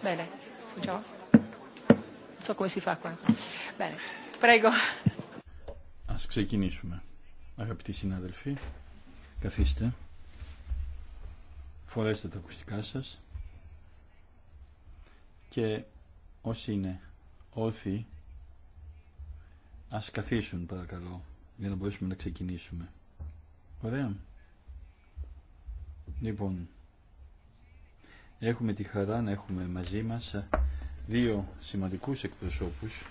Bene, ciao. Non so come si fa qua. Bene, prego. Ας ξεκινήσουμε. Αγαπητοί συνάδελφοι, καθίστε. Φορέστε τα ακουστικά σας. Και όσοι είναι όθοι, ας καθίσουν παρακαλώ, για να μπορέσουμε να ξεκινήσουμε. Ωραία. Λοιπόν, έχουμε τη χαρά να έχουμε μαζί μας δύο σημαντικούς εκπροσώπους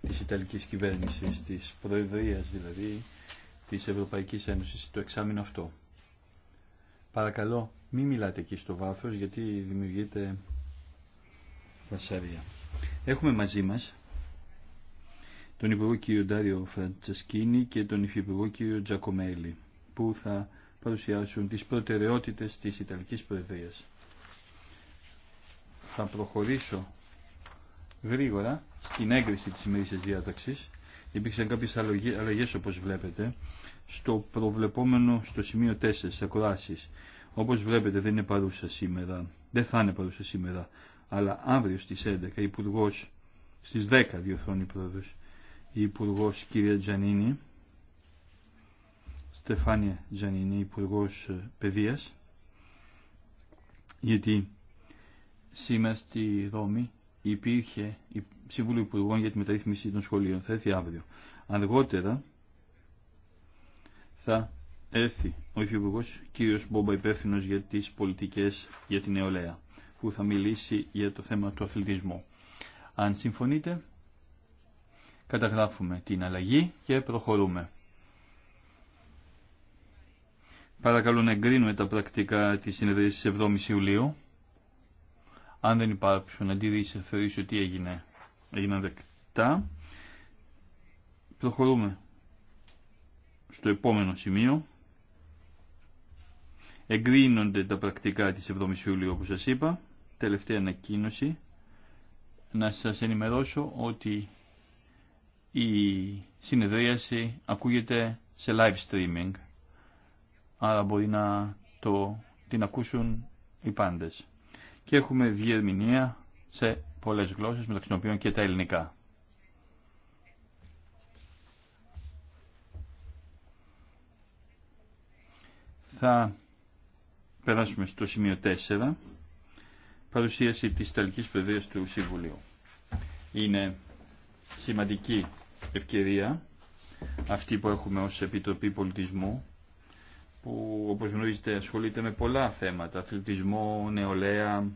της Ιταλικής κυβέρνησης, της Προεδρίας δηλαδή, της Ευρωπαϊκής Ένωσης, το εξάμεινο αυτό. Παρακαλώ, μην μιλάτε εκεί στο βάθος γιατί δημιουργείται βασάρια. Έχουμε μαζί μας τον Υπουργό κ. Ντάριο Φραντσασκίνη και τον Υφυπουργό κ. Τζακομέλη που θα παρουσιάσουν τις προτεραιότητες της Ιταλικής Προεδρίας. Θα προχωρήσω γρήγορα στην έγκριση της ημερήσιας διάταξης. Υπήρξαν κάποιες αλλαγές όπως βλέπετε στο προβλεπόμενο στο σημείο 4 στις ακροάσεις. Όπως βλέπετε δεν είναι παρούσα σήμερα, δεν θα είναι παρούσα σήμερα, αλλά αύριο στις 11 υπουργό στις 10 διορθώνει πρόεδρος, η υπουργός κυρία Τζανίνη, Στεφάνια Τζανίνη, Υπουργό ε, Παιδείας, γιατί σήμερα στη Ρώμη υπήρχε η Σύμβουλο Υπουργών για τη μεταρρύθμιση των σχολείων. Θα έρθει αύριο. Αργότερα θα έρθει ο Υφυπουργό κύριος Μπόμπα υπεύθυνο για τις πολιτικές για την νεολαία που θα μιλήσει για το θέμα του αθλητισμού. Αν συμφωνείτε, καταγράφουμε την αλλαγή και προχωρούμε. Παρακαλώ να εγκρίνουμε τα πρακτικά τη συνεδρίας τη 7 η Ιουλίου. Αν δεν υπάρξουν αντιρρήσεις, θεωρήσω ότι έγινε. Έγιναν δεκτά. Προχωρούμε στο επόμενο σημείο. Εγκρίνονται τα πρακτικά της 7 η Ιουλίου, όπως σας είπα. Τελευταία ανακοίνωση. Να σας ενημερώσω ότι η συνεδρίαση ακούγεται σε live streaming άρα μπορεί να το, την ακούσουν οι πάντες. Και έχουμε διερμηνία σε πολλές γλώσσες, μεταξύ των οποίων και τα ελληνικά. Θα περάσουμε στο σημείο 4, παρουσίαση της Ιταλικής Παιδείας του Συμβουλίου. Είναι σημαντική ευκαιρία αυτή που έχουμε ως Επιτροπή Πολιτισμού που όπως γνωρίζετε ασχολείται με πολλά θέματα, αθλητισμό, νεολαία,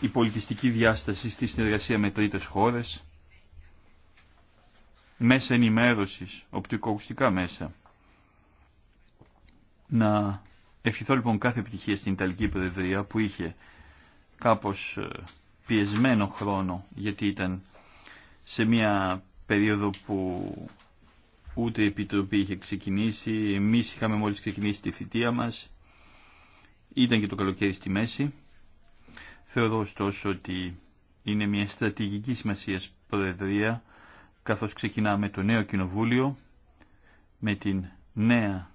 η πολιτιστική διάσταση στη συνεργασία με τρίτες χώρες, μέσα ενημέρωσης, οπτικοακουστικά μέσα. Να ευχηθώ λοιπόν κάθε επιτυχία στην Ιταλική Προεδρία που είχε κάπως ε, πιεσμένο χρόνο γιατί ήταν σε μια περίοδο που ούτε η Επιτροπή είχε ξεκινήσει, εμείς είχαμε μόλις ξεκινήσει τη θητεία μας, ήταν και το καλοκαίρι στη μέση. Θεωρώ ωστόσο ότι είναι μια στρατηγική σημασία προεδρία, καθώς ξεκινάμε το νέο κοινοβούλιο, με την νέα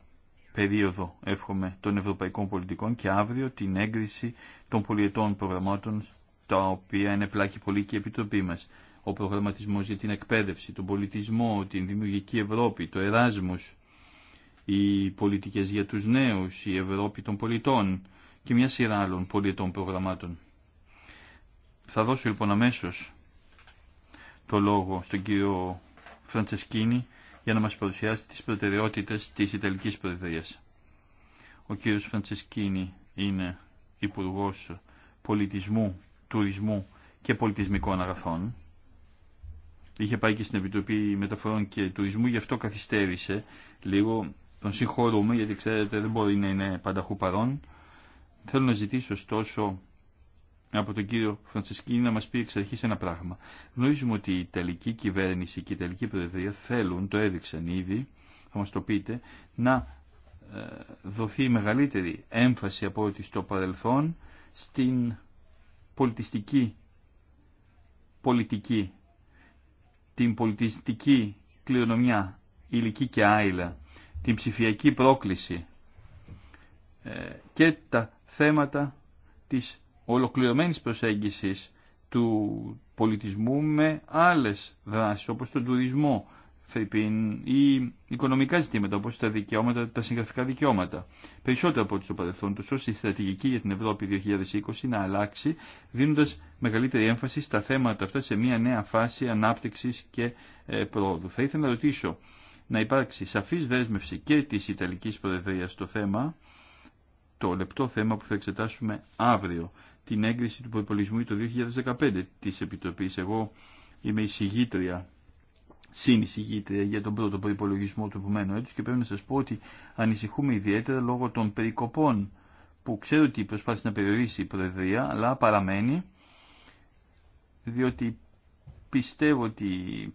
περίοδο, εύχομαι, των ευρωπαϊκών πολιτικών και αύριο την έγκριση των πολιετών προγραμμάτων, τα οποία είναι πλάκη πολύ και η Επιτροπή μας ο προγραμματισμός για την εκπαίδευση, τον πολιτισμό, την δημιουργική Ευρώπη, το Εράσμος, οι πολιτικές για τους νέους, η Ευρώπη των πολιτών και μια σειρά άλλων πολιτών προγραμμάτων. Θα δώσω λοιπόν αμέσω το λόγο στον κύριο Φραντσεσκίνη για να μας παρουσιάσει τις προτεραιότητες της Ιταλικής Προεδρίας. Ο κύριος Φραντσεσκίνη είναι υπουργό Πολιτισμού, Τουρισμού και Πολιτισμικών Αγαθών είχε πάει και στην Επιτροπή Μεταφορών και Τουρισμού, γι' αυτό καθυστέρησε λίγο. Τον συγχωρούμε, γιατί ξέρετε δεν μπορεί να είναι πανταχού παρόν. Θέλω να ζητήσω ωστόσο από τον κύριο Φραντσισκίνη να μας πει εξ αρχής ένα πράγμα. Γνωρίζουμε ότι η Ιταλική κυβέρνηση και η Ιταλική Προεδρία θέλουν, το έδειξαν ήδη, θα μας το πείτε, να ε, δοθεί μεγαλύτερη έμφαση από ό,τι στο παρελθόν στην πολιτιστική πολιτική την πολιτιστική κληρονομιά, ηλική και άειλα, την ψηφιακή πρόκληση ε, και τα θέματα της ολοκληρωμένης προσέγγισης του πολιτισμού με άλλες δράσεις όπως τον τουρισμό, Φερρυπίν, ή οικονομικά ζητήματα όπως τα, δικαιώματα, τα συγγραφικά δικαιώματα. Περισσότερο από ό,τι στο παρελθόν τους, ώστε η οικονομικα ζητηματα οπως τα δικαιωματα τα συγγραφικα δικαιωματα περισσοτερο απο οτι στο παρελθον του ωστε η στρατηγικη για την Ευρώπη 2020 να αλλάξει, δίνοντας μεγαλύτερη έμφαση στα θέματα αυτά σε μια νέα φάση ανάπτυξης και ε, πρόοδου. Θα ήθελα να ρωτήσω να υπάρξει σαφής δέσμευση και της Ιταλικής Προεδρίας στο θέμα, το λεπτό θέμα που θα εξετάσουμε αύριο, την έγκριση του προπολογισμού το 2015 της Επιτροπής. Εγώ είμαι η συνεισηγήτρια για τον πρώτο προπολογισμό του επομένου έτους και πρέπει να σας πω ότι ανησυχούμε ιδιαίτερα λόγω των περικοπών που ξέρω ότι προσπάθησε να περιορίσει η Προεδρία αλλά παραμένει διότι πιστεύω ότι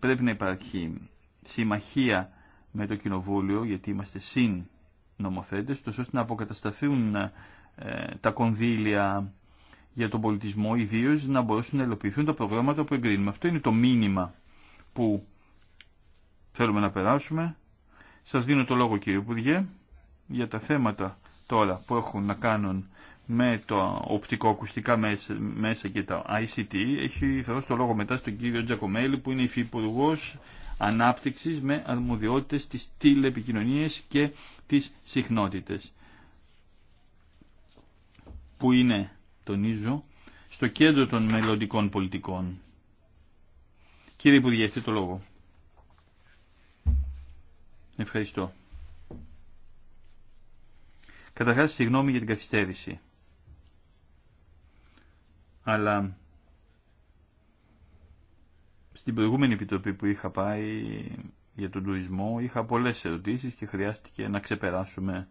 πρέπει να υπάρχει συμμαχία με το Κοινοβούλιο γιατί είμαστε συν νομοθέτες ώστε να αποκατασταθούν ε, τα κονδύλια για τον πολιτισμό ιδίω να μπορέσουν να ελοπιθούν τα προγράμματα που εγκρίνουμε. Αυτό είναι το μήνυμα που θέλουμε να περάσουμε. Σας δίνω το λόγο κύριε Υπουργέ για τα θέματα τώρα που έχουν να κάνουν με το οπτικοακουστικά μέσα και τα ICT. Έχει δώσει το λόγο μετά στον κύριο Τζακομέλη που είναι υφυπουργό ανάπτυξης με αρμοδιότητες της τηλεπικοινωνίας και της συχνότητε. που είναι, τονίζω, στο κέντρο των μελλοντικών πολιτικών. Κύριε Υπουργέ, έχετε το λόγο. Ευχαριστώ. Καταρχάς, συγγνώμη για την καθυστέρηση. Αλλά στην προηγούμενη επιτροπή που είχα πάει για τον τουρισμό είχα πολλές ερωτήσεις και χρειάστηκε να ξεπεράσουμε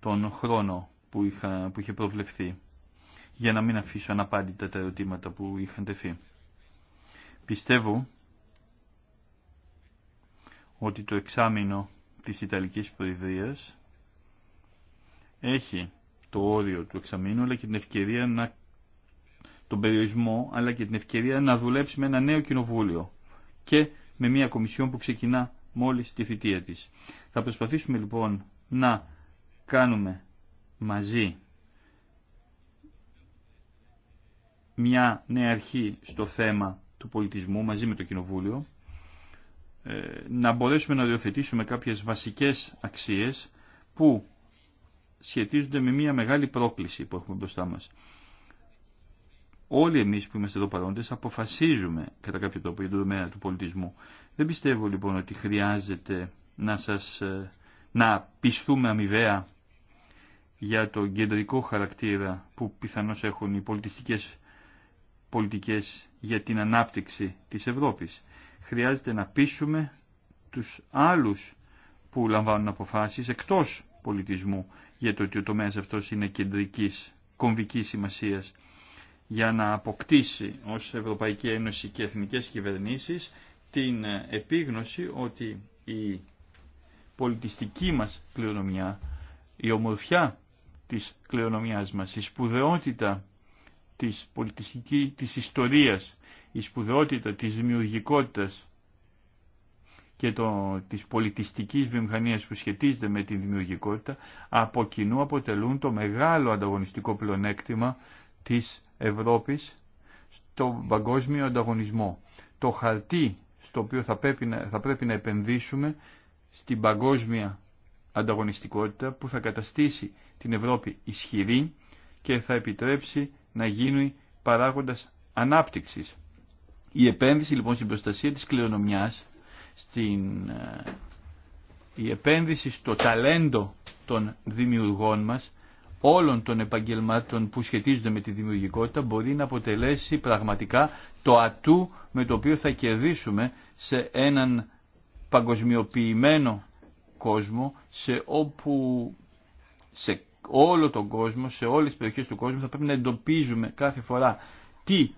τον χρόνο που, είχα, που είχε προβλεφθεί για να μην αφήσω αναπάντητα τα ερωτήματα που είχαν τεθεί. Πιστεύω ότι το εξάμεινο της Ιταλικής Προεδρίας έχει το όριο του εξαμήνου αλλά και την ευκαιρία να τον περιορισμό αλλά και την ευκαιρία να δουλέψει με ένα νέο κοινοβούλιο και με μια κομισιόν που ξεκινά μόλις τη θητεία της. Θα προσπαθήσουμε λοιπόν να κάνουμε μαζί μια νέα αρχή στο θέμα του πολιτισμού μαζί με το Κοινοβούλιο ε, να μπορέσουμε να διοθετήσουμε κάποιες βασικές αξίες που σχετίζονται με μια μεγάλη πρόκληση που έχουμε μπροστά μας. Όλοι εμείς που είμαστε εδώ παρόντες αποφασίζουμε κατά κάποιο τρόπο για τον τομέα του πολιτισμού. Δεν πιστεύω λοιπόν ότι χρειάζεται να σας ε, να πιστούμε αμοιβαία για το κεντρικό χαρακτήρα που πιθανώς έχουν οι πολιτιστικές πολιτικές για την ανάπτυξη της Ευρώπης χρειάζεται να πείσουμε τους άλλους που λαμβάνουν αποφάσεις εκτός πολιτισμού για το ότι ο τομέας αυτός είναι κεντρικής, κομβικής σημασίας για να αποκτήσει ως Ευρωπαϊκή Ένωση και εθνικές κυβερνήσεις την επίγνωση ότι η πολιτιστική μας κληρονομιά, η ομορφιά της κληρονομιάς μας, η σπουδαιότητα της πολιτιστικής, της ιστορίας, η σπουδαιότητα της δημιουργικότητας και το, της πολιτιστικής βιομηχανίας που σχετίζεται με τη δημιουργικότητα από κοινού αποτελούν το μεγάλο ανταγωνιστικό πλεονέκτημα της Ευρώπης στον παγκόσμιο ανταγωνισμό. Το χαρτί στο οποίο θα πρέπει να, θα πρέπει να επενδύσουμε στην παγκόσμια ανταγωνιστικότητα που θα καταστήσει την Ευρώπη ισχυρή και θα επιτρέψει να γίνει παράγοντας ανάπτυξης. Η επένδυση λοιπόν στην προστασία της κληρονομιάς, στην, ε, η επένδυση στο ταλέντο των δημιουργών μας, όλων των επαγγελμάτων που σχετίζονται με τη δημιουργικότητα μπορεί να αποτελέσει πραγματικά το ατού με το οποίο θα κερδίσουμε σε έναν παγκοσμιοποιημένο κόσμο σε όπου σε όλο τον κόσμο, σε όλες τις περιοχές του κόσμου θα πρέπει να εντοπίζουμε κάθε φορά τι,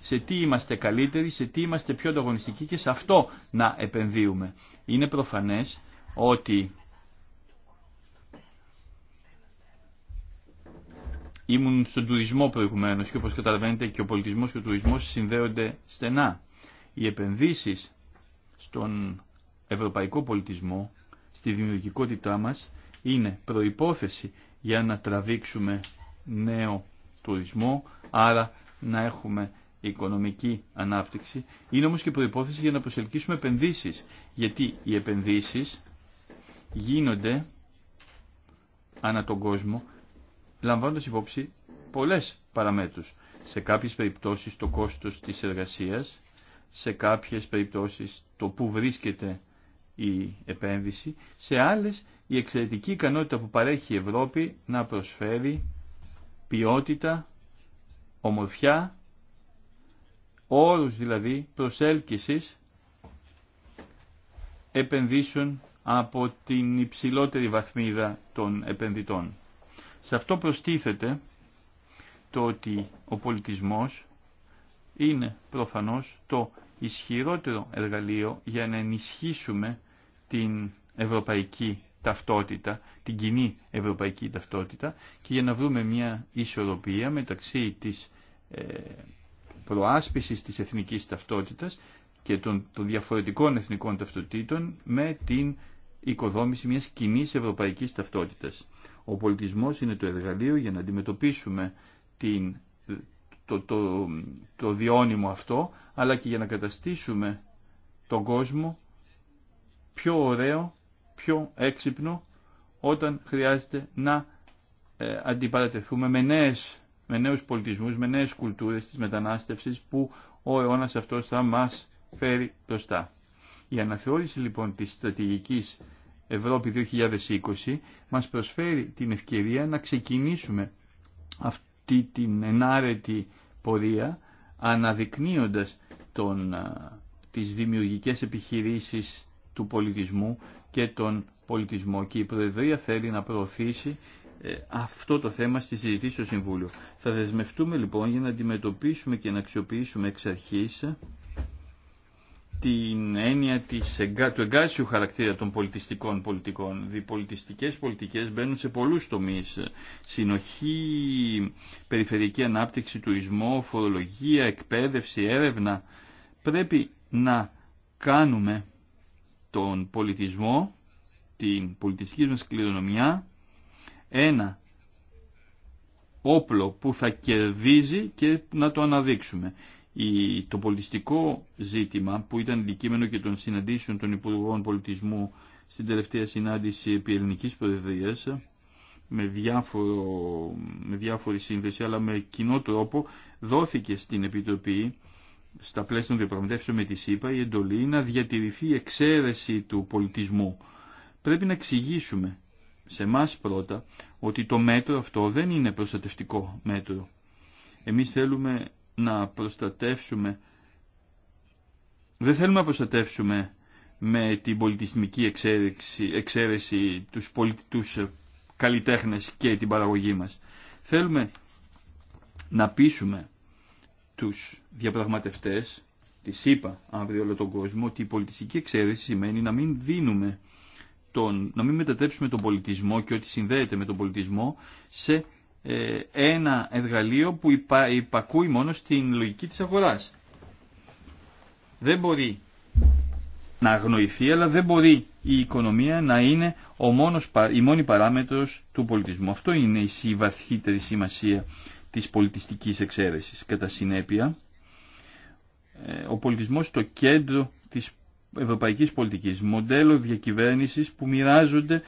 σε τι είμαστε καλύτεροι, σε τι είμαστε πιο ανταγωνιστικοί και σε αυτό να επενδύουμε. Είναι προφανές ότι ήμουν στον τουρισμό προηγουμένω και όπω καταλαβαίνετε και ο πολιτισμό και ο τουρισμό συνδέονται στενά. Οι επενδύσεις στον ευρωπαϊκό πολιτισμό, στη δημιουργικότητά μας, είναι προϋπόθεση για να τραβήξουμε νέο τουρισμό, άρα να έχουμε οικονομική ανάπτυξη. Είναι όμως και προϋπόθεση για να προσελκύσουμε επενδύσεις, γιατί οι επενδύσεις γίνονται ανά τον κόσμο, λαμβάνοντας υπόψη πολλές παραμέτρους. Σε κάποιες περιπτώσεις το κόστος της εργασίας, σε κάποιες περιπτώσεις το που βρίσκεται η επένδυση, σε άλλες η εξαιρετική ικανότητα που παρέχει η Ευρώπη να προσφέρει ποιότητα, ομορφιά, όρους δηλαδή προσέλκυσης επενδύσεων από την υψηλότερη βαθμίδα των επενδυτών. Σε αυτό προστίθεται το ότι ο πολιτισμός είναι προφανώς το ισχυρότερο εργαλείο για να ενισχύσουμε την ευρωπαϊκή ταυτότητα, την κοινή ευρωπαϊκή ταυτότητα και για να βρούμε μια ισορροπία μεταξύ της ε, προάσπισης της εθνικής ταυτότητας και των, διαφορετικών εθνικών ταυτοτήτων με την οικοδόμηση μιας κοινή ευρωπαϊκής ταυτότητας. Ο πολιτισμός είναι το εργαλείο για να αντιμετωπίσουμε την, το, το, το διώνυμο αυτό, αλλά και για να καταστήσουμε τον κόσμο πιο ωραίο πιο έξυπνο όταν χρειάζεται να ε, αντιπαρατεθούμε με, νέες, με νέους πολιτισμούς, με νέες κουλτούρες της μετανάστευσης που ο αιώνας αυτός θα μας φέρει μπροστά. Η αναθεώρηση λοιπόν της στρατηγικής Ευρώπη 2020 μας προσφέρει την ευκαιρία να ξεκινήσουμε αυτή την ενάρετη πορεία αναδεικνύοντας τον, ε, τις δημιουργικές επιχειρήσεις του πολιτισμού και τον πολιτισμό και η Προεδρία θέλει να προωθήσει ε, αυτό το θέμα στη συζήτηση στο Συμβούλιο. Θα δεσμευτούμε λοιπόν για να αντιμετωπίσουμε και να αξιοποιήσουμε εξ αρχής ε, την έννοια της, του εγκάσιου χαρακτήρα των πολιτιστικών πολιτικών. Διπολιτιστικές πολιτικές μπαίνουν σε πολλούς τομείς. Ε, συνοχή, περιφερειακή ανάπτυξη, τουρισμό, φορολογία, εκπαίδευση, έρευνα. Πρέπει να κάνουμε τον πολιτισμό, την πολιτιστική μας κληρονομιά, ένα όπλο που θα κερδίζει και να το αναδείξουμε. το πολιτιστικό ζήτημα που ήταν αντικείμενο και των συναντήσεων των Υπουργών Πολιτισμού στην τελευταία συνάντηση επί ελληνικής προεδρίας με, διάφορο, με διάφορη σύνδεση αλλά με κοινό τρόπο δόθηκε στην Επιτροπή στα πλαίσια των διαπραγματεύσεων με τη ΣΥΠΑ η εντολή να διατηρηθεί η εξαίρεση του πολιτισμού. Πρέπει να εξηγήσουμε σε εμά πρώτα ότι το μέτρο αυτό δεν είναι προστατευτικό μέτρο. Εμείς θέλουμε να προστατεύσουμε, δεν θέλουμε να προστατεύσουμε με την πολιτισμική εξαίρεση, εξαίρεση τους, πολιτικούς και την παραγωγή μας. Θέλουμε να πείσουμε τους διαπραγματευτές της είπα αύριο όλο τον κόσμο ότι η πολιτιστική εξαίρεση σημαίνει να μην δίνουμε τον, να μην μετατρέψουμε τον πολιτισμό και ό,τι συνδέεται με τον πολιτισμό σε ε, ένα εργαλείο που υπακούει μόνο στην λογική της αγοράς. Δεν μπορεί να αγνοηθεί αλλά δεν μπορεί η οικονομία να είναι ο μόνος, η μόνη παράμετρος του πολιτισμού. Αυτό είναι η βαθύτερη σημασία της πολιτιστικής εξαίρεσης. Κατά συνέπεια, ε, ο πολιτισμός στο κέντρο της ευρωπαϊκής πολιτικής, μοντέλο διακυβέρνησης που μοιράζονται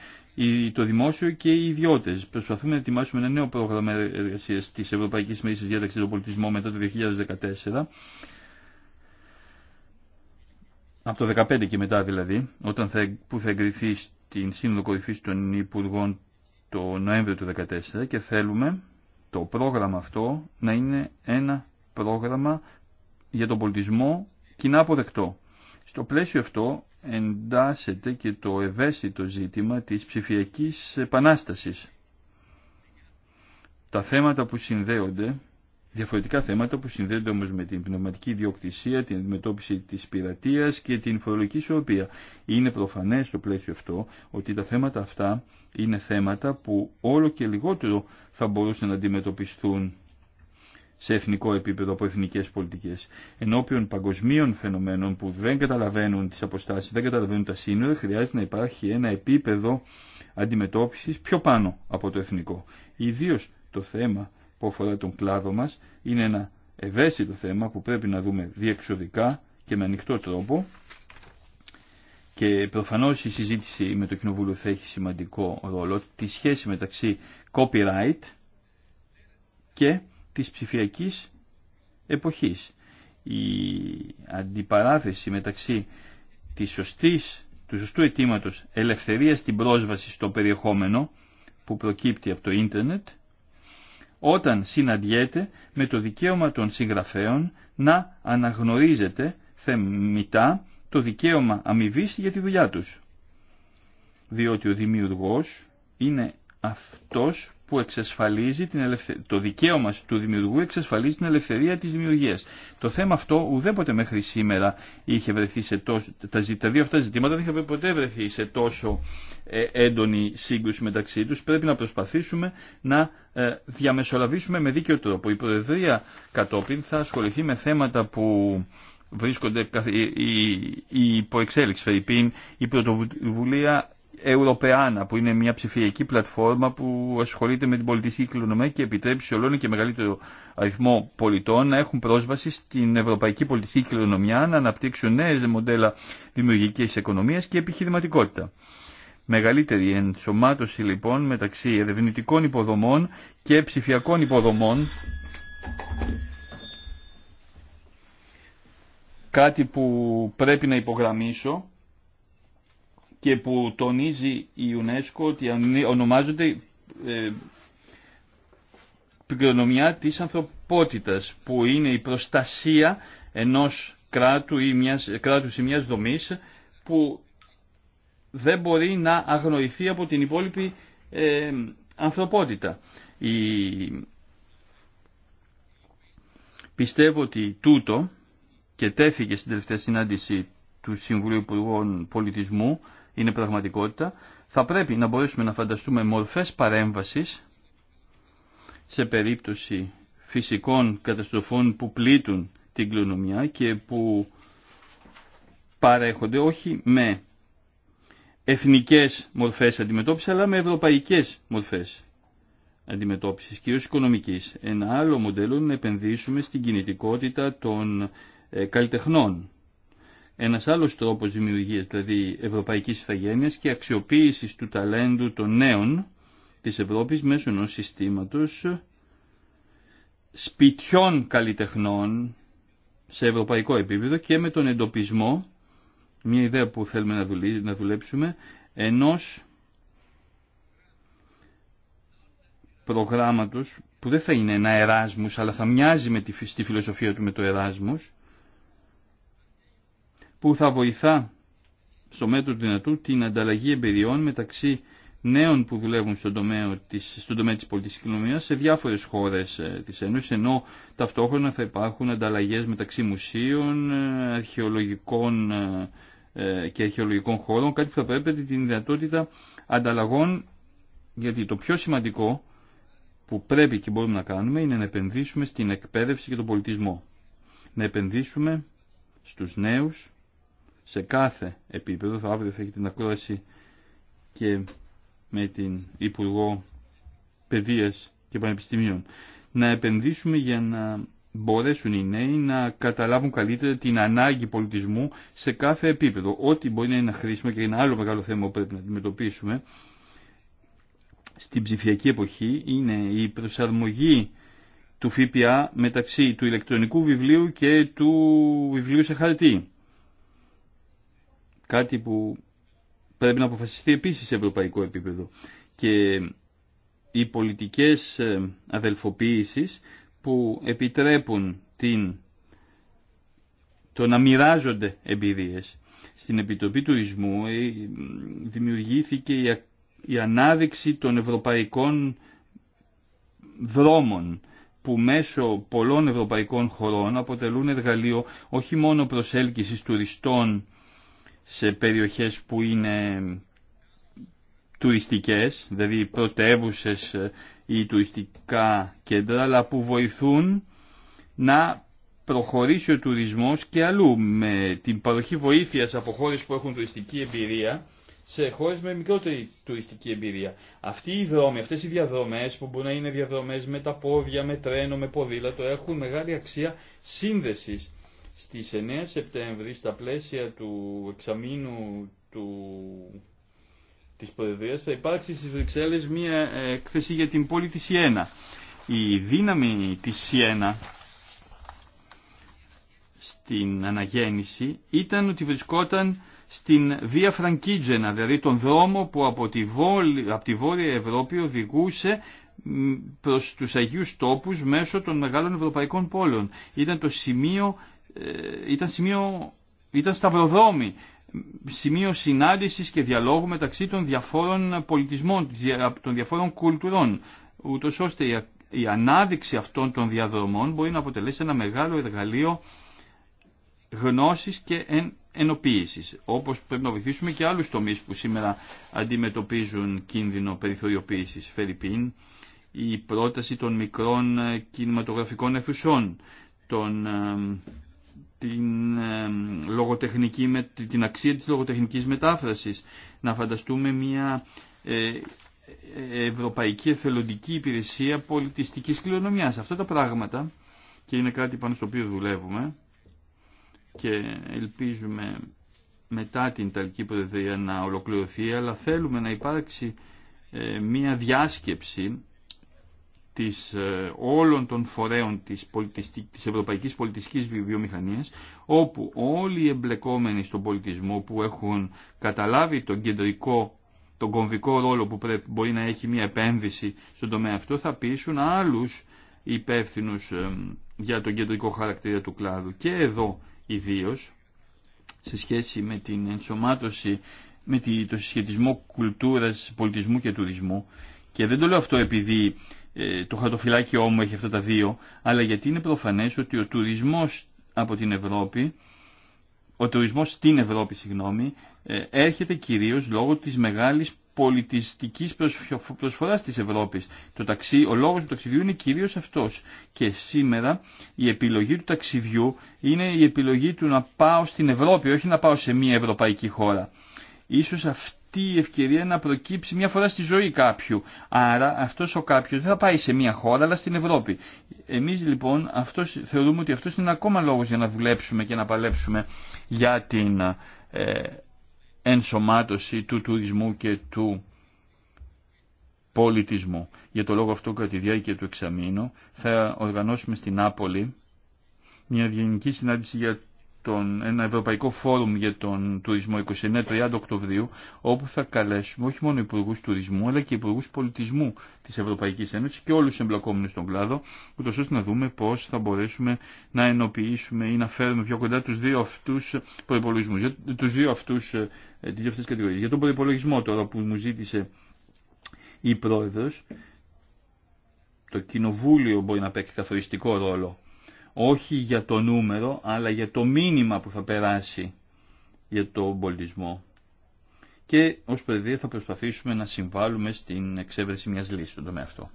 το δημόσιο και οι ιδιώτες. Προσπαθούμε να ετοιμάσουμε ένα νέο πρόγραμμα εργασίας της Ευρωπαϊκής Μερίσης Διάταξης του Πολιτισμού μετά το 2014 από το 2015 και μετά δηλαδή, όταν θα, που θα εγκριθεί στην Σύνοδο Κορυφής των Υπουργών το Νοέμβριο του 2014 και θέλουμε το πρόγραμμα αυτό να είναι ένα πρόγραμμα για τον πολιτισμό κοινά αποδεκτό. Στο πλαίσιο αυτό εντάσσεται και το ευαίσθητο ζήτημα της ψηφιακής επανάστασης. Τα θέματα που συνδέονται διαφορετικά θέματα που συνδέονται όμως με την πνευματική ιδιοκτησία, την αντιμετώπιση της πειρατείας και την φορολογική ισορροπία. Είναι προφανές στο πλαίσιο αυτό ότι τα θέματα αυτά είναι θέματα που όλο και λιγότερο θα μπορούσαν να αντιμετωπιστούν σε εθνικό επίπεδο από εθνικές πολιτικές. Ενώπιον παγκοσμίων φαινομένων που δεν καταλαβαίνουν τις αποστάσεις, δεν καταλαβαίνουν τα σύνορα, χρειάζεται να υπάρχει ένα επίπεδο αντιμετώπισης πιο πάνω από το εθνικό. Ιδίω το θέμα που αφορά τον κλάδο μας. Είναι ένα ευαίσθητο θέμα που πρέπει να δούμε διεξοδικά και με ανοιχτό τρόπο. Και προφανώς η συζήτηση με το Κοινοβούλιο θα έχει σημαντικό ρόλο τη σχέση μεταξύ copyright και της ψηφιακής εποχής. Η αντιπαράθεση μεταξύ της σωστής, του σωστού αιτήματο ελευθερίας στην πρόσβαση στο περιεχόμενο που προκύπτει από το ίντερνετ όταν συναντιέται με το δικαίωμα των συγγραφέων να αναγνωρίζεται θεμητά το δικαίωμα αμοιβή για τη δουλειά τους. Διότι ο δημιουργός είναι αυτός που εξασφαλίζει την το δικαίωμα του δημιουργού εξασφαλίζει την ελευθερία της δημιουργίας. Το θέμα αυτό ουδέποτε μέχρι σήμερα είχε βρεθεί σε τόσο... τα, δύο ζητήματα δεν είχαν ποτέ βρεθεί σε τόσο ε, έντονη σύγκρουση μεταξύ τους. Πρέπει να προσπαθήσουμε να ε, διαμεσολαβήσουμε με δίκαιο τρόπο. Η Προεδρία κατόπιν θα ασχοληθεί με θέματα που βρίσκονται η υποεξέλιξη η πρωτοβουλία Ευρωπαϊκά που είναι μια ψηφιακή πλατφόρμα που ασχολείται με την πολιτική κληρονομιά και επιτρέπει σε και μεγαλύτερο αριθμό πολιτών να έχουν πρόσβαση στην ευρωπαϊκή πολιτική κληρονομιά, να αναπτύξουν νέε μοντέλα δημιουργική οικονομία και επιχειρηματικότητα. Μεγαλύτερη ενσωμάτωση λοιπόν μεταξύ ερευνητικών υποδομών και ψηφιακών υποδομών κάτι που πρέπει να υπογραμμίσω και που τονίζει η UNESCO ότι ονομάζονται ε, της ανθρωπότητας που είναι η προστασία ενός κράτου ή μιας, κράτους ή μιας δομής που δεν μπορεί να αγνοηθεί από την υπόλοιπη ε, ανθρωπότητα. Η... Πιστεύω ότι τούτο και τέθηκε στην τελευταία συνάντηση του Συμβουλίου Υπουργών Πολιτισμού είναι πραγματικότητα, θα πρέπει να μπορέσουμε να φανταστούμε μορφές παρέμβασης σε περίπτωση φυσικών καταστροφών που πλήττουν την κληρονομιά και που παρέχονται όχι με εθνικές μορφές αντιμετώπισης αλλά με ευρωπαϊκές μορφές αντιμετώπισης, κυρίως οικονομικής. Ένα άλλο μοντέλο είναι να επενδύσουμε στην κινητικότητα των ε, καλλιτεχνών ένας άλλος τρόπο δημιουργία δηλαδή ευρωπαϊκής ηθαγένεια και αξιοποίησης του ταλέντου των νέων της Ευρώπη μέσω ενός συστήματος σπιτιών καλλιτεχνών σε ευρωπαϊκό επίπεδο και με τον εντοπισμό, μια ιδέα που θέλουμε να δουλέψουμε, ενός προγράμματος που δεν θα είναι ένα Εράσμους αλλά θα μοιάζει με τη, στη φιλοσοφία του με το Εράσμους που θα βοηθά στο μέτρο του δυνατού την ανταλλαγή εμπειριών μεταξύ νέων που δουλεύουν στον τομέα της, στον τομέα πολιτικής κοινωνίας σε διάφορες χώρες ε, της Ένωσης, ενώ ταυτόχρονα θα υπάρχουν ανταλλαγές μεταξύ μουσείων, ε, αρχαιολογικών ε, και αρχαιολογικών χώρων, κάτι που θα πρέπει την δυνατότητα ανταλλαγών, γιατί το πιο σημαντικό που πρέπει και μπορούμε να κάνουμε είναι να επενδύσουμε στην εκπαίδευση και τον πολιτισμό. Να επενδύσουμε στους νέους, σε κάθε επίπεδο. Θα αύριο θα έχει την ακρόαση και με την Υπουργό Παιδείας και Πανεπιστημίων. Να επενδύσουμε για να μπορέσουν οι νέοι να καταλάβουν καλύτερα την ανάγκη πολιτισμού σε κάθε επίπεδο. Ό,τι μπορεί να είναι χρήσιμο και ένα άλλο μεγάλο θέμα που πρέπει να αντιμετωπίσουμε στην ψηφιακή εποχή είναι η προσαρμογή του ΦΠΑ μεταξύ του ηλεκτρονικού βιβλίου και του βιβλίου σε χαρτί. Κάτι που πρέπει να αποφασιστεί επίσης σε ευρωπαϊκό επίπεδο. Και οι πολιτικές ε, αδελφοποίησης που επιτρέπουν την, το να μοιράζονται εμπειρίες. Στην Επιτροπή Τουρισμού ε, δημιουργήθηκε η, η ανάδειξη των ευρωπαϊκών δρόμων που μέσω πολλών ευρωπαϊκών χωρών αποτελούν εργαλείο όχι μόνο προσέλκυσης τουριστών σε περιοχές που είναι τουριστικές, δηλαδή πρωτεύουσε ε, ή τουριστικά κέντρα, αλλά που βοηθούν να προχωρήσει ο τουρισμός και αλλού με την παροχή βοήθειας από χώρες που έχουν τουριστική εμπειρία σε χώρες με μικρότερη τουριστική εμπειρία. Αυτοί οι δρόμοι, αυτές οι διαδρομές που μπορεί να είναι διαδρομές με τα πόδια, με τρένο, με ποδήλατο έχουν μεγάλη αξία σύνδεσης στις 9 Σεπτέμβρη, στα πλαίσια του εξαμήνου του... της Προεδρίας, θα υπάρξει στις Βρυξέλλες μία έκθεση ε, για την πόλη της Σιένα. Η δύναμη της Σιένα στην αναγέννηση ήταν ότι βρισκόταν στην Βία Φραγκίτζενα, δηλαδή τον δρόμο που από τη, από τη Βόρεια Ευρώπη οδηγούσε προς τους Αγίους Τόπους μέσω των μεγάλων ευρωπαϊκών πόλεων. Ήταν το σημείο ε, ήταν σημείο, ήταν σταυροδρόμι, σημείο συνάντησης και διαλόγου μεταξύ των διαφόρων πολιτισμών, των διαφόρων κουλτουρών, ούτως ώστε η ανάδειξη αυτών των διαδρομών μπορεί να αποτελέσει ένα μεγάλο εργαλείο γνώσης και εν, ενοποίησης, όπως πρέπει να βοηθήσουμε και άλλους τομείς που σήμερα αντιμετωπίζουν κίνδυνο περιθωριοποίησης, Φερρυπίν, η πρόταση των μικρών ε, κινηματογραφικών αιθουσών, των ε, την, λογοτεχνική, με, την αξία της λογοτεχνικής μετάφρασης. Να φανταστούμε μια ε, ε, ευρωπαϊκή εθελοντική υπηρεσία πολιτιστικής κληρονομιάς. Αυτά τα πράγματα και είναι κάτι πάνω στο οποίο δουλεύουμε και ελπίζουμε μετά την Ιταλική Προεδρία να ολοκληρωθεί αλλά θέλουμε να υπάρξει ε, μια διάσκεψη της, ε, όλων των φορέων της, της ευρωπαϊκής πολιτιστικής βιομηχανίας, όπου όλοι οι εμπλεκόμενοι στον πολιτισμό που έχουν καταλάβει τον κεντρικό, τον κομβικό ρόλο που μπορεί να έχει μια επένδυση στον τομέα αυτό, θα πείσουν άλλους υπεύθυνου ε, για τον κεντρικό χαρακτήρα του κλάδου. Και εδώ ιδίω σε σχέση με την ενσωμάτωση, με το συσχετισμό κουλτούρας, πολιτισμού και τουρισμού. Και δεν το λέω αυτό επειδή ε, το χαρτοφυλάκιό μου έχει αυτά τα δύο, αλλά γιατί είναι προφανές ότι ο τουρισμός από την Ευρώπη, ο τουρισμός στην Ευρώπη, συγγνώμη, ε, έρχεται κυρίως λόγω της μεγάλης πολιτιστικής προσφοράς της Ευρώπης. Το ταξί, ο λόγος του ταξιδιού είναι κυρίως αυτός. Και σήμερα η επιλογή του ταξιδιού είναι η επιλογή του να πάω στην Ευρώπη, όχι να πάω σε μια ευρωπαϊκή χώρα. Ίσως αυτή η ευκαιρία να προκύψει μια φορά στη ζωή κάποιου. Άρα αυτό ο κάποιο δεν θα πάει σε μια χώρα αλλά στην Ευρώπη. Εμεί λοιπόν αυτός, θεωρούμε ότι αυτό είναι ακόμα λόγο για να δουλέψουμε και να παλέψουμε για την ε, ενσωμάτωση του τουρισμού και του πολιτισμού. Για το λόγο αυτό κατά τη διάρκεια του εξαμήνου θα οργανώσουμε στην Άπολη μια γενική συνάντηση για τον, ένα ευρωπαϊκό φόρουμ για τον τουρισμό 29-30 Οκτωβρίου, όπου θα καλέσουμε όχι μόνο υπουργού τουρισμού, αλλά και υπουργού πολιτισμού τη Ευρωπαϊκή Ένωση και όλου του εμπλεκόμενου στον κλάδο, ούτω ώστε να δούμε πώ θα μπορέσουμε να ενοποιήσουμε ή να φέρουμε πιο κοντά του δύο αυτού προπολογισμού, του δύο αυτού, ε, τι δύο αυτέ κατηγορίε. Για τον προπολογισμό τώρα που μου ζήτησε η πρόεδρο, το κοινοβούλιο μπορεί να παίξει καθοριστικό ρόλο όχι για το νούμερο, αλλά για το μήνυμα που θα περάσει για τον πολιτισμό. Και ως παιδεία θα προσπαθήσουμε να συμβάλλουμε στην εξέβρεση μιας λύσης στον τομέα αυτό.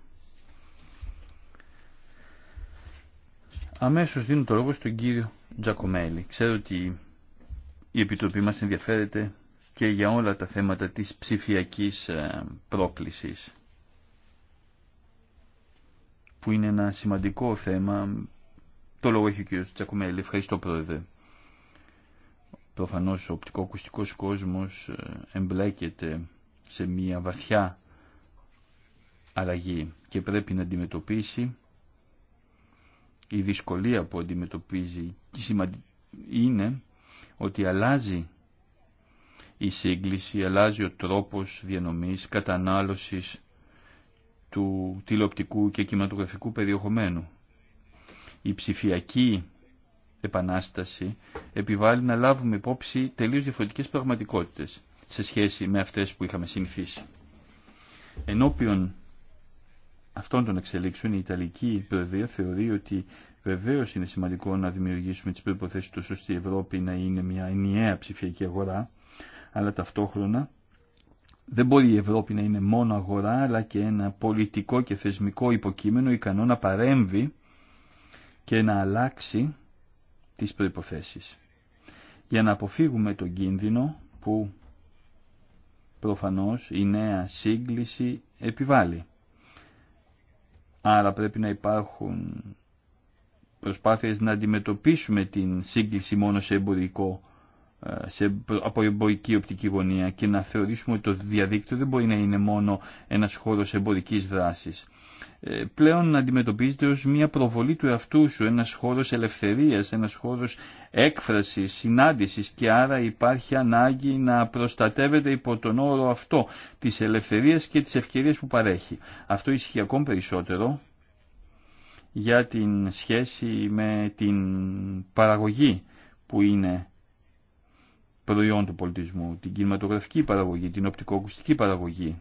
Αμέσως δίνω το λόγο στον κύριο Τζακομέλη. Ξέρω ότι η Επιτροπή μας ενδιαφέρεται και για όλα τα θέματα της ψηφιακής ε, πρόκλησης που είναι ένα σημαντικό θέμα το λόγο έχει ο κ. Τσακουμέλη. Ευχαριστώ πρόεδρε. Προφανώς ο οπτικοακουστικός κόσμος ε, εμπλέκεται σε μια βαθιά αλλαγή και πρέπει να αντιμετωπίσει η δυσκολία που αντιμετωπίζει είναι ότι αλλάζει η σύγκληση, αλλάζει ο τρόπος διανομής, κατανάλωσης του τηλεοπτικού και κινηματογραφικού περιεχομένου η ψηφιακή επανάσταση επιβάλλει να λάβουμε υπόψη τελείως διαφορετικές πραγματικότητες σε σχέση με αυτές που είχαμε συνηθίσει. Ενώπιον αυτών των εξελίξεων η Ιταλική Προεδρία θεωρεί ότι βεβαίω είναι σημαντικό να δημιουργήσουμε τις προϋποθέσεις του ώστε η Ευρώπη να είναι μια ενιαία ψηφιακή αγορά, αλλά ταυτόχρονα δεν μπορεί η Ευρώπη να είναι μόνο αγορά, αλλά και ένα πολιτικό και θεσμικό υποκείμενο ικανό να παρέμβει και να αλλάξει τις προϋποθέσεις για να αποφύγουμε τον κίνδυνο που προφανώς η νέα σύγκληση επιβάλλει. Άρα πρέπει να υπάρχουν προσπάθειες να αντιμετωπίσουμε την σύγκληση μόνο σε εμπορικό ε, σε, από εμπορική οπτική γωνία και να θεωρήσουμε ότι το διαδίκτυο δεν μπορεί να είναι μόνο ένας χώρος εμπορικής δράσης. Ε, πλέον αντιμετωπίζεται ως μια προβολή του εαυτού σου, ένας χώρος ελευθερίας, ένας χώρος έκφρασης, συνάντησης και άρα υπάρχει ανάγκη να προστατεύεται υπό τον όρο αυτό της ελευθερίας και της ευκαιρίας που παρέχει. Αυτό ισχύει ακόμη περισσότερο για την σχέση με την παραγωγή που είναι προϊόν του πολιτισμού, την κινηματογραφική παραγωγή, την οπτικοακουστική παραγωγή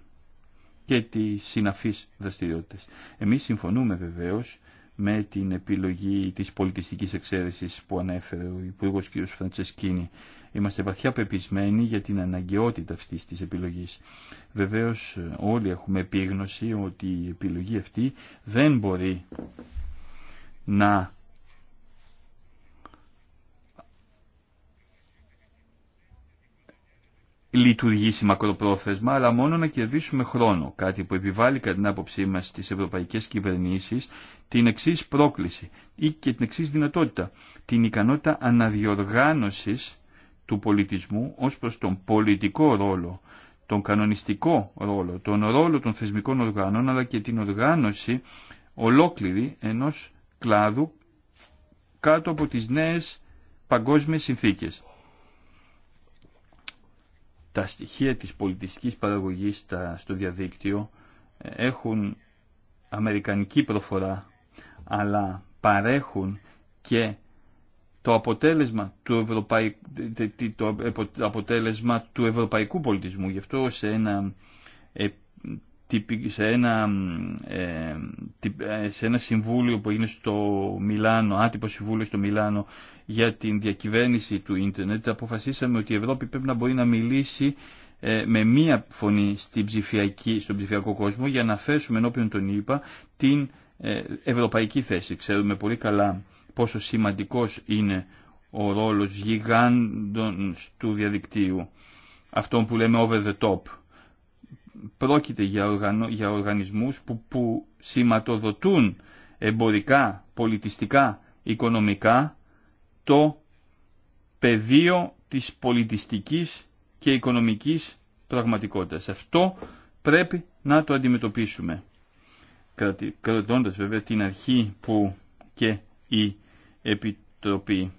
και τις συναφείς δραστηριότητες. Εμείς συμφωνούμε βεβαίως με την επιλογή της πολιτιστικής εξαίρεσης που ανέφερε ο Υπουργό κ. Φραντσεσκίνη. Είμαστε βαθιά πεπισμένοι για την αναγκαιότητα αυτής της επιλογής. Βεβαίως όλοι έχουμε επίγνωση ότι η επιλογή αυτή δεν μπορεί να λειτουργήσει μακροπρόθεσμα, αλλά μόνο να κερδίσουμε χρόνο, κάτι που επιβάλλει κατά την άποψή μα στι ευρωπαϊκέ κυβερνήσει, την εξή πρόκληση ή και την εξή δυνατότητα, την ικανότητα αναδιοργάνωση του πολιτισμού ω προ τον πολιτικό ρόλο, τον κανονιστικό ρόλο, τον ρόλο των θεσμικών οργάνων, αλλά και την οργάνωση ολόκληρη ενός κλάδου κάτω από τις νέες παγκόσμιες συνθήκες τα στοιχεία της πολιτιστικής παραγωγής στο διαδίκτυο ε, έχουν αμερικανική προφορά, αλλά παρέχουν και το αποτέλεσμα του, αποτέλεσμα του ευρωπαϊκού πολιτισμού. Γι' αυτό σε ένα ε, σε ένα, ε, ε, ένα συμβούλιο που έγινε στο Μιλάνο, άτυπο συμβούλιο στο Μιλάνο για την διακυβέρνηση του ίντερνετ, αποφασίσαμε ότι η Ευρώπη πρέπει να μπορεί να μιλήσει ε, με μία φωνή στην ψηφιακή, στον ψηφιακό κόσμο για να θέσουμε ενώπιον τον είπα την ευρωπαϊκή θέση. Ξέρουμε πολύ καλά πόσο σημαντικός είναι ο ρόλος γιγάντων του διαδικτύου, αυτό που λέμε over the top πρόκειται για, οργανο, οργανισμούς που, που σηματοδοτούν εμπορικά, πολιτιστικά, οικονομικά το πεδίο της πολιτιστικής και οικονομικής πραγματικότητας. Αυτό πρέπει να το αντιμετωπίσουμε. Κρατώντας βέβαια την αρχή που και η Επιτροπή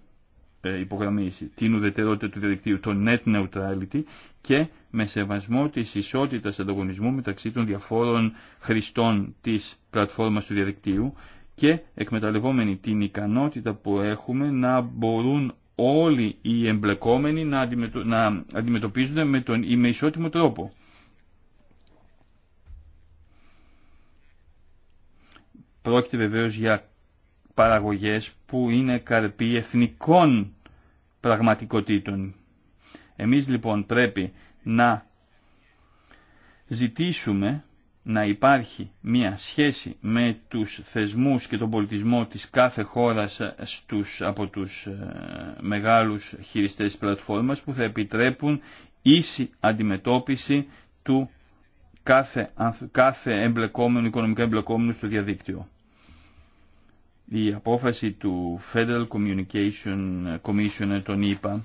ε, υπογραμμίσει την ουδετερότητα του διαδικτύου, το net neutrality και με σεβασμό της ισότητας ανταγωνισμού μεταξύ των διαφόρων χρηστών της πλατφόρμας του διαδικτύου και εκμεταλλευόμενοι την ικανότητα που έχουμε να μπορούν όλοι οι εμπλεκόμενοι να, αντιμετω... με τον ισότιμο τρόπο. Πρόκειται βεβαίως για παραγωγές που είναι καρποί εθνικών πραγματικοτήτων. Εμείς λοιπόν πρέπει να ζητήσουμε να υπάρχει μία σχέση με τους θεσμούς και τον πολιτισμό της κάθε χώρας στους, από τους ε, μεγάλους χειριστές πλατφόρμας που θα επιτρέπουν ίση αντιμετώπιση του κάθε, κάθε εμπλεκόμενου, οικονομικά εμπλεκόμενου στο διαδίκτυο η απόφαση του Federal Communication Commissioner, τον ΗΠΑ,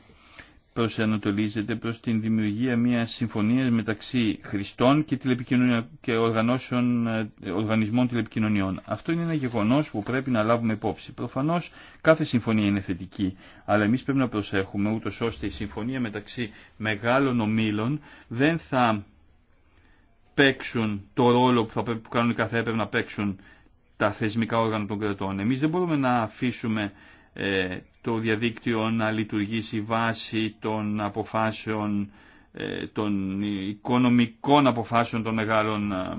προσανατολίζεται προς την δημιουργία μιας συμφωνίας μεταξύ χρηστών και, και οργανώσεων, ε, οργανισμών τηλεπικοινωνιών. Αυτό είναι ένα γεγονός που πρέπει να λάβουμε υπόψη. Προφανώς κάθε συμφωνία είναι θετική, αλλά εμείς πρέπει να προσέχουμε ούτως ώστε η συμφωνία μεταξύ μεγάλων ομίλων δεν θα παίξουν το ρόλο που, θα, που κανονικά θα έπρεπε να παίξουν τα θεσμικά όργανα των κρατών. Εμείς δεν μπορούμε να αφήσουμε ε, το διαδίκτυο να λειτουργήσει βάση των αποφάσεων, ε, των οικονομικών αποφάσεων των μεγάλων ε,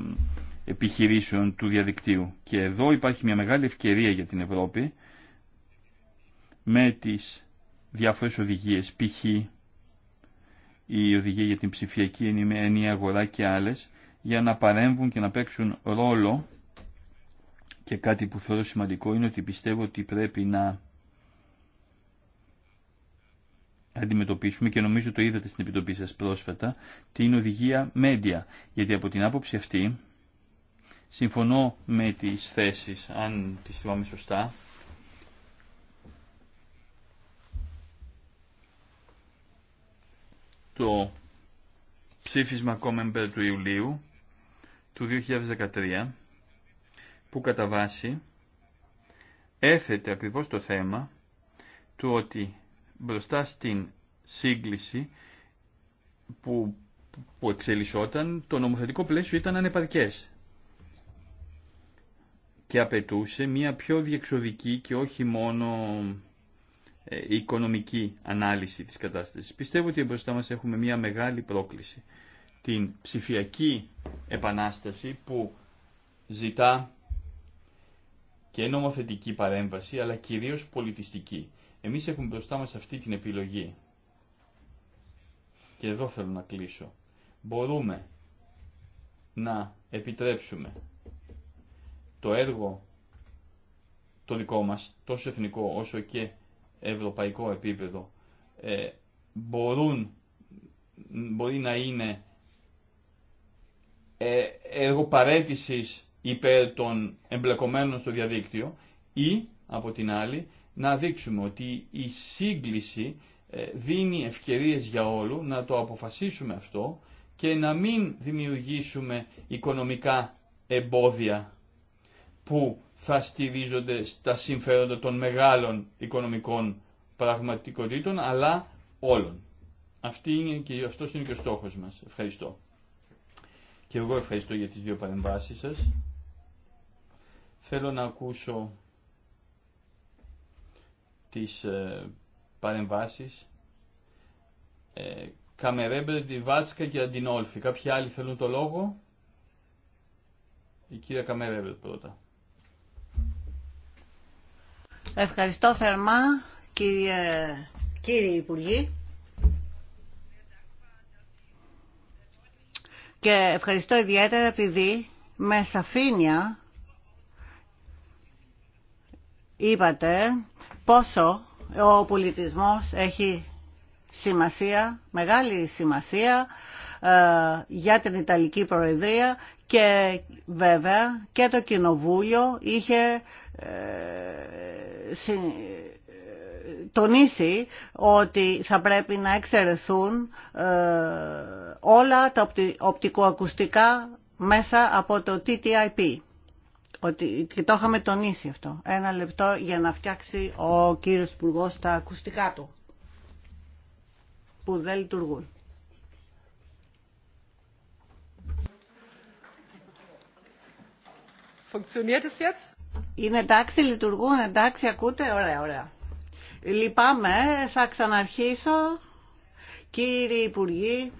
επιχειρήσεων του διαδικτύου. Και εδώ υπάρχει μια μεγάλη ευκαιρία για την Ευρώπη με τις διάφορες οδηγίες, π.χ. η οδηγία για την ψηφιακή ενιαία αγορά και άλλες, για να παρέμβουν και να παίξουν ρόλο και κάτι που θεωρώ σημαντικό είναι ότι πιστεύω ότι πρέπει να αντιμετωπίσουμε και νομίζω το είδατε στην επιτροπή σας πρόσφατα την οδηγία Μέντια. γιατί από την άποψη αυτή συμφωνώ με τις θέσεις αν τις θυμάμαι σωστά το ψήφισμα Κόμεμπερ του Ιουλίου του 2013 που κατά βάση έθετε ακριβώς το θέμα του ότι μπροστά στην σύγκληση που, που εξελισσόταν το νομοθετικό πλαίσιο ήταν ανεπαρκές και απαιτούσε μια πιο διεξοδική και όχι μόνο ε, οικονομική ανάλυση της κατάστασης. Πιστεύω ότι μπροστά μας έχουμε μια μεγάλη πρόκληση. Την ψηφιακή επανάσταση που ζητά και νομοθετική παρέμβαση, αλλά κυρίως πολιτιστική. Εμείς έχουμε μπροστά μας αυτή την επιλογή. Και εδώ θέλω να κλείσω. Μπορούμε να επιτρέψουμε το έργο το δικό μας, τόσο εθνικό όσο και ευρωπαϊκό επίπεδο, ε, μπορούν, μπορεί να είναι ε, έργο παρέτησης υπέρ των εμπλεκομένων στο διαδίκτυο ή από την άλλη να δείξουμε ότι η σύγκληση ε, δίνει ευκαιρίες για όλου να το αποφασίσουμε αυτό και να μην δημιουργήσουμε οικονομικά εμπόδια που θα στηρίζονται στα συμφέροντα των μεγάλων οικονομικών πραγματικότητων, αλλά όλων. Αυτή είναι και, αυτός είναι και ο στόχος μας. Ευχαριστώ. Και εγώ ευχαριστώ για τις δύο παρεμβάσεις σας. Θέλω να ακούσω τις ε, παρεμβάσεις. Ε, Καμερέμπερ, Διβάτσκα και Αντινόλφη. Κάποιοι άλλοι θέλουν το λόγο. Η κυρία Καμερέμπερ πρώτα. Ευχαριστώ θερμά κύριε, κύριε Υπουργή. Και ευχαριστώ ιδιαίτερα επειδή με σαφήνεια είπατε πόσο ο πολιτισμός έχει σημασία, μεγάλη σημασία ε, για την Ιταλική Προεδρία και βέβαια και το Κοινοβούλιο είχε ε, τονίσει ότι θα πρέπει να εξαιρεθούν ε, όλα τα οπτικοακουστικά μέσα από το TTIP ότι, και το είχαμε τονίσει αυτό. Ένα λεπτό για να φτιάξει ο κύριος υπουργό τα ακουστικά του που δεν λειτουργούν. Είναι εντάξει, λειτουργούν, εντάξει, ακούτε, ωραία, ωραία. Λυπάμαι, θα ξαναρχίσω. Κύριοι Υπουργοί,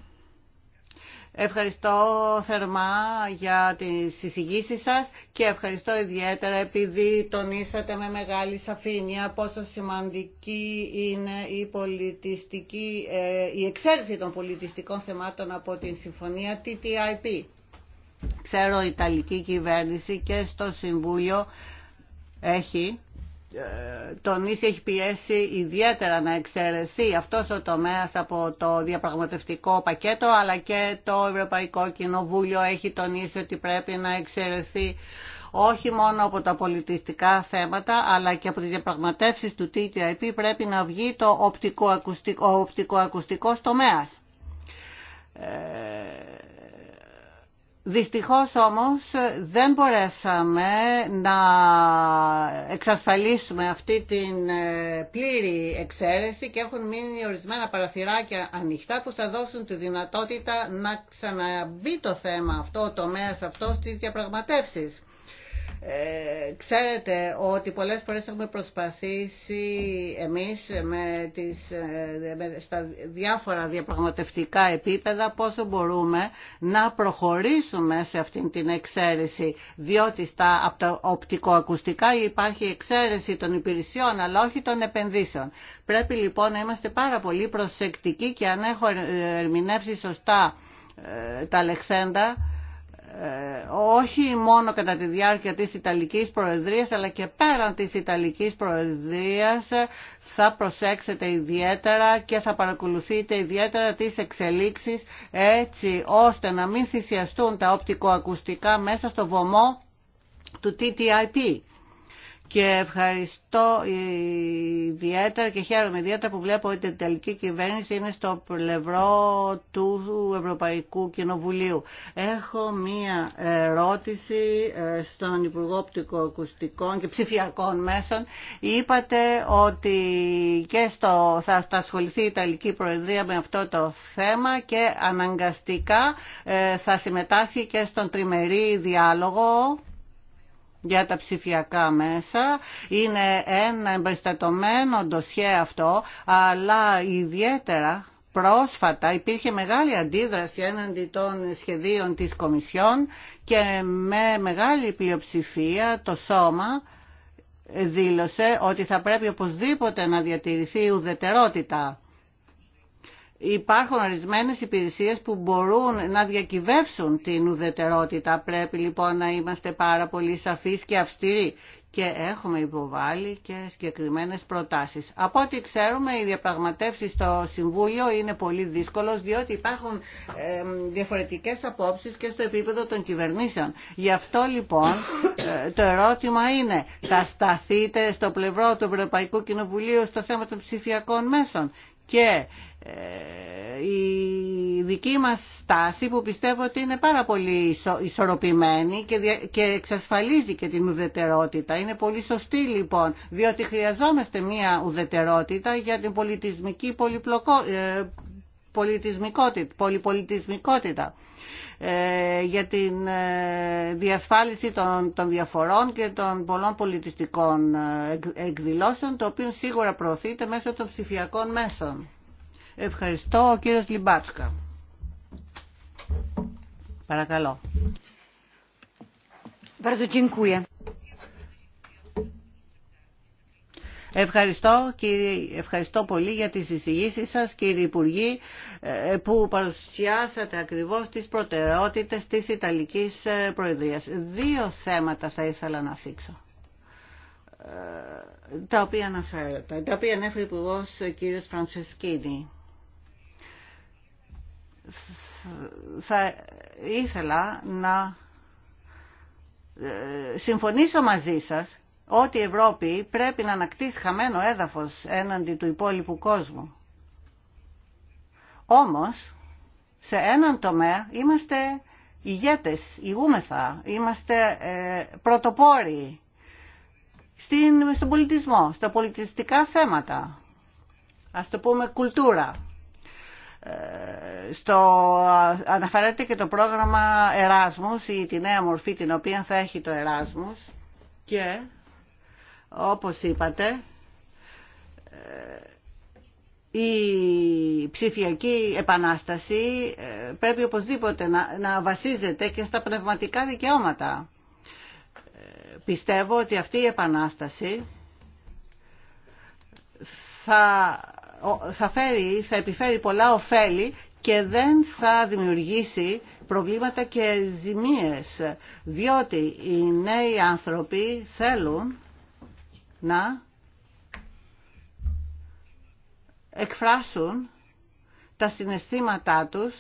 Ευχαριστώ θερμά για τις εισηγήσεις σας και ευχαριστώ ιδιαίτερα επειδή τονίσατε με μεγάλη σαφήνεια πόσο σημαντική είναι η, πολιτιστική, ε, η εξαίρεση των πολιτιστικών θεμάτων από την συμφωνία TTIP. Ξέρω η Ιταλική κυβέρνηση και στο Συμβούλιο έχει τον ΙΣΙ έχει πιέσει ιδιαίτερα να εξαιρεθεί αυτός ο τομέας από το διαπραγματευτικό πακέτο αλλά και το Ευρωπαϊκό Κοινοβούλιο έχει τονίσει ότι πρέπει να εξαιρεθεί όχι μόνο από τα πολιτιστικά θέματα αλλά και από τις διαπραγματεύσεις του TTIP πρέπει να βγει το οπτικοακουστικό, ο οπτικοακουστικός τομέας. Ε, Δυστυχώς όμως δεν μπορέσαμε να εξασφαλίσουμε αυτή την ε, πλήρη εξαίρεση και έχουν μείνει ορισμένα παραθυράκια ανοιχτά που θα δώσουν τη δυνατότητα να ξαναμπεί το θέμα αυτό, το τομέα αυτό στις διαπραγματεύσεις. Ε, ξέρετε ότι πολλές φορές έχουμε προσπαθήσει εμείς με τις, ε, με, στα διάφορα διαπραγματευτικά επίπεδα πόσο μπορούμε να προχωρήσουμε σε αυτήν την εξαίρεση διότι στα από τα οπτικοακουστικά υπάρχει εξαίρεση των υπηρεσιών αλλά όχι των επενδύσεων. Πρέπει λοιπόν να είμαστε πάρα πολύ προσεκτικοί και αν έχω ερμηνεύσει σωστά ε, τα λεξέντα ε, όχι μόνο κατά τη διάρκεια της Ιταλικής Προεδρίας αλλά και πέραν της Ιταλικής Προεδρίας θα προσέξετε ιδιαίτερα και θα παρακολουθείτε ιδιαίτερα τις εξελίξεις έτσι ώστε να μην θυσιαστούν τα οπτικοακουστικά μέσα στο βωμό του TTIP. Και ευχαριστώ ιδιαίτερα και χαίρομαι ιδιαίτερα που βλέπω ότι η Ιταλική κυβέρνηση είναι στο πλευρό του Ευρωπαϊκού Κοινοβουλίου. Έχω μία ερώτηση ε, στον Υπουργό Οπτικοακουστικών και Ψηφιακών Μέσων. Είπατε ότι και στο, θα ασχοληθεί η Ιταλική Προεδρία με αυτό το θέμα και αναγκαστικά ε, θα συμμετάσχει και στον τριμερή διάλογο για τα ψηφιακά μέσα. Είναι ένα εμπεριστατωμένο ντοσιέ αυτό, αλλά ιδιαίτερα πρόσφατα υπήρχε μεγάλη αντίδραση έναντι των σχεδίων της Κομισιόν και με μεγάλη πλειοψηφία το σώμα δήλωσε ότι θα πρέπει οπωσδήποτε να διατηρηθεί η ουδετερότητα Υπάρχουν ορισμένες υπηρεσίες που μπορούν να διακυβεύσουν την ουδετερότητα. Πρέπει λοιπόν να είμαστε πάρα πολύ σαφείς και αυστηροί και έχουμε υποβάλει και συγκεκριμένες προτάσεις. Από ό,τι ξέρουμε οι διαπραγματεύσει στο Συμβούλιο είναι πολύ δύσκολο, διότι υπάρχουν ε, διαφορετικές απόψεις και στο επίπεδο των κυβερνήσεων. Γι' αυτό λοιπόν ε, το ερώτημα είναι θα σταθείτε στο πλευρό του Ευρωπαϊκού Κοινοβουλίου στο θέμα των ψηφιακών μέσων και ε, η δική μας στάση που πιστεύω ότι είναι πάρα πολύ ισορροπημένη και εξασφαλίζει και την ουδετερότητα. Είναι πολύ σωστή λοιπόν, διότι χρειαζόμαστε μια ουδετερότητα για την πολιτισμική πολυπλοκο... Ε, πολιτισμικότητα, πολυπολιτισμικότητα ε, για την διασφάλιση των, των διαφορών και των πολλών πολιτιστικών εκδηλώσεων, το οποίο σίγουρα προωθείται μέσω των ψηφιακών μέσων. Ευχαριστώ. Ο κύριος Λιμπάτσκα. Παρακαλώ. Ευχαριστώ, κύριε, ευχαριστώ πολύ για τις εισηγήσεις σας κύριε Υπουργή ε, που παρουσιάσατε ακριβώς τις προτεραιότητες της Ιταλικής ε, Προεδρίας. Δύο θέματα θα ήθελα να θίξω ε, τα οποία αναφέρατε, τα οποία ανέφερε ο κύριος θα ήθελα να ε, συμφωνήσω μαζί σας ότι η Ευρώπη πρέπει να ανακτήσει χαμένο έδαφος έναντι του υπόλοιπου κόσμου. Όμως, σε έναν τομέα είμαστε ηγέτες, ηγούμεθα, είμαστε ε, πρωτοπόροι στον πολιτισμό, στα πολιτιστικά θέματα, ας το πούμε κουλτούρα στο, αναφέρεται και το πρόγραμμα Εράσμους ή τη νέα μορφή την οποία θα έχει το Εράσμους και όπως είπατε ε, η ψηφιακή επανάσταση ε, πρέπει οπωσδήποτε να, να βασίζεται και στα πνευματικά δικαιώματα. Ε, πιστεύω ότι αυτή η επανάσταση θα θα, φέρει, θα επιφέρει πολλά ωφέλη και δεν θα δημιουργήσει προβλήματα και ζημίες, διότι οι νέοι άνθρωποι θέλουν να εκφράσουν τα συναισθήματά τους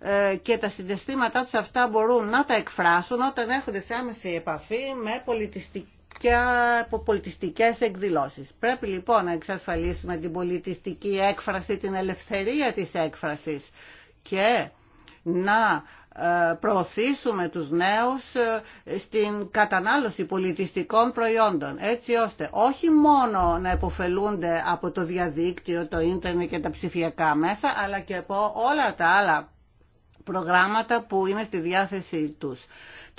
ε, και τα συναισθήματά τους αυτά μπορούν να τα εκφράσουν όταν έρχονται σε άμεση επαφή με πολιτιστική και από πολιτιστικές εκδηλώσεις. Πρέπει λοιπόν να εξασφαλίσουμε την πολιτιστική έκφραση, την ελευθερία της έκφρασης και να ε, προωθήσουμε τους νέους ε, στην κατανάλωση πολιτιστικών προϊόντων έτσι ώστε όχι μόνο να υποφελούνται από το διαδίκτυο, το ίντερνετ και τα ψηφιακά μέσα αλλά και από όλα τα άλλα προγράμματα που είναι στη διάθεσή τους.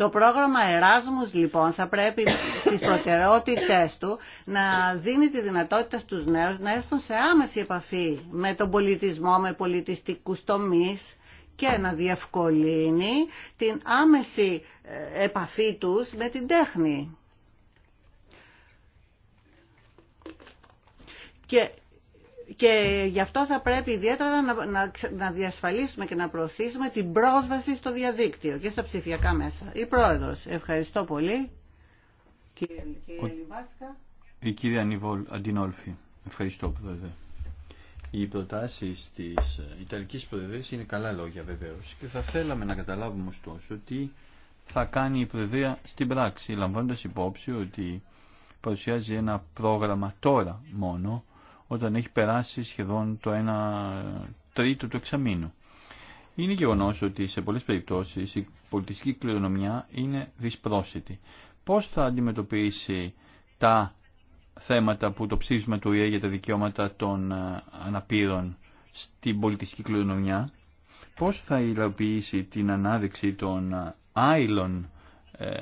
Το πρόγραμμα Εράσμους λοιπόν θα πρέπει στις προτεραιότητες του να δίνει τη δυνατότητα στους νέους να έρθουν σε άμεση επαφή με τον πολιτισμό, με πολιτιστικούς τομείς και να διευκολύνει την άμεση ε, επαφή τους με την τέχνη. Και γι' αυτό θα πρέπει ιδιαίτερα να, διασφαλίσουμε και να προωθήσουμε την πρόσβαση στο διαδίκτυο και στα ψηφιακά μέσα. Η Πρόεδρος, ευχαριστώ πολύ. Κύριε, κύριε Η κυρία Νίβολ Αντινόλφη, ευχαριστώ Πρόεδρε. Οι προτάσει τη Ιταλική Προεδρία είναι καλά λόγια βεβαίω και θα θέλαμε να καταλάβουμε ωστόσο τι θα κάνει η Προεδρία στην πράξη, λαμβάνοντα υπόψη ότι παρουσιάζει ένα πρόγραμμα τώρα μόνο όταν έχει περάσει σχεδόν το 1 τρίτο του εξαμήνου. Είναι γεγονό ότι σε πολλέ περιπτώσει η πολιτιστική κληρονομιά είναι δυσπρόσιτη. Πώ θα αντιμετωπίσει τα θέματα που το ψήφισμα του ΙΕ για τα δικαιώματα των ε, αναπήρων στην πολιτιστική κληρονομιά, πώς θα υλοποιήσει την ανάδειξη των ε, άειλων ε,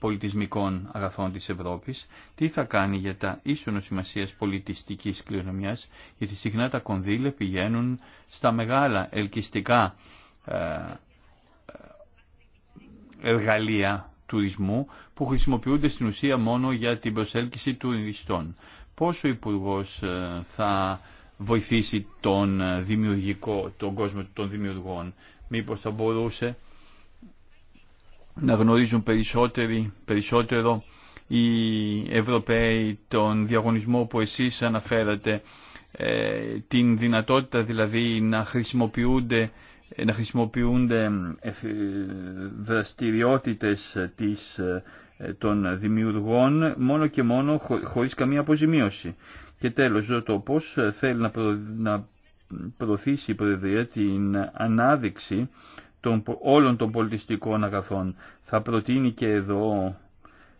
πολιτισμικών αγαθών της Ευρώπης, τι θα κάνει για τα ίσονο σημασία πολιτιστικής κληρονομιάς, γιατί συχνά τα κονδύλια πηγαίνουν στα μεγάλα ελκυστικά ε, ε, εργαλεία τουρισμού που χρησιμοποιούνται στην ουσία μόνο για την προσέλκυση τουριστών. Πόσο ο Υπουργός ε, θα βοηθήσει τον, δημιουργικό, τον κόσμο των δημιουργών, μήπως θα μπορούσε να γνωρίζουν περισσότερο οι Ευρωπαίοι τον διαγωνισμό που εσείς αναφέρατε, ε, την δυνατότητα δηλαδή να χρησιμοποιούνται ε, να χρησιμοποιούνται ε, δραστηριότητες της, των δημιουργών μόνο και μόνο χωρίς καμία αποζημίωση. Και τέλος, το πώς θέλει να, να προωθήσει η Προεδρία την ανάδειξη των, όλων των πολιτιστικών αγαθών. Θα προτείνει και εδώ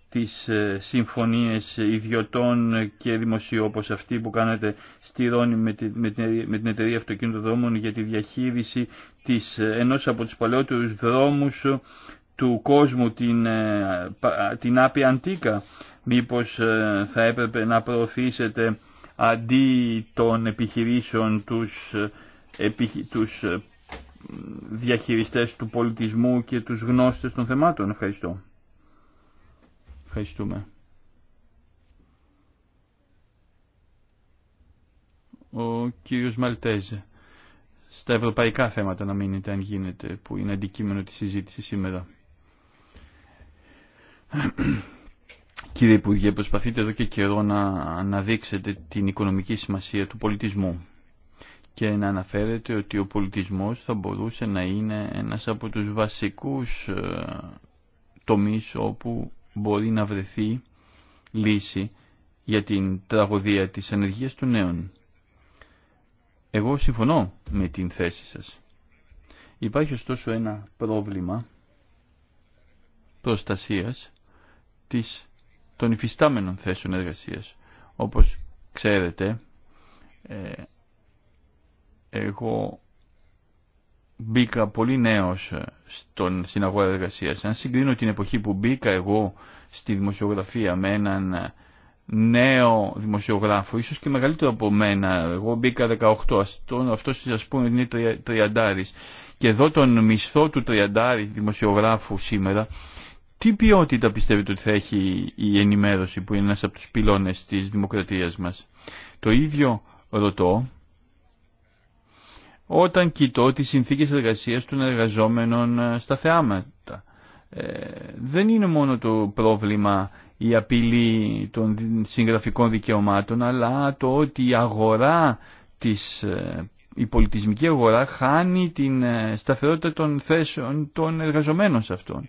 τις ε, συμφωνίες ιδιωτών και δημοσίου όπως αυτή που κάνετε στη Ρόνη με την εταιρεία αυτοκίνητων δρόμων για τη διαχείριση της, ε, ενός από τους παλαιότερους δρόμους του κόσμου την, ε, την Άπη Αντίκα. Μήπως θα έπρεπε να προωθήσετε αντί των επιχειρήσεων τους, τους διαχειριστές του πολιτισμού και τους γνώστες των θεμάτων. Ευχαριστώ. Ευχαριστούμε. Ο κύριος Μαλτέζε. Στα ευρωπαϊκά θέματα να μείνετε αν γίνεται, που είναι αντικείμενο της συζήτησης σήμερα. Κύριε Υπουργέ, προσπαθείτε εδώ και καιρό να αναδείξετε την οικονομική σημασία του πολιτισμού και να αναφέρεται ότι ο πολιτισμός θα μπορούσε να είναι ένας από τους βασικούς ε, τομείς όπου μπορεί να βρεθεί λύση για την τραγωδία της ανεργίας των νέων. Εγώ συμφωνώ με την θέση σας. Υπάρχει ωστόσο ένα πρόβλημα προστασίας της, των υφιστάμενων θέσεων εργασίας. Όπως ξέρετε, ε, εγώ μπήκα πολύ νέος ε, στον, στην αγορά εργασία. Αν συγκρίνω την εποχή που μπήκα εγώ στη δημοσιογραφία με έναν ε, νέο δημοσιογράφο, ίσως και μεγαλύτερο από μένα, εγώ μπήκα 18, αυτός ας πούμε είναι τριαντάρης, και εδώ τον μισθό του τριαντάρη δημοσιογράφου σήμερα, τι ποιότητα πιστεύετε ότι θα έχει η ενημέρωση που είναι ένας από τους πυλώνες της δημοκρατίας μας. Το ίδιο ρωτώ όταν κοιτώ τις συνθήκες εργασίας των εργαζόμενων ε, στα θεάματα. Ε, δεν είναι μόνο το πρόβλημα η απειλή των συγγραφικών δικαιωμάτων, αλλά το ότι η αγορά της, ε, η πολιτισμική αγορά χάνει την σταθερότητα των θέσεων των εργαζομένων σε αυτόν.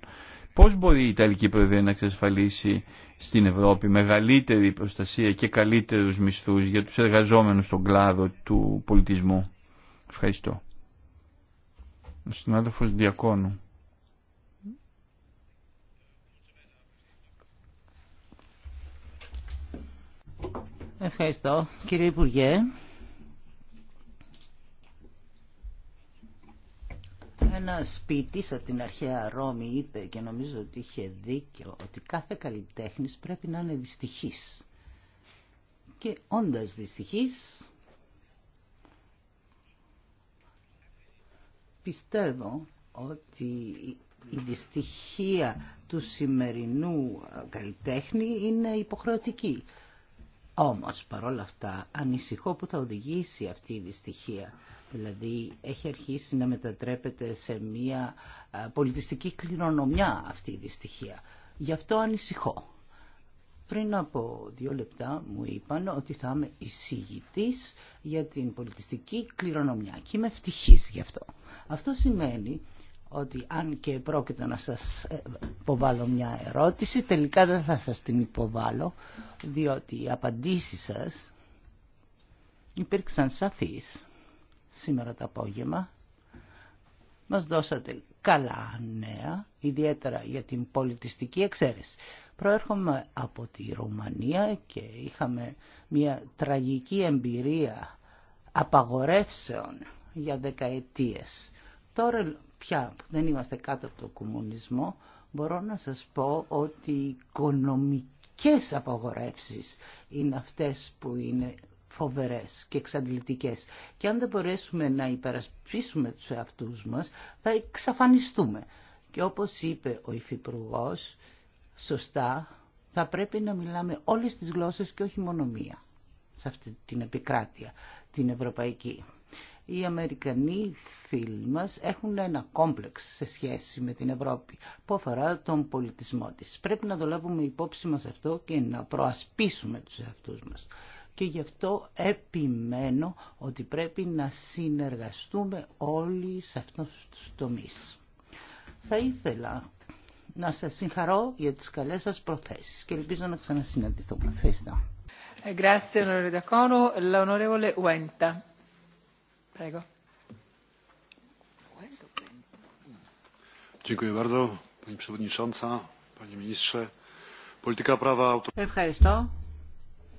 Πώς μπορεί η Ιταλική Προεδρία να εξασφαλίσει στην Ευρώπη μεγαλύτερη προστασία και καλύτερους μισθούς για τους εργαζόμενους στον κλάδο του πολιτισμού. Ευχαριστώ. Ο συνάδελφος Διακόνου. Ευχαριστώ. Κύριε Υπουργέ, ένα σπίτι από την αρχαία Ρώμη είπε και νομίζω ότι είχε δίκιο ότι κάθε καλλιτέχνης πρέπει να είναι δυστυχής. Και όντας δυστυχής Πιστεύω ότι η δυστυχία του σημερινού καλλιτέχνη είναι υποχρεωτική. Όμως, παρόλα αυτά, ανησυχώ που θα οδηγήσει αυτή η δυστυχία. Δηλαδή, έχει αρχίσει να μετατρέπεται σε μια πολιτιστική κληρονομιά αυτή η δυστυχία. Γι' αυτό ανησυχώ. Πριν από δύο λεπτά μου είπαν ότι θα είμαι εισηγητής για την πολιτιστική κληρονομιά και είμαι ευτυχής γι' αυτό. Αυτό σημαίνει ότι αν και πρόκειται να σας ε, υποβάλω μια ερώτηση, τελικά δεν θα σας την υποβάλω, διότι οι απαντήσεις σας υπήρξαν σαφείς σήμερα το απόγευμα. Μας δώσατε καλά νέα, ιδιαίτερα για την πολιτιστική εξαίρεση. Προέρχομαι από τη Ρουμανία και είχαμε μια τραγική εμπειρία απαγορεύσεων για δεκαετίες Τώρα πια που δεν είμαστε κάτω από τον κομμουνισμό, μπορώ να σας πω ότι οι οικονομικές απαγορεύσεις είναι αυτές που είναι φοβερές και εξαντλητικές. Και αν δεν μπορέσουμε να υπερασπίσουμε τους εαυτούς μας, θα εξαφανιστούμε. Και όπως είπε ο υφυπουργό, σωστά, θα πρέπει να μιλάμε όλες τις γλώσσες και όχι μόνο μία σε αυτή την επικράτεια, την ευρωπαϊκή οι Αμερικανοί φίλοι μας έχουν ένα κόμπλεξ σε σχέση με την Ευρώπη που αφορά τον πολιτισμό της. Πρέπει να το λάβουμε υπόψη μας αυτό και να προασπίσουμε τους εαυτούς μας. Και γι' αυτό επιμένω ότι πρέπει να συνεργαστούμε όλοι σε αυτού τους τομείς. Θα ήθελα να σας συγχαρώ για τις καλές σας προθέσεις και ελπίζω να ξανασυναντηθούμε. Ευχαριστώ. Ε, grazie onorevole Ευχαριστώ,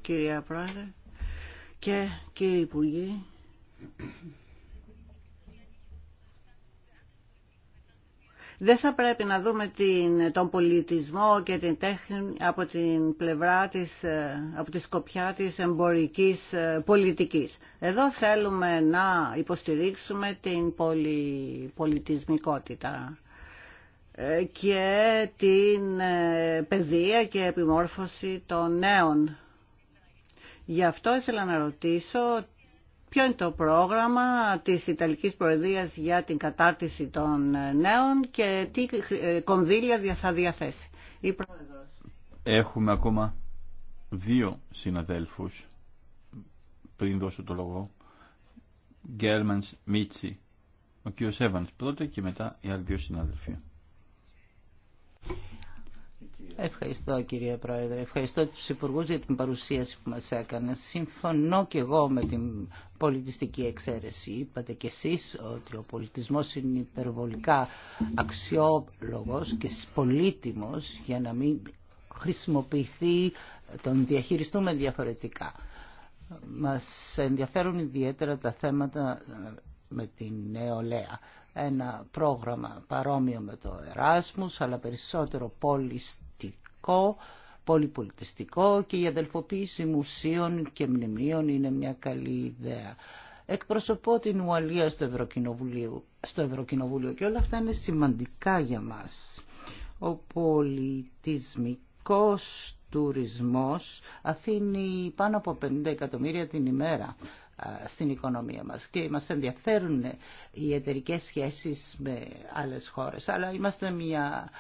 κυρία Πρόεδρε και κύριοι Υπουργοί. δεν θα πρέπει να δούμε την, τον πολιτισμό και την τέχνη από την πλευρά της, ε, από τη σκοπιά της εμπορικής ε, πολιτικής. Εδώ θέλουμε να υποστηρίξουμε την πολυπολιτισμικότητα ε, και την παιδεία και επιμόρφωση των νέων. Γι' αυτό ήθελα να ρωτήσω Ποιο είναι το πρόγραμμα της Ιταλικής Προεδρίας για την κατάρτιση των νέων και τι κονδύλια θα διαθέσει. Η Πρόεδρος. Έχουμε ακόμα δύο συναδέλφους πριν δώσω το λόγο. Γκέρμανς Μίτσι, ο κ. Εύανς πρώτα και μετά οι άλλοι δύο συνάδελφοι. Ευχαριστώ κύριε Πρόεδρε. Ευχαριστώ τους υπουργούς για την παρουσίαση που μας έκανα. Συμφωνώ και εγώ με την πολιτιστική εξαίρεση. Είπατε κι εσείς ότι ο πολιτισμός είναι υπερβολικά αξιόλογος και πολύτιμος για να μην χρησιμοποιηθεί, τον διαχειριστούμε διαφορετικά. Μας ενδιαφέρουν ιδιαίτερα τα θέματα με την νεολαία. Ένα πρόγραμμα παρόμοιο με το Εράσμους, αλλά περισσότερο πόλης πολυπολιτιστικό και η αδελφοποίηση μουσείων και μνημείων είναι μια καλή ιδέα. Εκπροσωπώ την Ουαλία στο Ευρωκοινοβούλιο, στο Ευρωκοινοβούλιο και όλα αυτά είναι σημαντικά για μας. Ο πολιτισμικός τουρισμός αφήνει πάνω από 50 εκατομμύρια την ημέρα στην οικονομία μας και μας ενδιαφέρουν οι εταιρικέ σχέσεις με άλλες χώρες αλλά είμαστε μια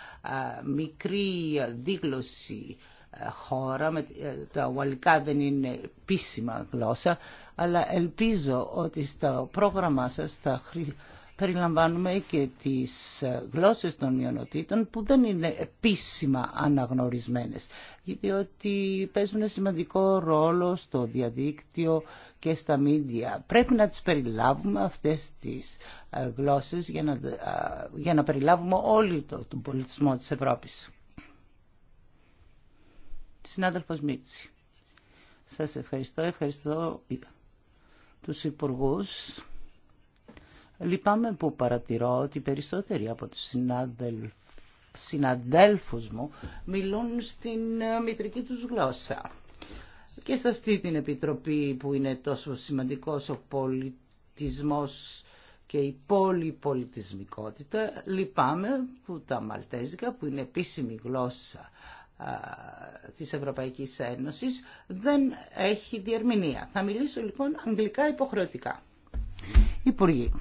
μικρή δίγλωση χώρα, ε, τα ουαλικά δεν είναι επίσημα γλώσσα αλλά ελπίζω ότι στο πρόγραμμά σας θα περιλαμβάνουμε και τις ε, γλώσσες των μειονοτήτων που δεν είναι επίσημα αναγνωρισμένες, διότι παίζουν σημαντικό ρόλο στο διαδίκτυο και στα μίδια. Πρέπει να τις περιλάβουμε αυτές τις ε, γλώσσες για να, ε, για να περιλάβουμε όλοι το, τον πολιτισμό της Ευρώπης. Συνάδελφος Μίτση, σας ευχαριστώ, ευχαριστώ τους υπουργούς Λυπάμαι που παρατηρώ ότι περισσότεροι από τους συνάδελφους μου μιλούν στην ε, μητρική τους γλώσσα. Και σε αυτή την επιτροπή που είναι τόσο σημαντικός ο πολιτισμός και η πολυπολιτισμικότητα, λυπάμαι που τα μαλτέζικα που είναι επίσημη γλώσσα α, της Ευρωπαϊκής Ένωσης δεν έχει διερμηνία. Θα μιλήσω λοιπόν αγγλικά υποχρεωτικά. Υπουργοί,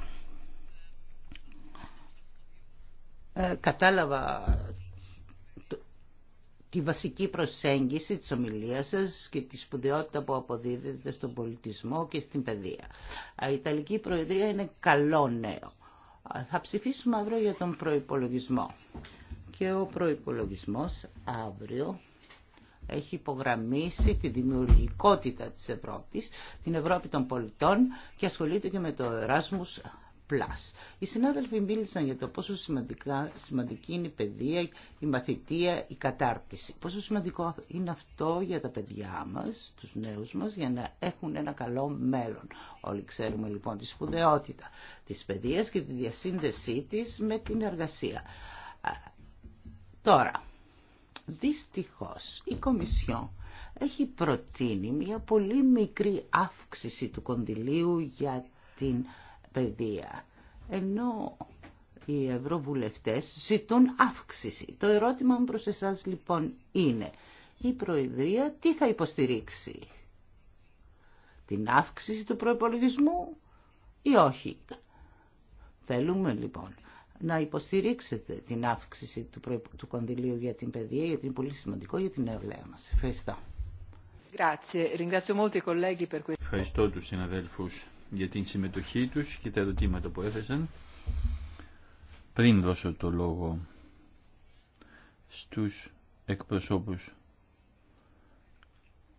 Ε, κατάλαβα τη βασική προσέγγιση της ομιλίας σας και τη σπουδαιότητα που αποδίδεται στον πολιτισμό και στην παιδεία. Ε, η Ιταλική Προεδρία είναι καλό νέο. Ε, θα ψηφίσουμε αύριο για τον προϋπολογισμό. Και ο προϋπολογισμός αύριο έχει υπογραμμίσει τη δημιουργικότητα της Ευρώπης, την Ευρώπη των πολιτών και ασχολείται και με το Erasmus Plus. Οι συνάδελφοι μίλησαν για το πόσο σημαντική είναι η παιδεία, η μαθητεία, η κατάρτιση. Πόσο σημαντικό είναι αυτό για τα παιδιά μας, τους νέους μας, για να έχουν ένα καλό μέλλον. Όλοι ξέρουμε λοιπόν τη σπουδαιότητα της παιδείας και τη διασύνδεσή της με την εργασία. Τώρα, δυστυχώς η Κομισιόν έχει προτείνει μια πολύ μικρή αύξηση του κονδυλίου για την παιδεία. Ενώ οι ευρωβουλευτές ζητούν αύξηση. Το ερώτημα μου προς εσάς λοιπόν είναι, η Προεδρία τι θα υποστηρίξει, την αύξηση του προϋπολογισμού ή όχι. Θέλουμε λοιπόν να υποστηρίξετε την αύξηση του, προ... του κονδυλίου για την παιδεία, γιατί είναι πολύ σημαντικό για την νεολαία μας. Ευχαριστώ. Ευχαριστώ τους συναδέλφους για την συμμετοχή τους και τα ερωτήματα που έθεσαν. Πριν δώσω το λόγο στους εκπροσώπους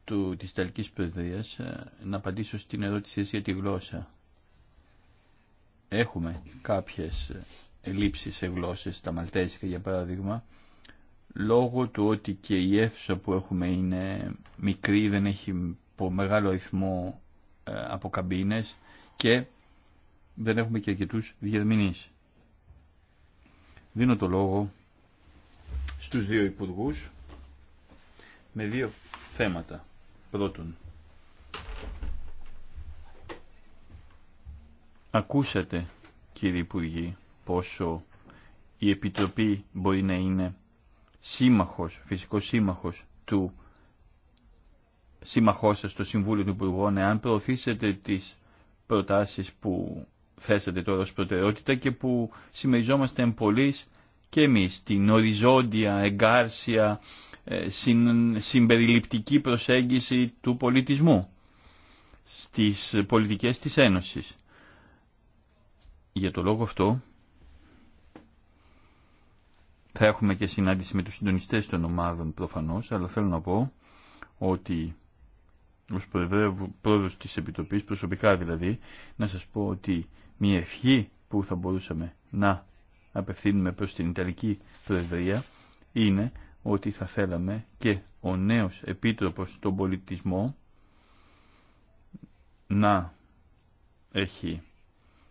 του, της Ιταλικής Προεδρίας ε, να απαντήσω στην ερώτηση για τη γλώσσα. Έχουμε κάποιες ε, ελλείψεις σε γλώσσες, τα Μαλτέζικα για παράδειγμα, λόγω του ότι και η αίθουσα που έχουμε είναι μικρή, δεν έχει μεγάλο αριθμό ε, από καμπίνες και δεν έχουμε και αρκετούς διερμηνείς. Δίνω το λόγο στους δύο υπουργούς με δύο θέματα. Πρώτον, ακούσατε κύριε Υπουργή πόσο η Επιτροπή μπορεί να είναι σύμμαχος, φυσικός σύμμαχος του σύμμαχό σας στο Συμβούλιο του Υπουργών εάν προωθήσετε τις προτάσεις που θέσατε τώρα ως προτεραιότητα και που συμμεριζόμαστε εμπολείς και εμείς την οριζόντια, εγκάρσια, ε, συμπεριληπτική προσέγγιση του πολιτισμού στις πολιτικές της Ένωσης. Για το λόγο αυτό θα έχουμε και συνάντηση με τους συντονιστές των ομάδων προφανώς, αλλά θέλω να πω ότι ως πρόεδρος της Επιτροπής, προσωπικά δηλαδή, να σας πω ότι μια ευχή που θα μπορούσαμε να απευθύνουμε προς την Ιταλική Προεδρία είναι ότι θα θέλαμε και ο νέος Επίτροπος στον πολιτισμό να έχει,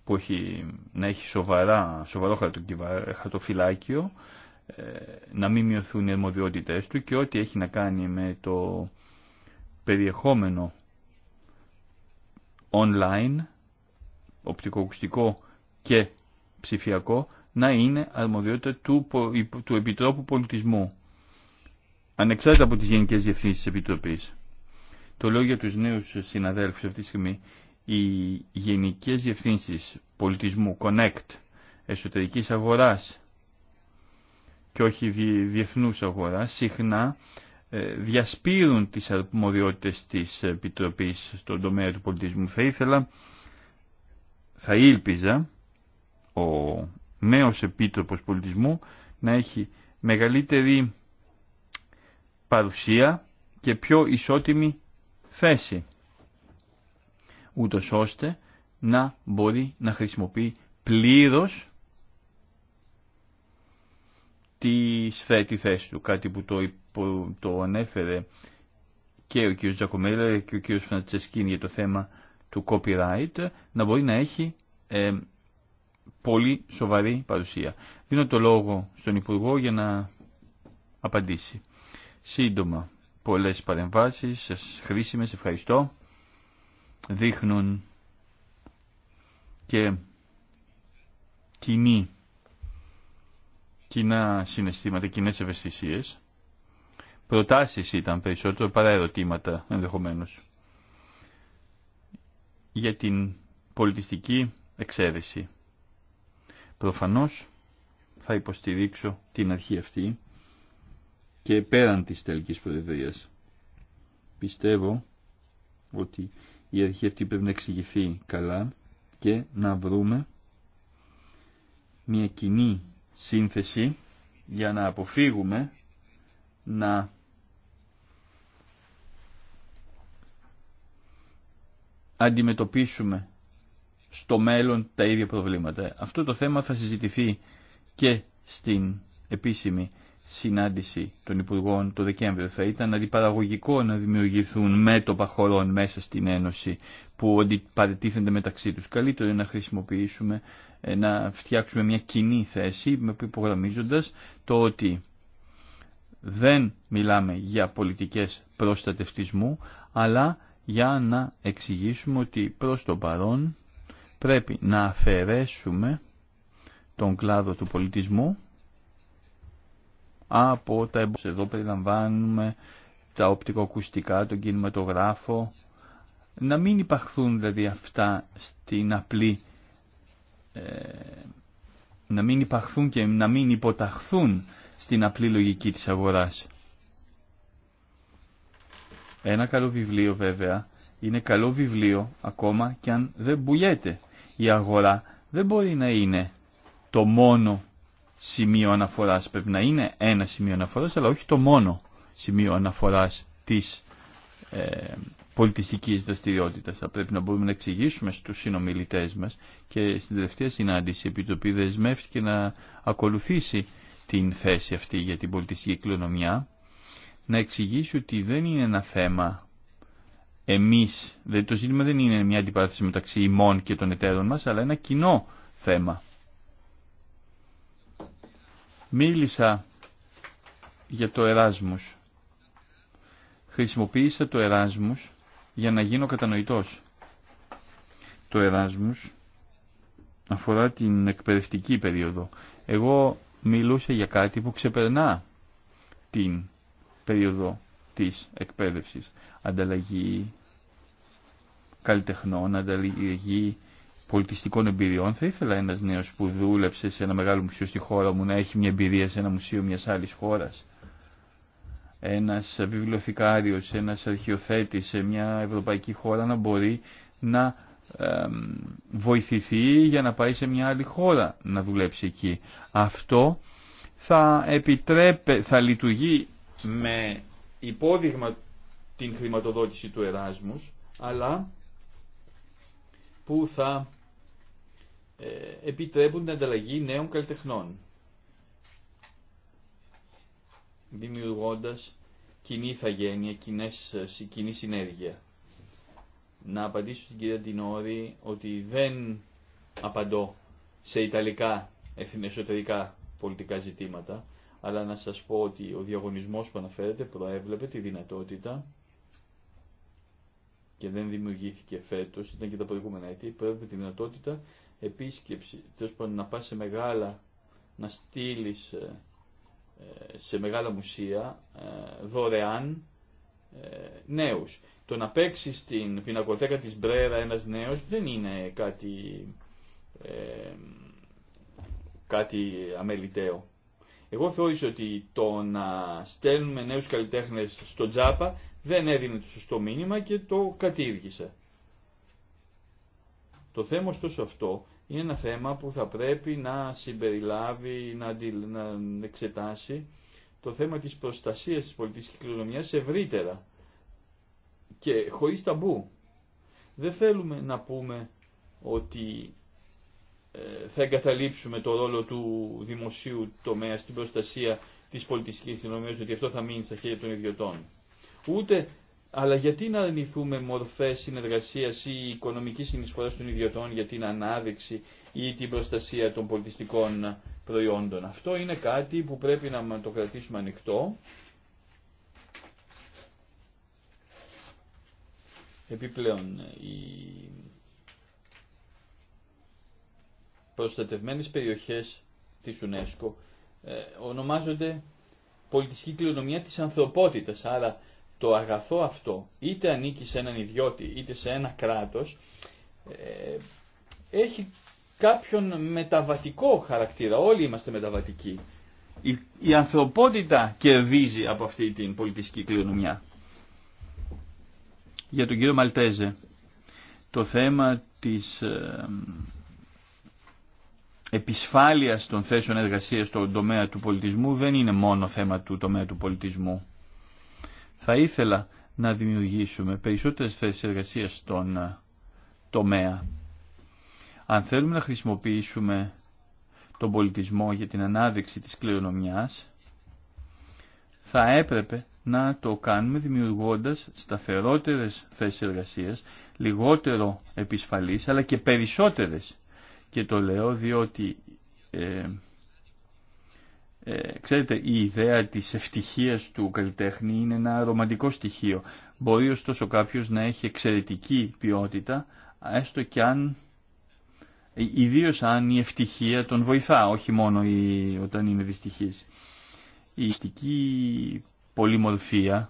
που έχει, να έχει σοβαρά, σοβαρό χαρτοφυλάκιο, ε, να μην μειωθούν οι αρμοδιότητες του και ό,τι έχει να κάνει με το περιεχόμενο online, οπτικοκουστικό και ψηφιακό, να είναι αρμοδιότητα του, του Επιτρόπου Πολιτισμού, ανεξάρτητα από τις Γενικές Διευθύνσεις της Επιτροπής. Το λέω για τους νέους συναδέλφους αυτή τη στιγμή. Οι Γενικές Διευθύνσεις Πολιτισμού, Connect, εσωτερικής αγοράς και όχι διεθνούς αγοράς, συχνά ε, διασπείρουν τις αρμοδιότητες της Επιτροπής στον τομέα του πολιτισμού. Θα ήθελα, θα ήλπιζα ο νέος Επίτροπος Πολιτισμού να έχει μεγαλύτερη παρουσία και πιο ισότιμη θέση, ούτως ώστε να μπορεί να χρησιμοποιεί πλήρως τη θέση του, κάτι που το που το ανέφερε και ο κ. Τζακομέλα και ο κ. Φραντσεσκίν για το θέμα του copyright να μπορεί να έχει ε, πολύ σοβαρή παρουσία. Δίνω το λόγο στον Υπουργό για να απαντήσει. Σύντομα, πολλές παρεμβάσεις, σας χρήσιμες, ευχαριστώ. Δείχνουν και κοινή, κοινά συναισθήματα, κοινές ευαισθησίες προτάσεις ήταν περισσότερο παρά ερωτήματα ενδεχομένως για την πολιτιστική εξαίρεση. Προφανώς θα υποστηρίξω την αρχή αυτή και πέραν της τελικής προεδρίας. Πιστεύω ότι η αρχή αυτή πρέπει να εξηγηθεί καλά και να βρούμε μια κοινή σύνθεση για να αποφύγουμε να αντιμετωπίσουμε στο μέλλον τα ίδια προβλήματα. Αυτό το θέμα θα συζητηθεί και στην επίσημη συνάντηση των Υπουργών το Δεκέμβριο. Θα ήταν αντιπαραγωγικό να δημιουργηθούν μέτωπα χωρών μέσα στην Ένωση που παρετίθενται μεταξύ τους. Καλύτερο είναι να χρησιμοποιήσουμε, ε, να φτιάξουμε μια κοινή θέση με υπογραμμίζοντας το ότι δεν μιλάμε για πολιτικές προστατευτισμού, αλλά για να εξηγήσουμε ότι προς το παρόν πρέπει να αφαιρέσουμε τον κλάδο του πολιτισμού από τα εμπόδια. Εδώ περιλαμβάνουμε τα οπτικοακουστικά, τον κινηματογράφο. Να μην υπαχθούν δηλαδή αυτά στην απλή... Ε, να μην υπαχθούν και να μην υποταχθούν στην απλή λογική της αγοράς. Ένα καλό βιβλίο βέβαια είναι καλό βιβλίο ακόμα και αν δεν πουλιέται. Η αγορά δεν μπορεί να είναι το μόνο σημείο αναφοράς. Πρέπει να είναι ένα σημείο αναφοράς, αλλά όχι το μόνο σημείο αναφοράς της ε, πολιτιστικής δραστηριότητας. Θα πρέπει να μπορούμε να εξηγήσουμε στους συνομιλητές μας και στην τελευταία συνάντηση η Επιτροπή δεσμεύτηκε να ακολουθήσει την θέση αυτή για την πολιτιστική κληρονομιά να εξηγήσει ότι δεν είναι ένα θέμα εμείς, δηλαδή το ζήτημα δεν είναι μια αντιπαράθεση μεταξύ ημών και των εταίρων μας, αλλά ένα κοινό θέμα. Μίλησα για το Εράσμους. Χρησιμοποίησα το Εράσμους για να γίνω κατανοητός. Το Εράσμους αφορά την εκπαιδευτική περίοδο. Εγώ μιλούσα για κάτι που ξεπερνά την περίοδο της εκπαίδευσης. Ανταλλαγή καλλιτεχνών, ανταλλαγή πολιτιστικών εμπειριών. Θα ήθελα ένας νέος που δούλεψε σε ένα μεγάλο μουσείο στη χώρα μου να έχει μια εμπειρία σε ένα μουσείο μιας άλλης χώρας. Ένας βιβλιοθηκάριος, ένας αρχιοθέτη σε μια ευρωπαϊκή χώρα να μπορεί να βοηθηθεί για να πάει σε μια άλλη χώρα να δουλέψει εκεί. Αυτό θα επιτρέπε, θα λειτουργεί με υπόδειγμα την χρηματοδότηση του Εράσμους, αλλά που θα ε, επιτρέπουν την ανταλλαγή νέων καλλιτεχνών, δημιουργώντας κοινή ηθαγένεια, κοινή συνέργεια. Να απαντήσω στην κυρία Τινόρη ότι δεν απαντώ σε ιταλικά εσωτερικά πολιτικά ζητήματα, αλλά να σας πω ότι ο διαγωνισμός που αναφέρεται προέβλεπε τη δυνατότητα και δεν δημιουργήθηκε φέτος, ήταν και τα προηγούμενα έτη, προέβλεπε τη δυνατότητα επίσκεψη, τέλος πάντων να πας σε μεγάλα, να στείλει ε, ε, σε μεγάλα μουσεία ε, δωρεάν νέους. Το να παίξει στην πινακοτέκα της Μπρέρα ένας νέος δεν είναι κάτι, κάτι αμεληταίο. Εγώ θεώρησα ότι το να στέλνουμε νέους καλλιτέχνες στο τζάπα δεν έδινε το σωστό μήνυμα και το κατήργησε. Το θέμα ωστόσο αυτό είναι ένα θέμα που θα πρέπει να συμπεριλάβει, να, να εξετάσει το θέμα της προστασίας της πολιτικής κληρονομιάς ευρύτερα και χωρίς ταμπού. Δεν θέλουμε να πούμε ότι ε, θα εγκαταλείψουμε το ρόλο του δημοσίου τομέα στην προστασία της πολιτιστική κοινωνίας, ότι αυτό θα μείνει στα χέρια των ιδιωτών. Ούτε, αλλά γιατί να αρνηθούμε μορφές συνεργασίας ή οικονομικής συνεισφοράς των ιδιωτών για την ανάδειξη ή την προστασία των πολιτιστικών προϊόντων. Αυτό είναι κάτι που πρέπει να το κρατήσουμε ανοιχτό. Επιπλέον, η προστατευμένες περιοχές της UNESCO ε, ονομάζονται πολιτιστική κληρονομιά της ανθρωπότητας. Άρα το αγαθό αυτό είτε ανήκει σε έναν ιδιώτη είτε σε ένα κράτος ε, έχει κάποιον μεταβατικό χαρακτήρα. Όλοι είμαστε μεταβατικοί. Η, ανθρωπότητα κερδίζει από αυτή την πολιτιστική κληρονομιά. Για τον κύριο Μαλτέζε, το θέμα της ε, Επισφάλεια των θέσεων εργασίας στον τομέα του πολιτισμού δεν είναι μόνο θέμα του τομέα του πολιτισμού. Θα ήθελα να δημιουργήσουμε περισσότερες θέσεις εργασίας στον ε, τομέα. Αν θέλουμε να χρησιμοποιήσουμε τον πολιτισμό για την ανάδειξη της κληρονομιάς, θα έπρεπε να το κάνουμε δημιουργώντας σταθερότερες θέσεις εργασίας, λιγότερο επισφαλής αλλά και περισσότερες και το λέω διότι, ε, ε, ξέρετε, η ιδέα της ευτυχίας του καλλιτέχνη είναι ένα ρομαντικό στοιχείο. Μπορεί ωστόσο κάποιος να έχει εξαιρετική ποιότητα, έστω και αν ε, ιδίως αν η ευτυχία τον βοηθά, όχι μόνο όταν είναι δυστυχής. Η ιστική πολυμορφία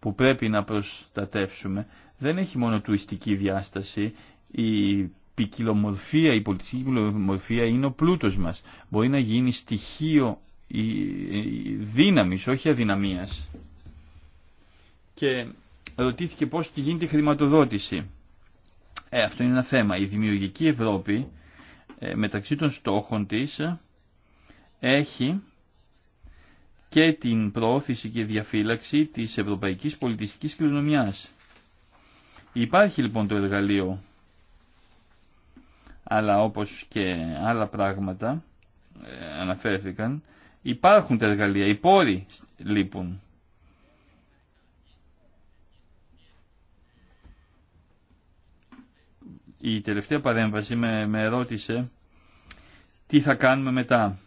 που πρέπει να προστατεύσουμε δεν έχει μόνο τουριστική διάσταση. Η ποικιλομορφία, η πολιτιστική ποικιλομορφία είναι ο πλούτος μας. Μπορεί να γίνει στοιχείο δύναμης, όχι αδυναμίας. Και ρωτήθηκε πώς γίνεται η χρηματοδότηση. Ε, αυτό είναι ένα θέμα. Η δημιουργική Ευρώπη ε, μεταξύ των στόχων της έχει και την προώθηση και διαφύλαξη της ευρωπαϊκής πολιτιστικής κληρονομιάς. Υπάρχει λοιπόν το εργαλείο αλλά όπως και άλλα πράγματα ε, αναφέρθηκαν, υπάρχουν τα εργαλεία, οι πόροι λείπουν. Η τελευταία παρέμβαση με, με ρώτησε τι θα κάνουμε μετά.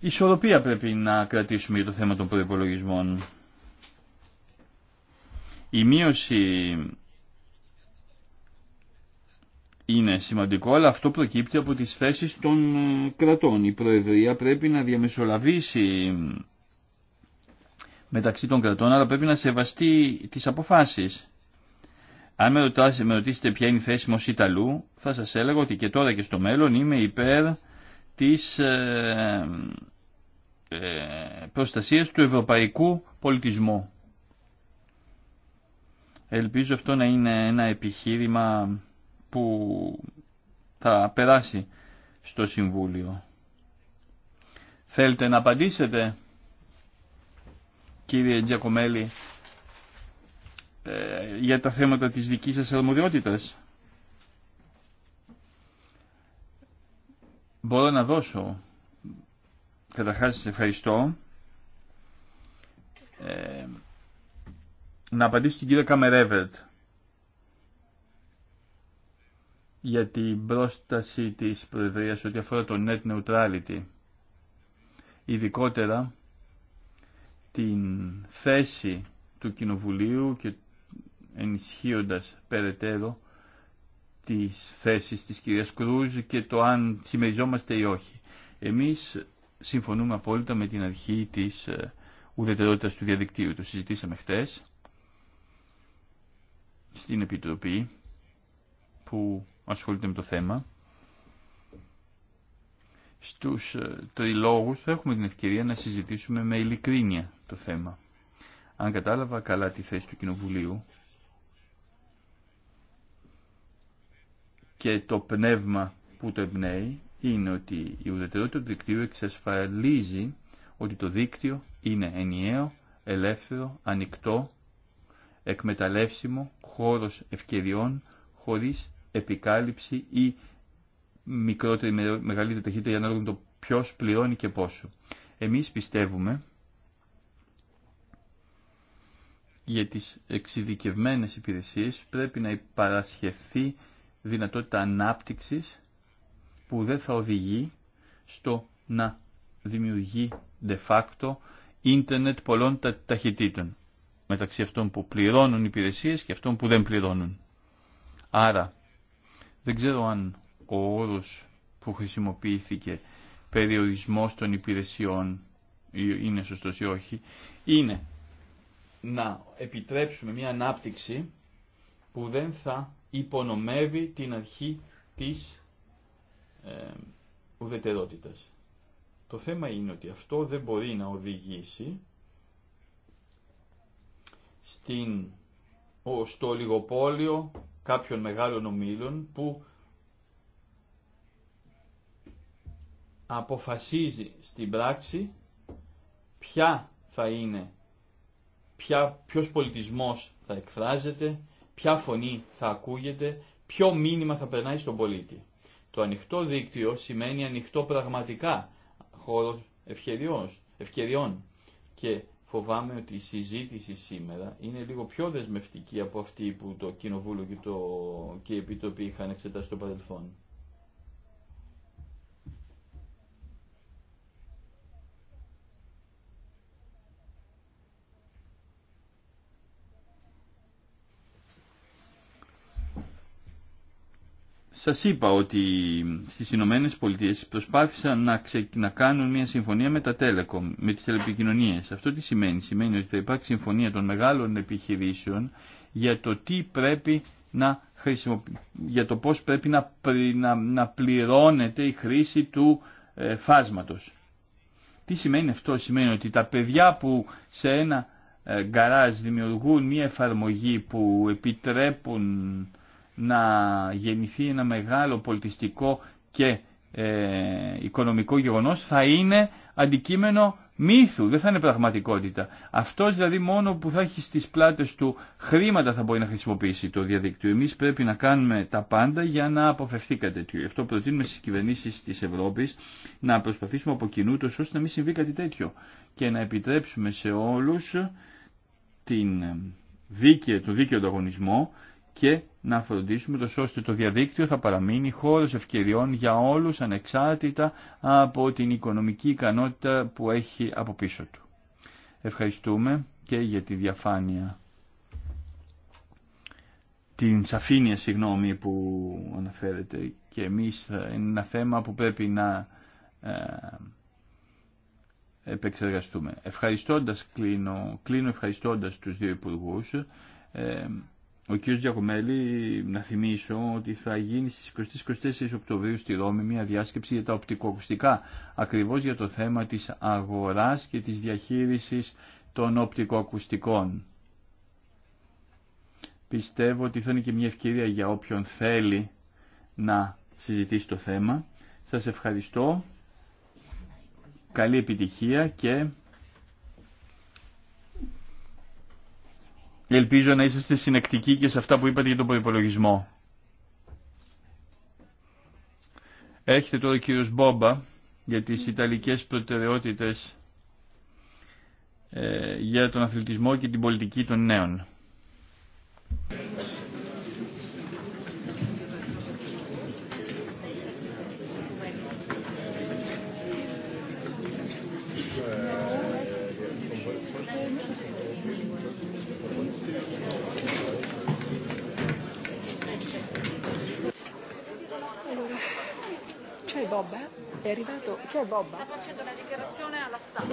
Ισορροπία πρέπει να κρατήσουμε για το θέμα των προϋπολογισμών. Η μείωση είναι σημαντικό, αλλά αυτό προκύπτει από τις θέσεις των ε, κρατών. Η Προεδρία πρέπει να διαμεσολαβήσει μεταξύ των κρατών, αλλά πρέπει να σεβαστεί τις αποφάσεις. Αν με, ρωτήσετε ποια είναι η θέση μου ως Ιταλού, θα σας έλεγα ότι και τώρα και στο μέλλον είμαι υπέρ της ε, ε προστασίας του ευρωπαϊκού πολιτισμού. Ελπίζω αυτό να είναι ένα επιχείρημα που θα περάσει στο Συμβούλιο. Θέλετε να απαντήσετε, κύριε Τζακομέλη, ε, για τα θέματα της δικής σας αρμοδιότητας. Μπορώ να δώσω. Καταρχάς, σας ευχαριστώ. Ε, να απαντήσω στην κυρία Καμερέβερτ. για την πρόσταση της Προεδρίας ό,τι αφορά το net neutrality. Ειδικότερα την θέση του Κοινοβουλίου και ενισχύοντας περαιτέρω τις θέσεις της κυρίας Κρούζ και το αν συμμεριζόμαστε ή όχι. Εμείς συμφωνούμε απόλυτα με την αρχή της ε, ουδετερότητας του διαδικτύου. Το συζητήσαμε χτες στην Επιτροπή που ασχολείται με το θέμα. Στους ε, τριλόγους θα έχουμε την ευκαιρία να συζητήσουμε με ειλικρίνεια το θέμα. Αν κατάλαβα καλά τη θέση του Κοινοβουλίου και το πνεύμα που το εμπνέει είναι ότι η ουδετερότητα του δικτύου εξασφαλίζει ότι το δίκτυο είναι ενιαίο, ελεύθερο, ανοιχτό, εκμεταλλεύσιμο, χώρος ευκαιριών, χωρίς επικάλυψη ή μικρότερη με μεγαλύτερη ταχύτητα να με το ποιο πληρώνει και πόσο. Εμείς πιστεύουμε για τις εξειδικευμένες υπηρεσίες πρέπει να παρασχεθεί δυνατότητα ανάπτυξης που δεν θα οδηγεί στο να δημιουργεί de facto ίντερνετ πολλών ταχυτήτων μεταξύ αυτών που πληρώνουν υπηρεσίες και αυτών που δεν πληρώνουν. Άρα δεν ξέρω αν ο όρος που χρησιμοποιήθηκε περιορισμός των υπηρεσιών είναι σωστός ή όχι, είναι να επιτρέψουμε μια ανάπτυξη που δεν θα υπονομεύει την αρχή της ε, ουδετερότητας. Το θέμα είναι ότι αυτό δεν μπορεί να οδηγήσει στην, στο λιγοπόλιο κάποιων μεγάλων ομίλων που αποφασίζει στην πράξη ποια θα είναι, ποια, ποιος πολιτισμός θα εκφράζεται, ποια φωνή θα ακούγεται, ποιο μήνυμα θα περνάει στον πολίτη. Το ανοιχτό δίκτυο σημαίνει ανοιχτό πραγματικά χώρο ευκαιριών και φοβάμαι ότι η συζήτηση σήμερα είναι λίγο πιο δεσμευτική από αυτή που το Κοινοβούλιο και, το, και η Επιτροπή είχαν εξετάσει στο παρελθόν. Σας είπα ότι στις Ηνωμένε Πολιτείες προσπάθησαν να, να κάνουν μια συμφωνία με τα Telecom, με τις τηλεπικοινωνίες. Αυτό τι σημαίνει. Σημαίνει ότι θα υπάρξει συμφωνία των μεγάλων επιχειρήσεων για το τι πρέπει να για το πώς πρέπει να, να, πληρώνεται η χρήση του ε, φάσματος. Τι σημαίνει αυτό. Σημαίνει ότι τα παιδιά που σε ένα ε, γκαράζ δημιουργούν μια εφαρμογή που επιτρέπουν να γεννηθεί ένα μεγάλο πολιτιστικό και ε, οικονομικό γεγονός θα είναι αντικείμενο μύθου, δεν θα είναι πραγματικότητα. Αυτός δηλαδή μόνο που θα έχει στις πλάτες του χρήματα θα μπορεί να χρησιμοποιήσει το διαδίκτυο. Εμείς πρέπει να κάνουμε τα πάντα για να αποφευθεί κάτι τέτοιο. Γι' αυτό προτείνουμε στις κυβερνήσεις της Ευρώπης να προσπαθήσουμε από κοινού τους ώστε να μην συμβεί κάτι τέτοιο και να επιτρέψουμε σε όλους την δίκαιο, τον δίκαιο ανταγωνισμό και να φροντίσουμε το ώστε το διαδίκτυο θα παραμείνει χώρος ευκαιριών για όλους ανεξάρτητα από την οικονομική ικανότητα που έχει από πίσω του. Ευχαριστούμε και για τη διαφάνεια, την σαφήνεια συγγνώμη που αναφέρεται και εμείς ε, είναι ένα θέμα που πρέπει να ε, επεξεργαστούμε. Ευχαριστώντας κλείνω, κλείνω ευχαριστώντας τους δύο υπουργούς, ε, ο κ. Τζακομέλη, να θυμίσω ότι θα γίνει στις 24 Οκτωβρίου στη Ρώμη μια διάσκεψη για τα οπτικοακουστικά, ακριβώς για το θέμα της αγοράς και της διαχείρισης των οπτικοακουστικών. Πιστεύω ότι θα είναι και μια ευκαιρία για όποιον θέλει να συζητήσει το θέμα. Σας ευχαριστώ. Καλή επιτυχία και Ελπίζω να είσαστε συνεκτικοί και σε αυτά που είπατε για τον προπολογισμό. Έχετε τώρα ο κύριος Μπόμπα για τις Ιταλικές προτεραιότητες ε, για τον αθλητισμό και την πολιτική των νέων. È arrivato, c'è Bobba. Sta facendo una dichiarazione alla stampa.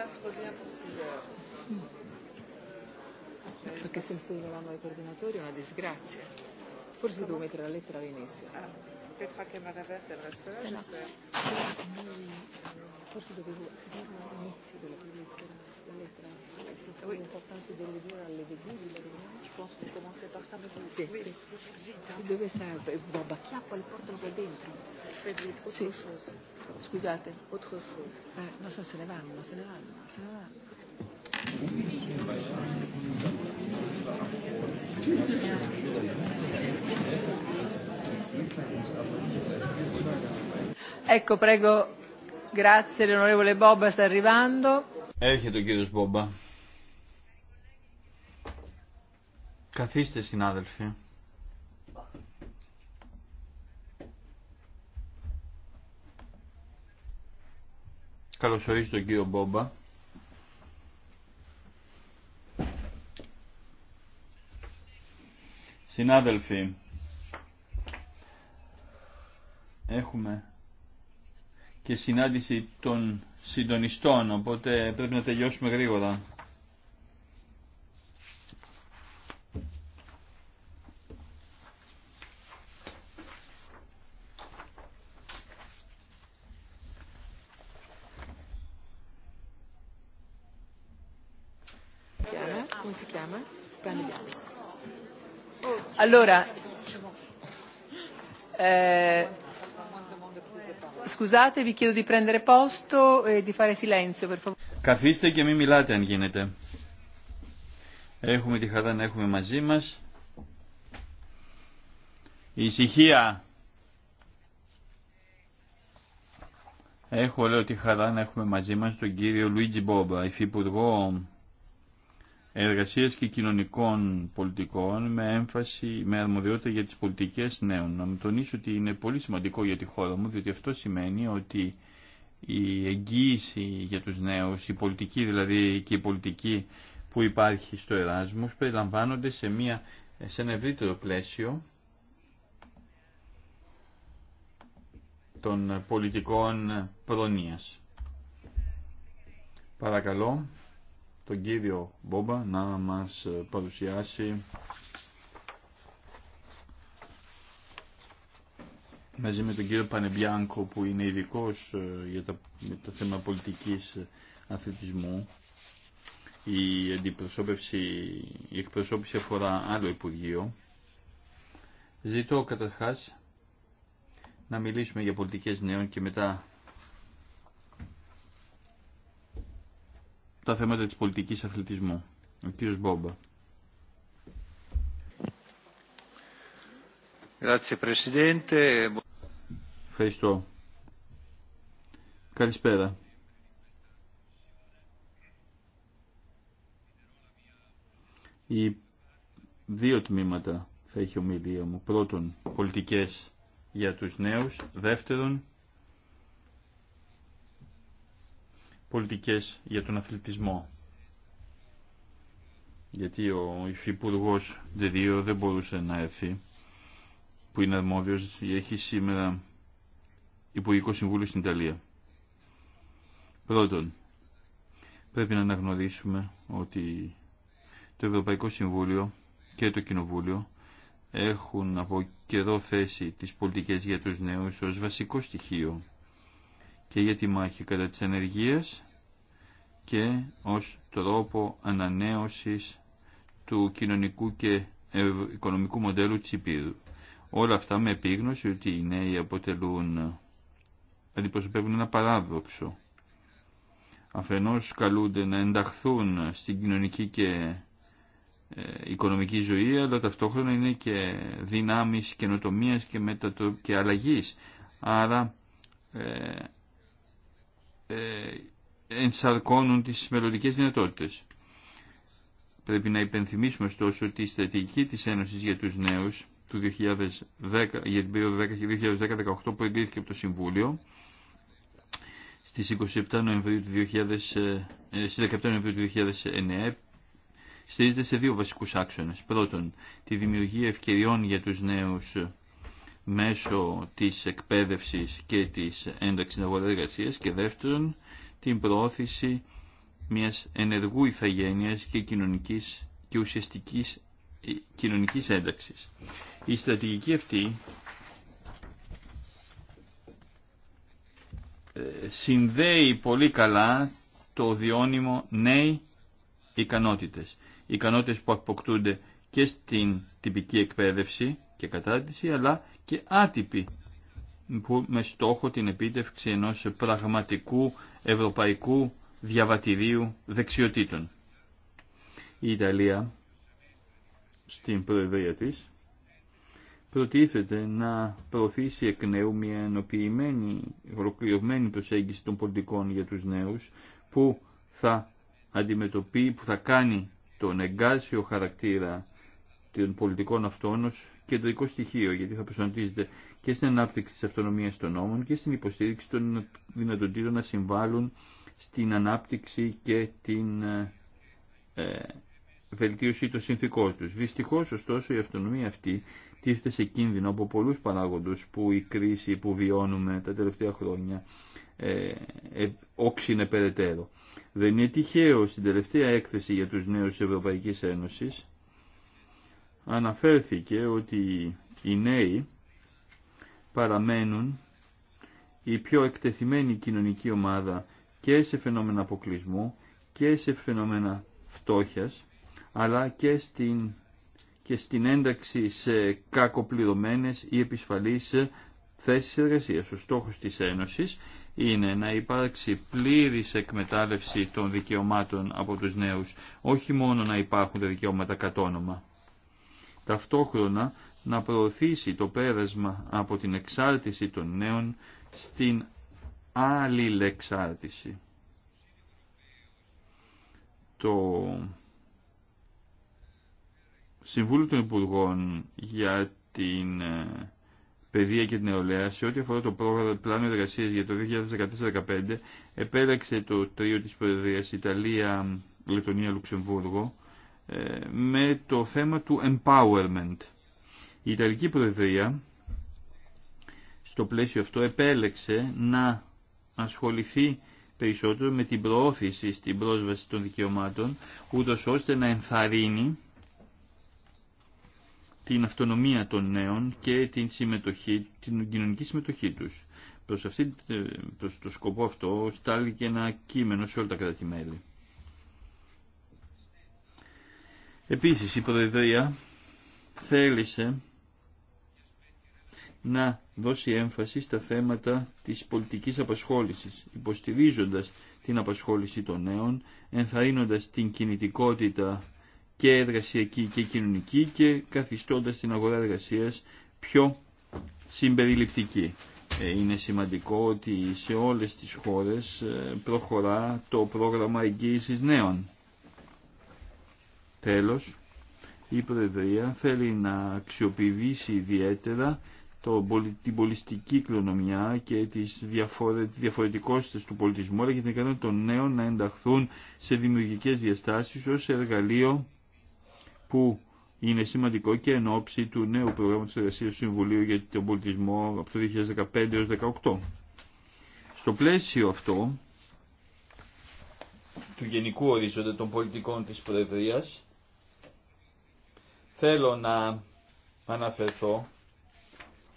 Stas revient pour 6 heures. Perché se si rivelano i coordinatori è una disgrazia. Forse devo mettere la lettera all'inizio. Petra che Madaverta avrà solo, j'espère. Forse dovevo dire all'inizio della lettera connaîtra. Oui. important que de le dire à l'évêque, je pense que commencer par ça, mais sì, sì. deve stare, Boba chiappa il portano dentro. Sì. Chose. Scusate. Autre chose. Eh, non so se le vanno, se ne vanno, se ne vanno. Ecco, prego, grazie, l'onorevole Bob sta arrivando. Έρχεται ο κύριος Μπόμπα. Καθίστε συνάδελφοι. Καλωσορίζω τον κύριο Μπόμπα. Συνάδελφοι, έχουμε και συνάντηση των συντονιστών, οπότε πρέπει να τελειώσουμε γρήγορα. Allora, eh, Καθίστε και μην μιλάτε αν γίνεται. Έχουμε τη χαρά να έχουμε μαζί μας. Η ησυχία. Έχω λέω τη χαρά να έχουμε μαζί μας τον κύριο Λουίτζι Μπόμπα, υφυπουργό εργασίας και κοινωνικών πολιτικών με έμφαση, με αρμοδιότητα για τις πολιτικές νέων. Να μου τονίσω ότι είναι πολύ σημαντικό για τη χώρα μου, διότι αυτό σημαίνει ότι η εγγύηση για τους νέους, η πολιτική δηλαδή και η πολιτική που υπάρχει στο Εράσμος περιλαμβάνονται σε, μια, σε ένα ευρύτερο πλαίσιο των πολιτικών προνοίας. Παρακαλώ τον κύριο Μπόμπα να μας παρουσιάσει μαζί με τον κύριο Πανεμπιάνκο που είναι ειδικό ε, για το θέμα πολιτικής ε, αθλητισμού. Η, η εκπροσώπηση αφορά άλλο Υπουργείο. Ζητώ καταρχάς να μιλήσουμε για πολιτικές νέων και μετά τα θέματα της πολιτικής αθλητισμού. Ο κύριος Μπόμπα. Ευχαριστώ. Καλησπέρα. Οι δύο τμήματα θα έχει ομιλία μου. Πρώτον, πολιτικές για τους νέους. Δεύτερον, πολιτικές για τον αθλητισμό. γιατί ο υφυπουργό Δεδίο δεν μπορούσε να έρθει, που είναι αρμόδιος, έχει σήμερα Υπουργικό Συμβούλιο στην Ιταλία. Πρώτον, πρέπει να αναγνωρίσουμε ότι το Ευρωπαϊκό Συμβούλιο και το Κοινοβούλιο έχουν από καιρό θέση τις πολιτικές για τους νέους ως βασικό στοιχείο και για τη μάχη κατά της ενεργείας και ως τρόπο ανανέωσης του κοινωνικού και οικονομικού μοντέλου της Υπήρου. Όλα αυτά με επίγνωση ότι οι νέοι αποτελούν, αντιπροσωπεύουν ένα παράδοξο. Αφενός καλούνται να ενταχθούν στην κοινωνική και ε, οικονομική ζωή, αλλά ταυτόχρονα είναι και δυνάμεις καινοτομίας και, και αλλαγής. Άρα ε, ε, ενσαρκώνουν τις μελλοντικές δυνατότητες. Πρέπει να υπενθυμίσουμε ωστόσο ότι η στρατηγική της Ένωσης για τους νέους του 2010, για την περίοδο 2010-2018 που εγκρίθηκε από το Συμβούλιο στις 27 Νοεμβρίου του 2000, ε, στις 17 Νοεμβρίου του 2009 στηρίζεται σε δύο βασικούς άξονες. Πρώτον, τη δημιουργία ευκαιριών για τους νέους μέσω της εκπαίδευσης και της ένταξης της εργασίας και δεύτερον την προώθηση μιας ενεργού ηθαγένειας και κοινωνικής και ουσιαστικής ε, κοινωνικής ένταξης. Η στρατηγική αυτή ε, συνδέει πολύ καλά το διώνυμο νέοι ικανότητες. Οι ικανότητες που αποκτούνται και στην τυπική εκπαίδευση και κατάρτιση, αλλά και άτυπη που με στόχο την επίτευξη ενός πραγματικού ευρωπαϊκού διαβατηρίου δεξιοτήτων. Η Ιταλία στην προεδρία της προτίθεται να προωθήσει εκ νέου μια ενοποιημένη, ολοκληρωμένη προσέγγιση των πολιτικών για τους νέους που θα αντιμετωπεί, που θα κάνει τον εγκάσιο χαρακτήρα των πολιτικών αυτών ως κεντρικό στοιχείο γιατί θα προσανατολίζεται και στην ανάπτυξη της αυτονομίας των νόμων και στην υποστήριξη των δυνατοτήτων να συμβάλλουν στην ανάπτυξη και την ε, ε, βελτίωση των συνθήκων τους. Δυστυχώς, ωστόσο, η αυτονομία αυτή τίθεται σε κίνδυνο από πολλούς παράγοντε που η κρίση που βιώνουμε τα τελευταία χρόνια ε, ε, όξινε περαιτέρω. Δεν είναι τυχαίο στην τελευταία έκθεση για τους νέους της Ευρωπαϊκής Ένωσης αναφέρθηκε ότι οι νέοι παραμένουν η πιο εκτεθειμένη κοινωνική ομάδα και σε φαινόμενα αποκλεισμού και σε φαινόμενα φτώχειας, αλλά και στην, και στην ένταξη σε κακοπληρωμένες ή επισφαλείς θέσεις εργασίας. Ο στόχος της Ένωσης είναι να υπάρξει πλήρης εκμετάλλευση των δικαιωμάτων από τους νέους, όχι μόνο να υπάρχουν τα δικαιώματα όνομα ταυτόχρονα να προωθήσει το πέρασμα από την εξάρτηση των νέων στην αλληλεξάρτηση. Το Συμβούλιο των Υπουργών για την ε, Παιδεία και την Νεολαία σε ό,τι αφορά το πρόγραμμα πλάνο εργασία για το 2014-2015 επέλεξε το τρίο της Προεδρίας Ιταλία, Λετωνία, Λουξεμβούργο με το θέμα του empowerment. Η Ιταλική Προεδρία στο πλαίσιο αυτό επέλεξε να ασχοληθεί περισσότερο με την προώθηση στην πρόσβαση των δικαιωμάτων, ούτω ώστε να ενθαρρύνει την αυτονομία των νέων και την, συμμετοχή, την κοινωνική συμμετοχή τους. Προς, αυτή, ε, προς το σκοπό αυτό στάληκε ένα κείμενο σε όλα τα κράτη-μέλη. Επίσης η Προεδρία θέλησε να δώσει έμφαση στα θέματα της πολιτικής απασχόλησης, υποστηρίζοντας την απασχόληση των νέων, ενθαρρύνοντας την κινητικότητα και εργασιακή και κοινωνική και καθιστώντας την αγορά εργασίας πιο συμπεριληπτική. Ε, είναι σημαντικό ότι σε όλες τις χώρες ε, προχωρά το πρόγραμμα εγγύησης νέων. Τέλος, η Προεδρία θέλει να αξιοποιήσει ιδιαίτερα το, την πολιστική κληρονομιά και τις διαφορετικότητες του πολιτισμού αλλά και την ικανότητα των νέων να ενταχθούν σε δημιουργικές διαστάσεις ως εργαλείο που είναι σημαντικό και εν ώψη του νέου προγράμματος εργασίας του Συμβουλίου για τον πολιτισμό από το 2015 έως 2018. Στο πλαίσιο αυτό του γενικού ορίζοντα των πολιτικών της Προεδρίας Θέλω να αναφερθώ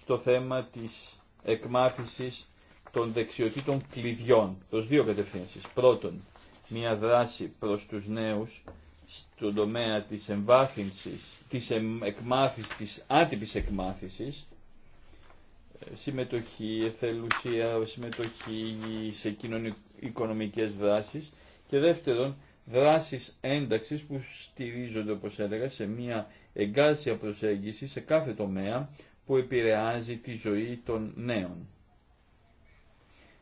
στο θέμα της εκμάθησης των δεξιοτήτων κλειδιών προς δύο κατευθύνσεις. Πρώτον, μια δράση προς τους νέους στον τομέα της εμβάθυνσης, της εκμάθησης, της άτυπης εκμάθησης, ε, συμμετοχή, εθελουσία, συμμετοχή σε κοινωνικές οικονομικες δράσεις και δεύτερον, δράσεις ένταξης που στηρίζονται, όπως έλεγα, σε μια εγκάρσια προσέγγιση σε κάθε τομέα που επηρεάζει τη ζωή των νέων.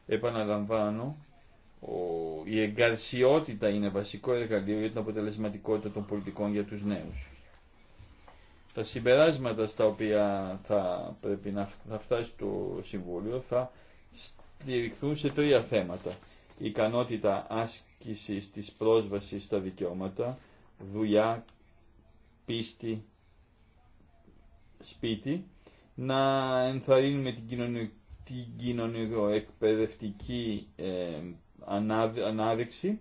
Επαναλαμβάνω, η εγκαρσιότητα είναι βασικό εργαλείο για την αποτελεσματικότητα των πολιτικών για τους νέους. Τα συμπεράσματα στα οποία θα πρέπει να φτάσει το Συμβούλιο θα στηριχθούν σε τρία θέματα ικανότητα άσκησης της πρόσβασης στα δικαιώματα, δουλειά, πίστη, σπίτι, να ενθαρρύνουμε την, κοινωνικο-εκπαιδευτική ε, ανάδειξη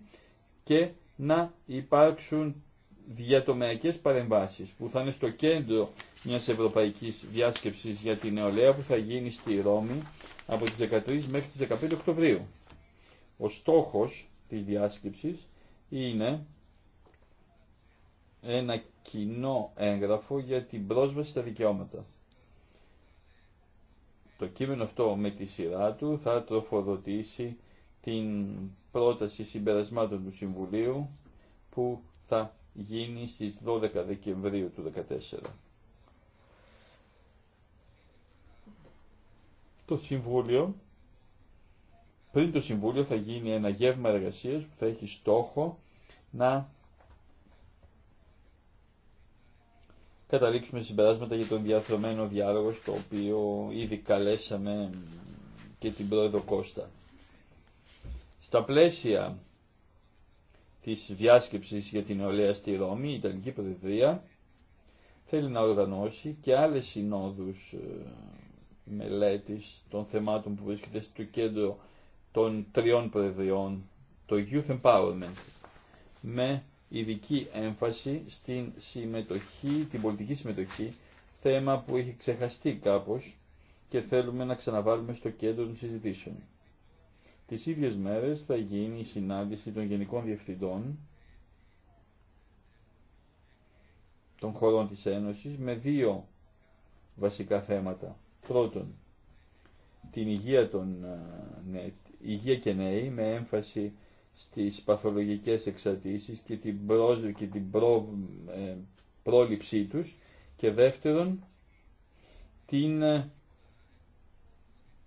και να υπάρξουν διατομεακές παρεμβάσεις που θα είναι στο κέντρο μιας ευρωπαϊκής διάσκεψης για την νεολαία που θα γίνει στη Ρώμη από τις 13 μέχρι τις 15 Οκτωβρίου. Ο στόχος της διάσκεψης είναι ένα κοινό έγγραφο για την πρόσβαση στα δικαιώματα. Το κείμενο αυτό με τη σειρά του θα τροφοδοτήσει την πρόταση συμπερασμάτων του Συμβουλίου που θα γίνει στις 12 Δεκεμβρίου του 2014. Το Συμβούλιο πριν το Συμβούλιο θα γίνει ένα γεύμα εργασία που θα έχει στόχο να καταλήξουμε συμπεράσματα για τον διαθρωμένο διάλογο στο οποίο ήδη καλέσαμε και την πρόεδρο Κώστα. Στα πλαίσια της διάσκεψης για την νεολαία στη Ρώμη, η Ιταλική Προεδρία θέλει να οργανώσει και άλλες συνόδους ε, μελέτης των θεμάτων που βρίσκεται στο κέντρο των τριών προεδριών, το Youth Empowerment, με ειδική έμφαση στην συμμετοχή, την πολιτική συμμετοχή, θέμα που έχει ξεχαστεί κάπως και θέλουμε να ξαναβάλουμε στο κέντρο των συζητήσεων. Τις ίδιες μέρες θα γίνει η συνάντηση των Γενικών Διευθυντών των χωρών της Ένωσης με δύο βασικά θέματα. Πρώτον, την υγεία των, ε, ναι, Υγεία και νέοι με έμφαση στις παθολογικές εξαρτήσεις και την, και την ε, πρόληψή τους και δεύτερον την ε,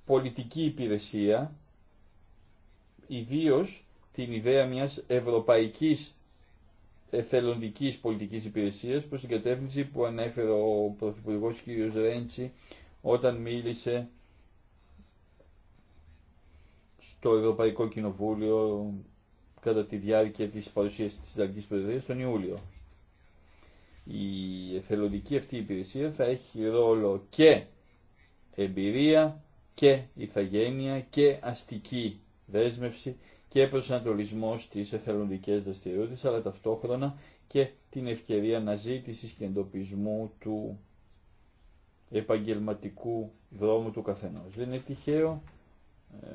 πολιτική υπηρεσία ιδίως την ιδέα μιας ευρωπαϊκής εθελοντικής πολιτικής υπηρεσίας προς την κατεύθυνση που ανέφερε ο Πρωθυπουργός κ. Ρέντσι όταν μίλησε στο Ευρωπαϊκό Κοινοβούλιο κατά τη διάρκεια της παρουσίας της Ιταλικής Προεδρίας τον Ιούλιο. Η εθελοντική αυτή υπηρεσία θα έχει ρόλο και εμπειρία και ηθαγένεια και αστική δέσμευση και προσανατολισμό στις εθελοντικές δραστηριότητε, αλλά ταυτόχρονα και την ευκαιρία αναζήτησης και εντοπισμού του επαγγελματικού δρόμου του καθενός. Δεν είναι τυχαίο ε,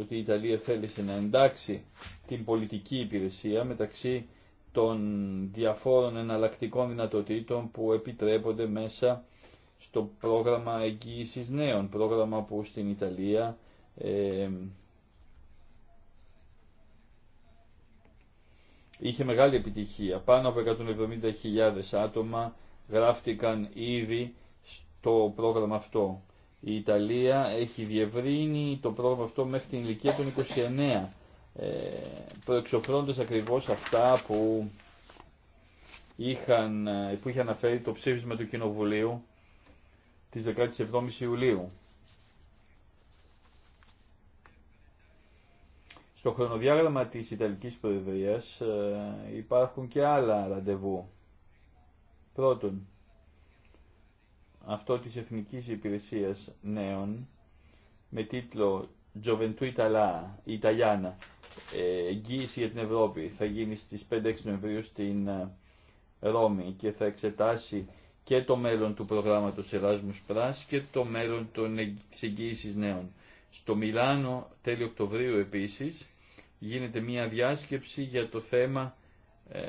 ότι η Ιταλία θέλησε να εντάξει την πολιτική υπηρεσία μεταξύ των διαφόρων εναλλακτικών δυνατοτήτων που επιτρέπονται μέσα στο πρόγραμμα εγγύησης νέων, πρόγραμμα που στην Ιταλία ε, είχε μεγάλη επιτυχία. Πάνω από 170.000 άτομα γράφτηκαν ήδη στο πρόγραμμα αυτό. Η Ιταλία έχει διευρύνει το πρόγραμμα αυτό μέχρι την ηλικία των 29, ε, προεξοφρώντας ακριβώς αυτά που, είχαν, ε, που είχε αναφέρει το ψήφισμα του Κοινοβουλίου της 17ης Ιουλίου. Στο χρονοδιάγραμμα της Ιταλικής Προεδρίας ε, υπάρχουν και άλλα ραντεβού. Πρώτον, αυτό της Εθνικής Υπηρεσίας Νέων με τίτλο «Gioventù Ιταλά, Ιταλιάνα, ε, εγγύηση για την Ευρώπη. Θα γίνει στις 5-6 Νοεμβρίου στην ε, Ρώμη και θα εξετάσει και το μέλλον του προγράμματος Erasmus Plus και το μέλλον των, της νέων. Στο Μιλάνο τέλη Οκτωβρίου επίσης γίνεται μια διάσκεψη για το θέμα ε,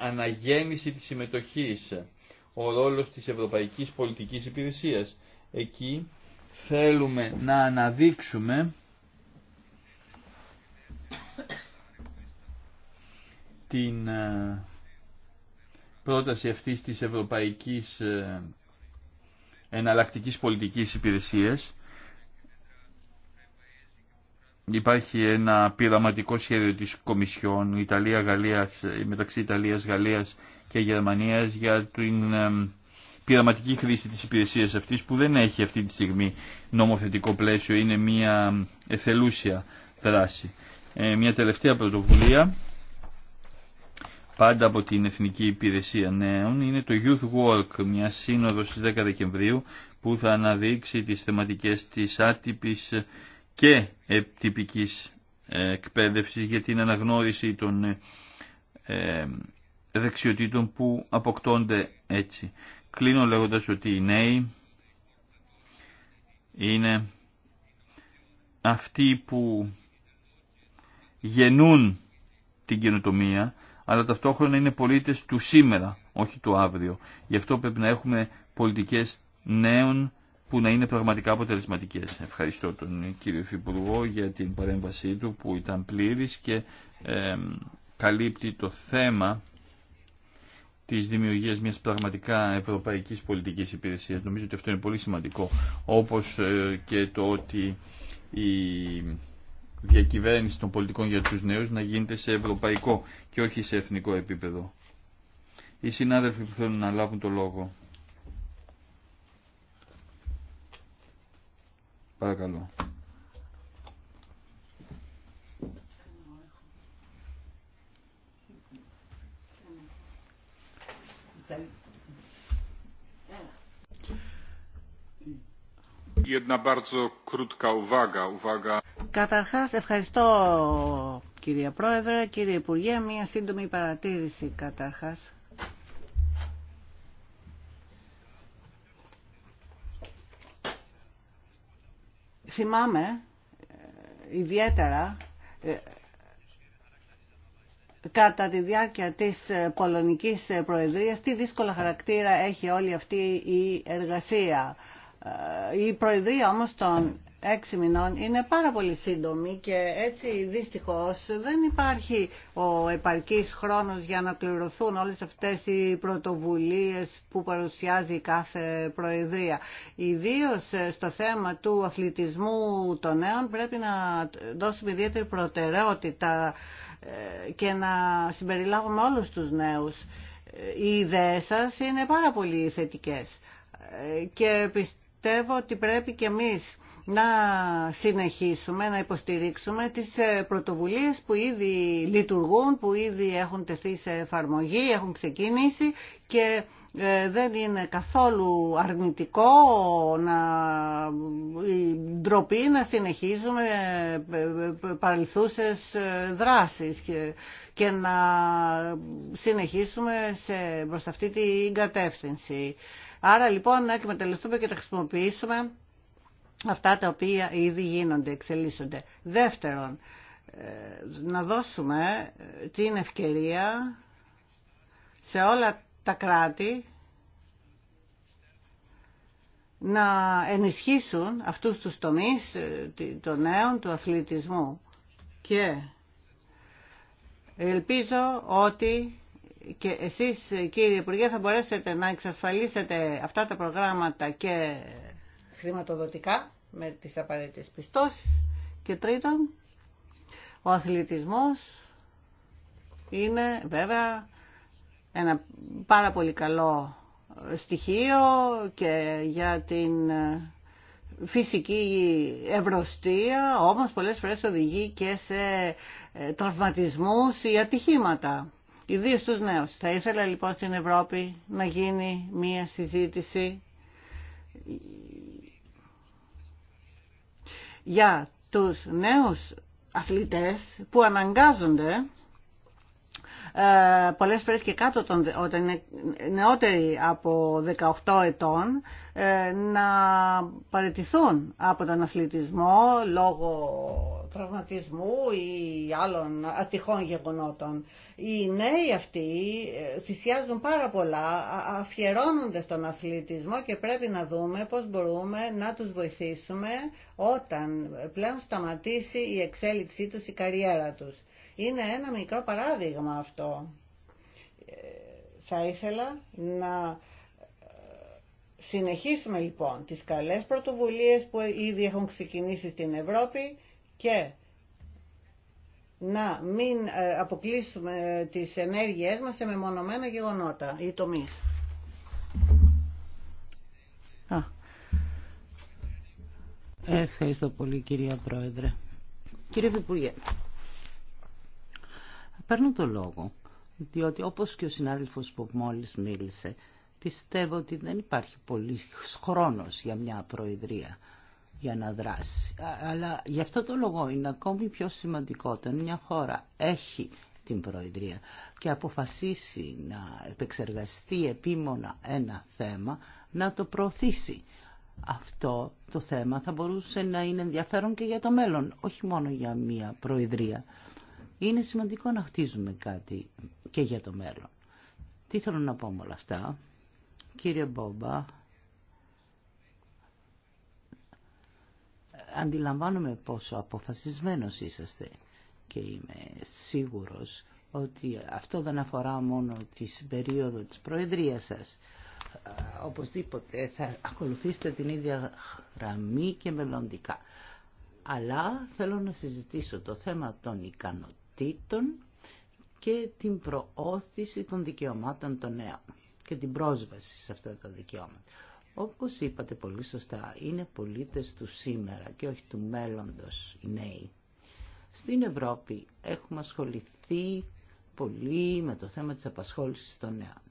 αναγέννηση της συμμετοχής ο ρόλος της Ευρωπαϊκής Πολιτικής Υπηρεσίας. Εκεί θέλουμε να αναδείξουμε την ε, πρόταση αυτής της Ευρωπαϊκής ε, Εναλλακτικής Πολιτικής Υπηρεσίας Υπάρχει ένα πειραματικό σχέδιο της Κομισιόν Ιταλία, Γαλλίας, μεταξύ Ιταλίας, Γαλλίας και Γερμανίας για την πειραματική χρήση της υπηρεσίας αυτής που δεν έχει αυτή τη στιγμή νομοθετικό πλαίσιο, είναι μια εθελούσια δράση. Ε, μια τελευταία πρωτοβουλία, πάντα από την Εθνική Υπηρεσία Νέων, είναι το Youth Work, μια σύνοδο στις 10 Δεκεμβρίου που θα αναδείξει τις θεματικές της άτυπης και τυπικής ε, εκπαίδευσης για την αναγνώριση των ε, ε, δεξιοτήτων που αποκτώνται έτσι. Κλείνω λέγοντας ότι οι νέοι είναι αυτοί που γεννούν την καινοτομία, αλλά ταυτόχρονα είναι πολίτες του σήμερα, όχι του αύριο. Γι' αυτό πρέπει να έχουμε πολιτικές νέων που να είναι πραγματικά αποτελεσματικές. Ευχαριστώ τον κύριο Υφυπουργό για την παρέμβασή του που ήταν πλήρης και καλύπτει το θέμα της δημιουργίας μιας πραγματικά ευρωπαϊκής πολιτικής υπηρεσίας. Νομίζω ότι αυτό είναι πολύ σημαντικό, όπως ε, και το ότι η διακυβέρνηση των πολιτικών για τους νέους να γίνεται σε ευρωπαϊκό και όχι σε εθνικό επίπεδο. Οι συνάδελφοι που θέλουν να λάβουν το λόγο. Παρακαλώ. Καταρχάς ευχαριστώ κύριε Πρόεδρε, κύριε Υπουργέ, μια σύντομη παρατήρηση καταρχάς. θυμάμαι ε, ιδιαίτερα ε, κατά τη διάρκεια της ε, Πολωνικής Προεδρίας τι δύσκολα χαρακτήρα έχει όλη αυτή η εργασία. Η Προεδρία όμως των έξι μηνών είναι πάρα πολύ σύντομη και έτσι δυστυχώς δεν υπάρχει ο επαρκής χρόνος για να κληρωθούν όλες αυτές οι πρωτοβουλίες που παρουσιάζει κάθε Προεδρία. Ιδίω ε, στο θέμα του αθλητισμού των νέων πρέπει να δώσουμε ιδιαίτερη προτεραιότητα ε, και να συμπεριλάβουμε όλους τους νέους. Ε, οι ιδέες σας είναι πάρα πολύ θετικές και πιστεύω ότι πρέπει και εμείς να συνεχίσουμε, να υποστηρίξουμε τις ε, πρωτοβουλίες που ήδη λειτουργούν, που ήδη έχουν τεθεί σε εφαρμογή, έχουν ξεκινήσει και ε, δεν είναι καθόλου αρνητικό να η ντροπή να συνεχίζουμε ε, παρελθούσες δράσεις και, να συνεχίσουμε σε, προς αυτή την κατεύθυνση. Άρα λοιπόν να εκμεταλλευτούμε και να χρησιμοποιήσουμε αυτά τα οποία ήδη γίνονται, εξελίσσονται. Δεύτερον, ε, να δώσουμε ε, την ευκαιρία σε όλα τα κράτη να ενισχύσουν αυτούς τους τομείς ε, των νέων του αθλητισμού. Και ελπίζω ότι και εσείς κύριε Υπουργέ θα μπορέσετε να εξασφαλίσετε αυτά τα προγράμματα και χρηματοδοτικά με τις απαραίτητες πιστώσεις και τρίτον ο αθλητισμός είναι βέβαια ένα πάρα πολύ καλό στοιχείο και για την φυσική ευρωστία, όμως πολλές φορές οδηγεί και σε ε, τραυματισμούς ή ατυχήματα, ιδίως στους νέους. Θα ήθελα λοιπόν στην Ευρώπη να γίνει μία συζήτηση για τους νέους αθλητές που αναγκάζονται ε, πολλές φορές και κάτω των, όταν είναι νεότεροι από 18 ετών ε, να παραιτηθούν από τον αθλητισμό λόγω τραυματισμού ή άλλων ατυχών γεγονότων. Οι νέοι αυτοί ε, θυσιάζουν πάρα πολλά, αφιερώνονται στον αθλητισμό και πρέπει να δούμε πώς μπορούμε να τους βοηθήσουμε όταν πλέον σταματήσει η εξέλιξή τους, η καριέρα τους. Είναι ένα μικρό παράδειγμα αυτό. Ε, θα ήθελα να ε, συνεχίσουμε λοιπόν τις καλές πρωτοβουλίες που ήδη έχουν ξεκινήσει στην Ευρώπη και να μην ε, αποκλείσουμε τις ενέργειές μας σε μεμονωμένα γεγονότα ή τομείς. Ευχαριστώ πολύ κυρία Πρόεδρε. Κύριε Υπουργέ, Παίρνω το λόγο, διότι όπως και ο συνάδελφος που μόλις μίλησε, πιστεύω ότι δεν υπάρχει πολύ χρόνος για μια προεδρία για να δράσει. Αλλά γι' αυτό το λόγο είναι ακόμη πιο σημαντικό όταν μια χώρα έχει την Προεδρία και αποφασίσει να επεξεργαστεί επίμονα ένα θέμα, να το προωθήσει. Αυτό το θέμα θα μπορούσε να είναι ενδιαφέρον και για το μέλλον, όχι μόνο για μία Προεδρία είναι σημαντικό να χτίζουμε κάτι και για το μέλλον. Τι θέλω να πω με όλα αυτά. Κύριε Μπόμπα, αντιλαμβάνομαι πόσο αποφασισμένος είσαστε και είμαι σίγουρος ότι αυτό δεν αφορά μόνο την περίοδο της προεδρίας σας. Οπωσδήποτε θα ακολουθήσετε την ίδια γραμμή και μελλοντικά. Αλλά θέλω να συζητήσω το θέμα των ικανοτήτων και την προώθηση των δικαιωμάτων των νέων και την πρόσβαση σε αυτά τα δικαιώματα. Όπως είπατε πολύ σωστά, είναι πολίτες του σήμερα και όχι του μέλλοντος οι νέοι. Στην Ευρώπη έχουμε ασχοληθεί πολύ με το θέμα της απασχόλησης των νέων.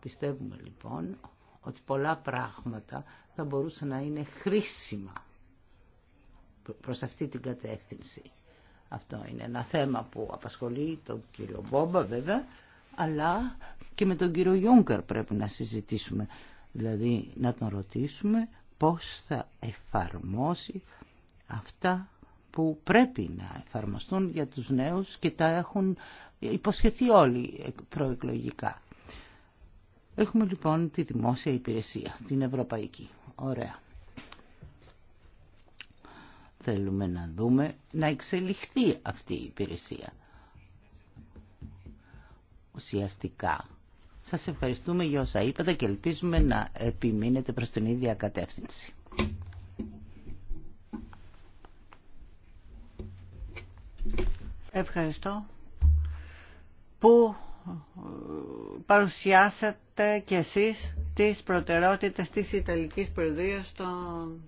Πιστεύουμε λοιπόν ότι πολλά πράγματα θα μπορούσαν να είναι χρήσιμα προς αυτή την κατεύθυνση. Αυτό είναι ένα θέμα που απασχολεί τον κύριο Μπόμπα βέβαια, αλλά και με τον κύριο Γιούγκερ πρέπει να συζητήσουμε. Δηλαδή να τον ρωτήσουμε πώς θα εφαρμόσει αυτά που πρέπει να εφαρμοστούν για τους νέους και τα έχουν υποσχεθεί όλοι προεκλογικά. Έχουμε λοιπόν τη δημόσια υπηρεσία, την ευρωπαϊκή. Ωραία θέλουμε να δούμε να εξελιχθεί αυτή η υπηρεσία. Ουσιαστικά. Σας ευχαριστούμε για όσα είπατε και ελπίζουμε να επιμείνετε προς την ίδια κατεύθυνση. Ευχαριστώ που ε, παρουσιάσατε κι εσείς τις προτεραιότητες της Ιταλικής Προεδρίας των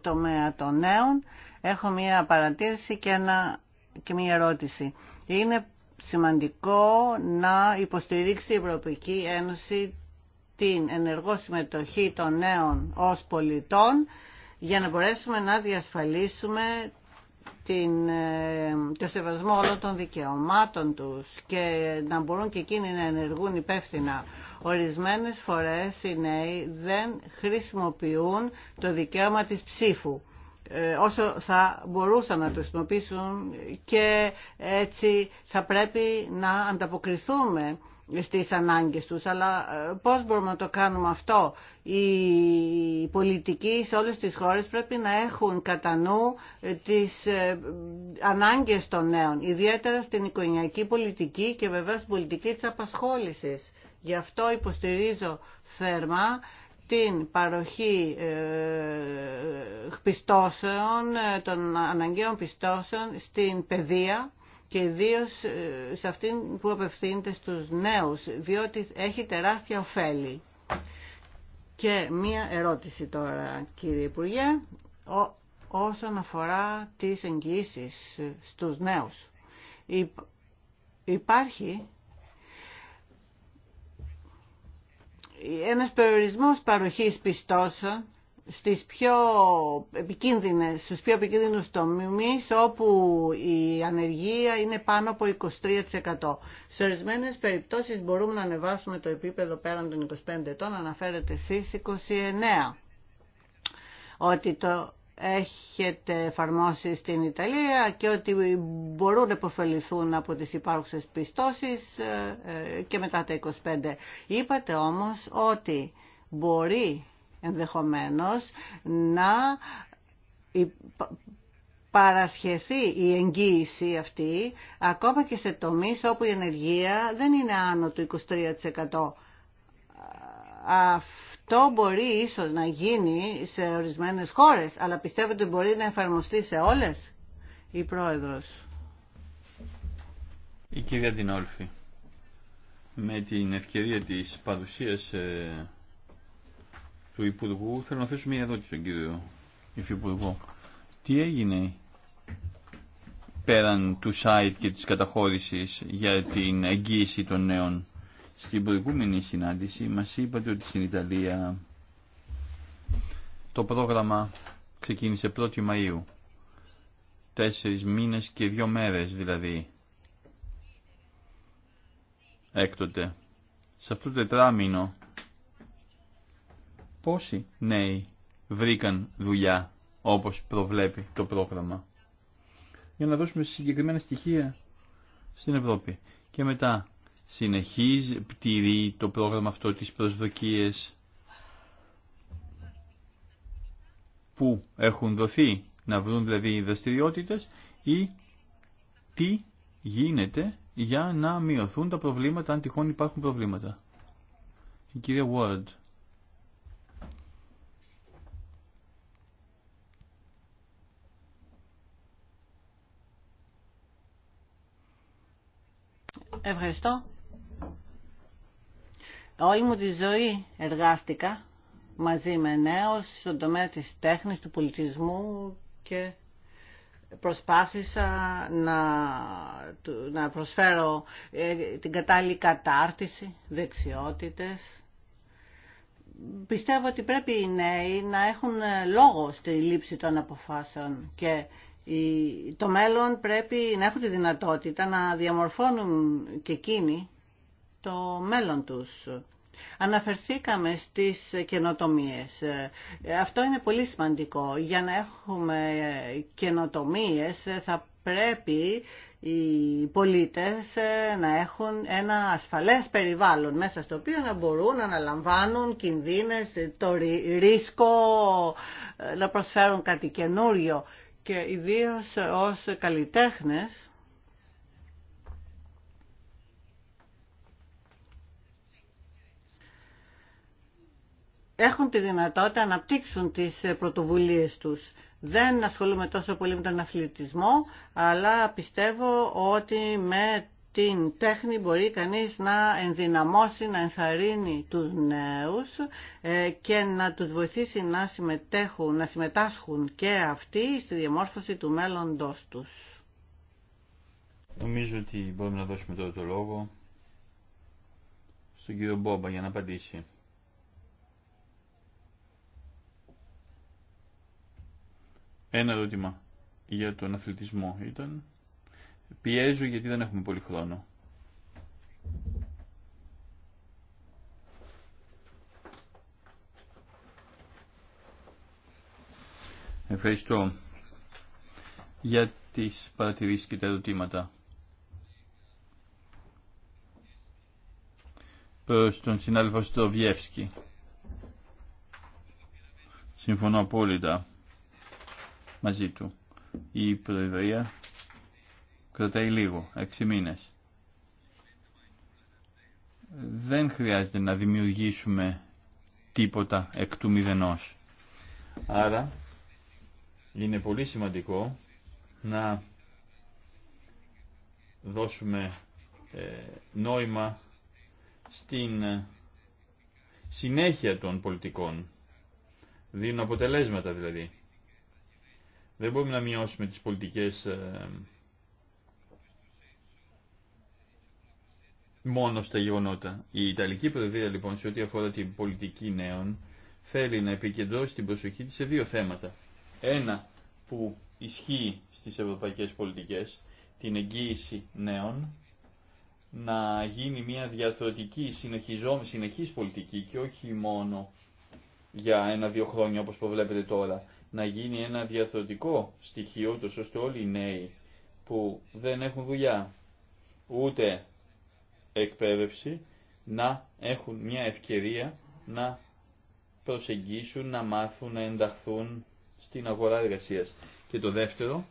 τομέα των νέων, έχω μία παρατήρηση και, ένα, και μία ερώτηση. Είναι σημαντικό να υποστηρίξει η Ευρωπαϊκή Ένωση την ενεργό συμμετοχή των νέων ως πολιτών για να μπορέσουμε να διασφαλίσουμε την, ε, το σεβασμό όλων των δικαιωμάτων τους και να μπορούν και εκείνοι να ενεργούν υπεύθυνα. Ορισμένες φορές οι νέοι δεν χρησιμοποιούν το δικαίωμα της ψήφου ε, όσο θα μπορούσαν να το χρησιμοποιήσουν και έτσι θα πρέπει να ανταποκριθούμε στις ανάγκες τους. Αλλά ε, πώς μπορούμε να το κάνουμε αυτό. Οι πολιτικοί σε όλες τις χώρες πρέπει να έχουν κατά νου ε, τις ε, ανάγκες των νέων, ιδιαίτερα στην οικογενειακή πολιτική και βέβαια στην πολιτική της απασχόλησης. Γι' αυτό υποστηρίζω θερμά την παροχή πιστώσεων, των αναγκαίων πιστώσεων στην παιδεία και ιδίω ε, σε αυτήν που απευθύνεται στους νέους, διότι έχει τεράστια ωφέλη. Και μία ερώτηση τώρα, κύριε Υπουργέ, όσον αφορά τις εγγυήσεις στους νέους. Υπάρχει ένας περιορισμός παροχής πιστώσεων στις πιο επικίνδυνες, στους πιο επικίνδυνους τομείς όπου η ανεργία είναι πάνω από 23%. Σε ορισμένε περιπτώσεις μπορούμε να ανεβάσουμε το επίπεδο πέραν των 25 ετών, αναφέρεται εσείς 29. Ότι το έχετε εφαρμόσει στην Ιταλία και ότι μπορούν να υποφεληθούν από τις υπάρχουσες πιστώσεις ε, ε, και μετά τα 25. Είπατε όμως ότι μπορεί ενδεχομένως να παρασχεθεί η εγγύηση αυτή ακόμα και σε τομείς όπου η ενεργεία δεν είναι άνω του 23%. Αυτό μπορεί ίσως να γίνει σε ορισμένες χώρες, αλλά πιστεύω ότι μπορεί να εφαρμοστεί σε όλες η Πρόεδρος. Η κυρία Τινόλφη, με την ευκαιρία της παρουσίας ε, του Υπουργού, θέλω να θέσω μια ερώτηση στον κύριο Υφυπουργό. Τι έγινε πέραν του site και της καταχώρησης για την εγγύηση των νέων. Στην προηγούμενη συνάντηση μας είπατε ότι στην Ιταλία το πρόγραμμα ξεκίνησε 1η Μαΐου. Τέσσερις μήνες και δύο μέρες δηλαδή. Έκτοτε. Σε αυτό το τετράμινο πόσοι νέοι βρήκαν δουλειά όπως προβλέπει το πρόγραμμα. Για να δώσουμε συγκεκριμένα στοιχεία στην Ευρώπη. Και μετά συνεχίζει, πτηρεί το πρόγραμμα αυτό τις προσδοκίες που έχουν δοθεί να βρουν δηλαδή οι δραστηριότητες ή τι γίνεται για να μειωθούν τα προβλήματα αν τυχόν υπάρχουν προβλήματα. Η κυρία Ward. Ευχαριστώ. Όλη μου τη ζωή εργάστηκα μαζί με νέους στον τομέα της τέχνης, του πολιτισμού και προσπάθησα να, να προσφέρω ε, την κατάλληλη κατάρτιση, δεξιότητες. Πιστεύω ότι πρέπει οι νέοι να έχουν ε, λόγο στη λήψη των αποφάσεων και το μέλλον πρέπει να έχουν τη δυνατότητα να διαμορφώνουν και εκείνοι το μέλλον τους. Αναφερθήκαμε στις καινοτομίες. Αυτό είναι πολύ σημαντικό. Για να έχουμε καινοτομίες θα πρέπει οι πολίτες να έχουν ένα ασφαλές περιβάλλον μέσα στο οποίο να μπορούν να αναλαμβάνουν κινδύνες, το ρίσκο να προσφέρουν κάτι καινούριο και ιδίως ως καλλιτέχνες έχουν τη δυνατότητα να αναπτύξουν τις πρωτοβουλίες τους. Δεν ασχολούμαι τόσο πολύ με τον αθλητισμό, αλλά πιστεύω ότι με την τέχνη μπορεί κανείς να ενδυναμώσει, να ενθαρρύνει τους νέους ε, και να τους βοηθήσει να συμμετέχουν, να συμμετάσχουν και αυτοί στη διαμόρφωση του μέλλοντός τους. Νομίζω ότι μπορούμε να δώσουμε τώρα το λόγο στον κύριο Μπόμπα για να απαντήσει. Ένα ερώτημα για τον αθλητισμό ήταν. Πιέζω γιατί δεν έχουμε πολύ χρόνο. Ευχαριστώ για τις παρατηρήσεις και τα ερωτήματα. Προς τον συνάδελφο Στροβιεύσκη. Συμφωνώ απόλυτα μαζί του. Η Προεδρία κρατάει λίγο, έξι μήνες. Δεν χρειάζεται να δημιουργήσουμε τίποτα εκ του μηδενός. Άρα είναι πολύ σημαντικό να δώσουμε ε, νόημα στην ε, συνέχεια των πολιτικών. Δίνουν αποτελέσματα δηλαδή. Δεν μπορούμε να μειώσουμε τις πολιτικές ε, μόνο στα γεγονότα. Η Ιταλική Προεδρία λοιπόν σε ό,τι αφορά την πολιτική νέων θέλει να επικεντρώσει την προσοχή της σε δύο θέματα. Ένα που ισχύει στις ευρωπαϊκές πολιτικές, την εγγύηση νέων, να γίνει μια διαθροτική, συνεχιζόμενη, συνεχής πολιτική και όχι μόνο για ένα-δύο χρόνια όπως προβλέπετε τώρα, να γίνει ένα διαθροτικό στοιχείο, ώστε όλοι οι νέοι που δεν έχουν δουλειά, ούτε εκπαίδευση να έχουν μια ευκαιρία να προσεγγίσουν, να μάθουν, να ενταχθούν στην αγορά εργασίας. Και το δεύτερο,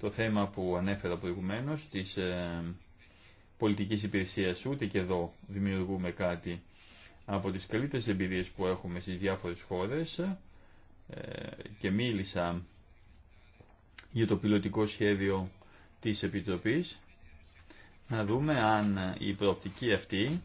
το θέμα που ανέφερα προηγουμένως, της ε, πολιτικής υπηρεσίας, ούτε και εδώ δημιουργούμε κάτι από τις καλύτερες εμπειρίες που έχουμε στις διάφορες χώρες ε, και μίλησα για το πιλωτικό σχέδιο της Επιτροπής να δούμε αν η προοπτική αυτή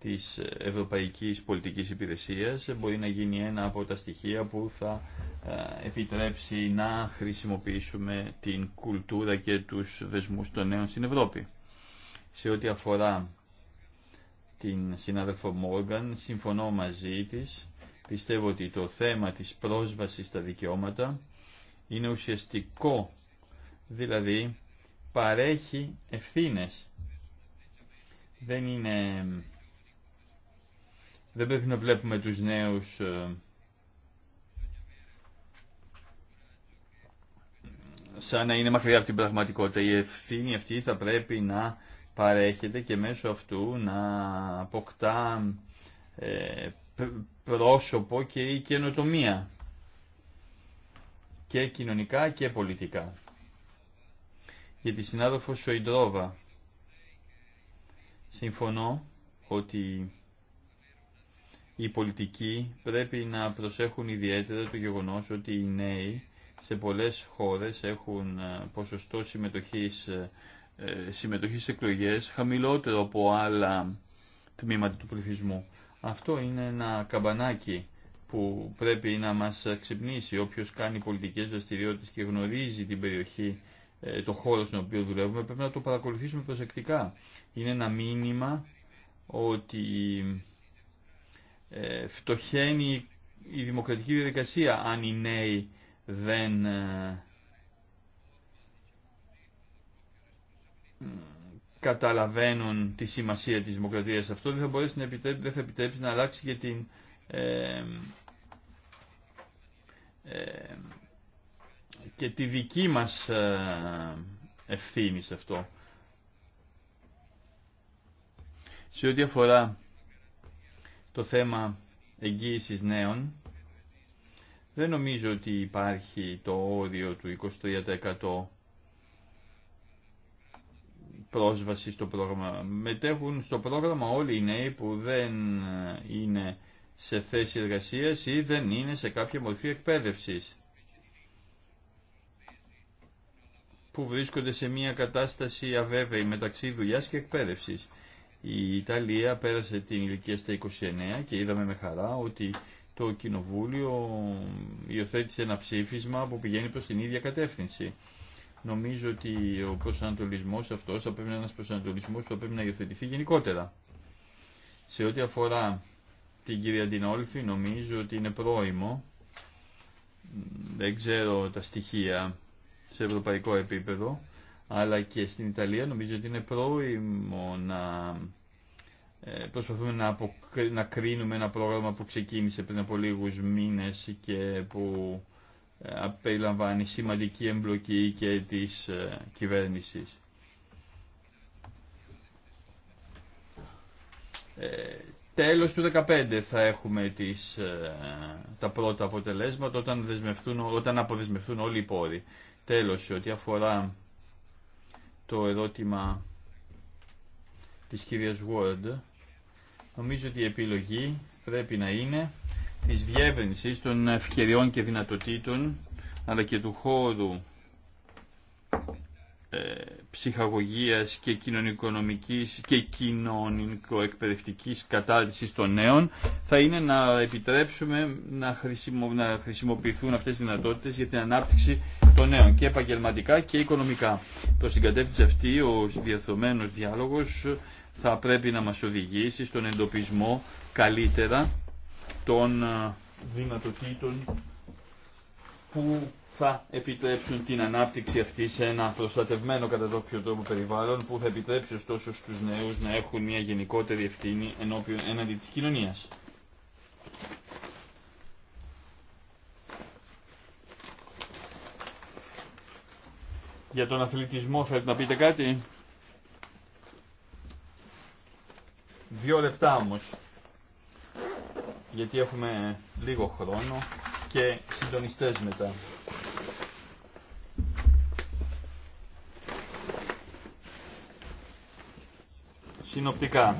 της Ευρωπαϊκής Πολιτικής Υπηρεσίας μπορεί να γίνει ένα από τα στοιχεία που θα ε, επιτρέψει να χρησιμοποιήσουμε την κουλτούρα και τους δεσμούς των νέων στην Ευρώπη. Σε ό,τι αφορά την συνάδελφο Μόργαν, συμφωνώ μαζί της. Πιστεύω ότι το θέμα της πρόσβασης στα δικαιώματα είναι ουσιαστικό, δηλαδή παρέχει ευθύνες. Δεν είναι... Δεν πρέπει να βλέπουμε τους νέους ε, σαν να είναι μακριά από την πραγματικότητα. Η ευθύνη αυτή θα πρέπει να παρέχεται και μέσω αυτού να αποκτά ε, πρόσωπο και η καινοτομία και κοινωνικά και πολιτικά για τη συνάδελφο Σοϊντρόβα. Συμφωνώ ότι οι πολιτικοί πρέπει να προσέχουν ιδιαίτερα το γεγονός ότι οι νέοι σε πολλές χώρες έχουν ε, ποσοστό συμμετοχής, ε, ε, συμμετοχής σε εκλογές χαμηλότερο από άλλα τμήματα του πληθυσμού. Αυτό είναι ένα καμπανάκι που πρέπει να μας ξυπνήσει. Όποιος κάνει πολιτικές δραστηριότητες και γνωρίζει την περιοχή ε, το χώρο στον οποίο δουλεύουμε, πρέπει να το παρακολουθήσουμε προσεκτικά. Είναι ένα μήνυμα ότι ε, φτωχαίνει η δημοκρατική διαδικασία αν οι νέοι δεν ε, καταλαβαίνουν τη σημασία της δημοκρατίας. Αυτό δεν θα μπορέσει να επιτρέψει, δεν θα επιτρέψει να αλλάξει και την ε, και τη δική μας ε, ευθύνη σε αυτό. Σε ό,τι αφορά το θέμα εγγύησης νέων, δεν νομίζω ότι υπάρχει το όριο του 23% πρόσβαση στο πρόγραμμα. Μετέχουν στο πρόγραμμα όλοι οι νέοι που δεν ε, είναι σε θέση εργασίας ή δεν είναι σε κάποια μορφή εκπαίδευσης. που βρίσκονται σε μια κατάσταση αβέβαιη μεταξύ δουλειά και εκπαίδευση. Η Ιταλία πέρασε την ηλικία στα 29 και είδαμε με χαρά ότι το Κοινοβούλιο υιοθέτησε ένα ψήφισμα που πηγαίνει προς την ίδια κατεύθυνση. Νομίζω ότι ο προσανατολισμός αυτός θα πρέπει να είναι ένας προσανατολισμός που θα πρέπει να υιοθετηθεί γενικότερα. Σε ό,τι αφορά την κυρία Ντινόλφη νομίζω ότι είναι πρόημο, δεν ξέρω τα στοιχεία σε ευρωπαϊκό επίπεδο, αλλά και στην Ιταλία νομίζω ότι είναι πρόημο να ε, προσπαθούμε να, κρίνουμε ένα πρόγραμμα που ξεκίνησε πριν από λίγους μήνες και που ε, περιλαμβάνει σημαντική εμπλοκή και της ε, κυβέρνησης. Τέλος του 2015 θα έχουμε τις, τα πρώτα αποτελέσματα όταν, όταν αποδεσμευτούν όλοι οι πόροι. Τέλος, ό,τι αφορά το ερώτημα της κυρίας Word, νομίζω ότι η επιλογή πρέπει να είναι της διεύρυνσης των ευκαιριών και δυνατοτήτων, αλλά και του χώρου ε, ψυχαγωγίας και κοινωνικονομικής και κοινωνικοεκπαιδευτικής κατάρτισης των νέων θα είναι να επιτρέψουμε να, να χρησιμοποιηθούν αυτές τις δυνατότητες για την ανάπτυξη των νέων και επαγγελματικά και οικονομικά. Προς την κατεύθυνση αυτή ο διαθωμένος διάλογος θα πρέπει να μας οδηγήσει στον εντοπισμό καλύτερα των ε, δυνατοτήτων που θα επιτρέψουν την ανάπτυξη αυτή σε ένα προστατευμένο κατά το τρόπο περιβάλλον που θα επιτρέψει ωστόσο στους νέους να έχουν μια γενικότερη ευθύνη ενώπιον έναντι της κοινωνίας. Για τον αθλητισμό θέλετε να πείτε κάτι. Δύο λεπτά όμως. Γιατί έχουμε λίγο χρόνο και συντονιστές μετά. συνοπτικά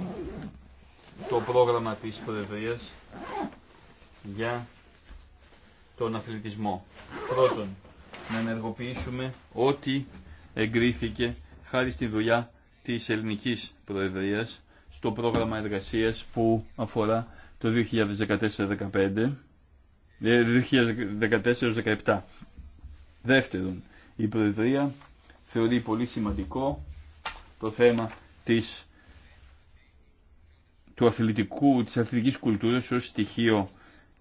το πρόγραμμα της Προεδρίας για τον αθλητισμό. Πρώτον, να ενεργοποιήσουμε ό,τι εγκρίθηκε χάρη στη δουλειά της Ελληνικής Προεδρίας στο πρόγραμμα εργασίας που αφορά το 2014 2014-2017. Ε, Δεύτερον, η Προεδρία θεωρεί πολύ σημαντικό το θέμα της του αθλητικού, της αθλητικής κουλτούρας ως στοιχείο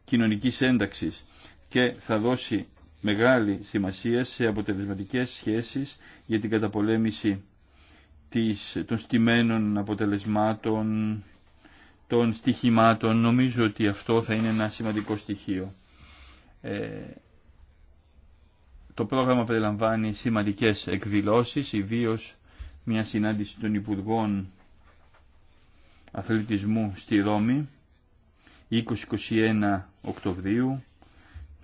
κοινωνικής ένταξης και θα δώσει μεγάλη σημασία σε αποτελεσματικές σχέσεις για την καταπολέμηση της, των στημένων αποτελεσμάτων, των στοιχημάτων. Νομίζω ότι αυτό θα είναι ένα σημαντικό στοιχείο. Ε, το πρόγραμμα περιλαμβάνει σημαντικές εκδηλώσεις, ιδίως μια συνάντηση των Υπουργών Αθλητισμού στη Ρώμη 20-21 Οκτωβρίου,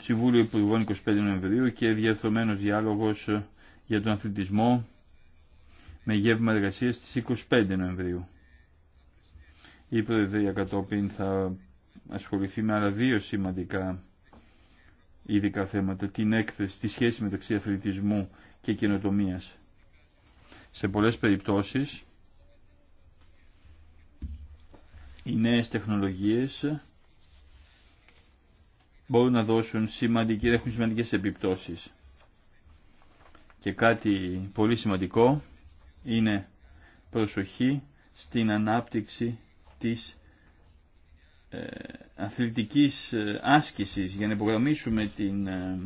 Συμβούλιο Υπουργών 25 Νοεμβρίου και διαρθρωμένος διάλογος για τον αθλητισμό με γεύμα εργασίας στις 25 Νοεμβρίου. Η Προεδρία κατόπιν θα ασχοληθεί με άλλα δύο σημαντικά ειδικά θέματα, την έκθεση, τη σχέση μεταξύ αθλητισμού και καινοτομίας. Σε πολλές περιπτώσεις οι νέες τεχνολογίες μπορούν να δώσουν σημαντική, έχουν σημαντικές επιπτώσεις. Και κάτι πολύ σημαντικό είναι προσοχή στην ανάπτυξη της ε, αθλητικής ε, άσκησης για να υπογραμμίσουμε την, ε,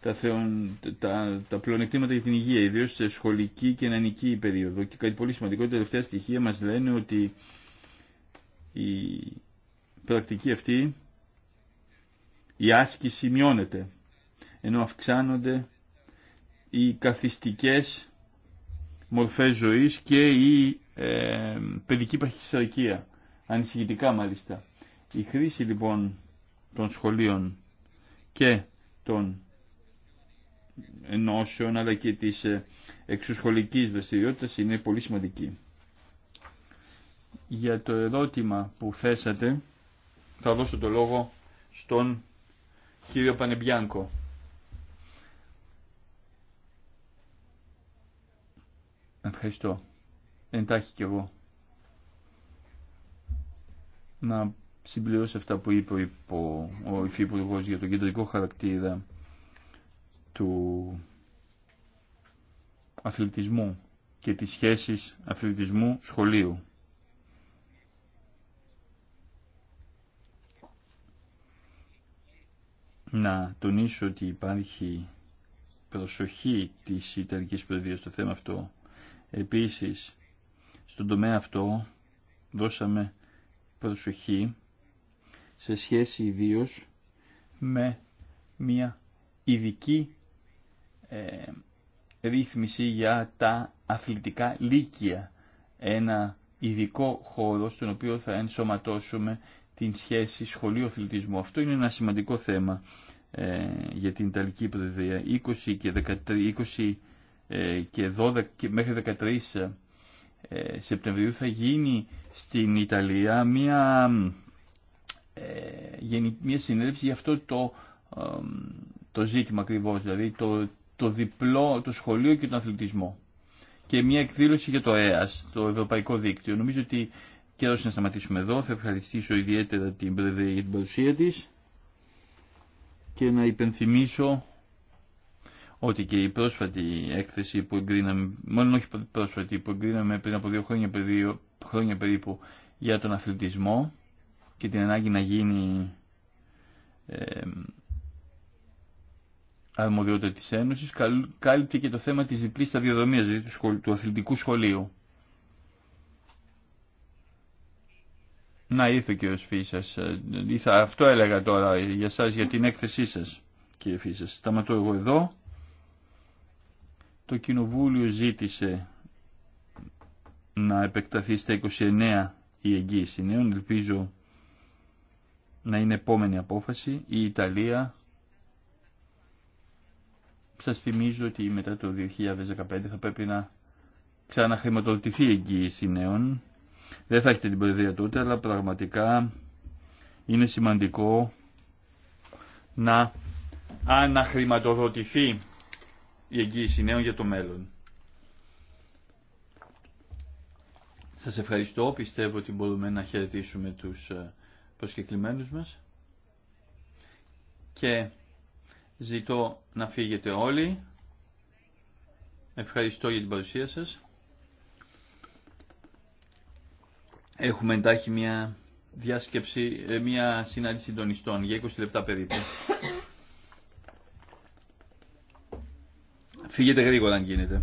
τα, θεων, τα, τα πλεονεκτήματα για την υγεία, ιδίως σε σχολική και νανική περίοδο. Και κάτι πολύ σημαντικό, τα τελευταία στοιχεία μας λένε ότι η πρακτική αυτή, η άσκηση μειώνεται, ενώ αυξάνονται οι καθιστικές μορφές ζωής και η ε, παιδική παχυσαρκία, ανησυχητικά μάλιστα. Η χρήση λοιπόν των σχολείων και των ενώσεων αλλά και της ε, εξωσχολικής δραστηριότητα είναι πολύ σημαντική για το ερώτημα που θέσατε θα δώσω το λόγο στον κύριο Πανεμπιάνκο. Ευχαριστώ. Εντάχει κι εγώ. Να συμπληρώσω αυτά που είπε ο Υφυπουργό για τον κεντρικό χαρακτήρα του αθλητισμού και τις σχέσεις αθλητισμού σχολείου. να τονίσω ότι υπάρχει προσοχή της Ιταλικής Προεδρίας στο θέμα αυτό. Επίσης, στον τομέα αυτό δώσαμε προσοχή σε σχέση ιδίως με μια ειδική ε, ρύθμιση για τα αθλητικά λύκεια. Ένα ειδικό χώρο στον οποίο θα ενσωματώσουμε την σχέση σχολειο αθλητισμού. Αυτό είναι ένα σημαντικό θέμα ε, για την Ιταλική Προεδρία. 20 και, 13, 20, ε, και 12 και μέχρι 13 ε, Σεπτεμβρίου θα γίνει στην Ιταλία μια, ε, μια συνέλευση για αυτό το, το ζήτημα ακριβώς. δηλαδή το, το διπλό, το σχολείο και τον αθλητισμό και μια εκδήλωση για το ΕΑΣ, το Ευρωπαϊκό Δίκτυο. Νομίζω ότι Καιρό να σταματήσουμε εδώ. Θα ευχαριστήσω ιδιαίτερα την Πρεδρία για την παρουσία τη. και να υπενθυμίσω ότι και η πρόσφατη έκθεση που εγκρίναμε, μάλλον όχι πρόσφατη, που εγκρίναμε πριν από δύο χρόνια, περίπου, χρόνια περίπου για τον αθλητισμό και την ανάγκη να γίνει ε, αρμοδιότητα της Ένωσης, κάλυπτε και το θέμα της διπλής σταδιοδρομίας, δηλαδή του αθλητικού σχολείου. Να ήρθε ο κύριος Φίσας. Ε, αυτό έλεγα τώρα για σας για την έκθεσή σας κύριε Φίσας. Σταματώ εγώ εδώ. Το Κοινοβούλιο ζήτησε να επεκταθεί στα 29 η εγγύηση νέων. Ελπίζω να είναι επόμενη απόφαση. Η Ιταλία σας θυμίζω ότι μετά το 2015 θα πρέπει να ξαναχρηματοδοτηθεί η εγγύηση νέων δεν θα έχετε την προεδρία τότε, αλλά πραγματικά είναι σημαντικό να αναχρηματοδοτηθεί η εγγύηση νέων για το μέλλον. Σας ευχαριστώ. Πιστεύω ότι μπορούμε να χαιρετήσουμε τους ε, προσκεκλημένους μας. Και ζητώ να φύγετε όλοι. Ευχαριστώ για την παρουσία σας. Έχουμε εντάχει μια διάσκεψη, ε, μια συνάντηση συντονιστών για 20 λεπτά περίπου. Φύγετε γρήγορα αν γίνεται.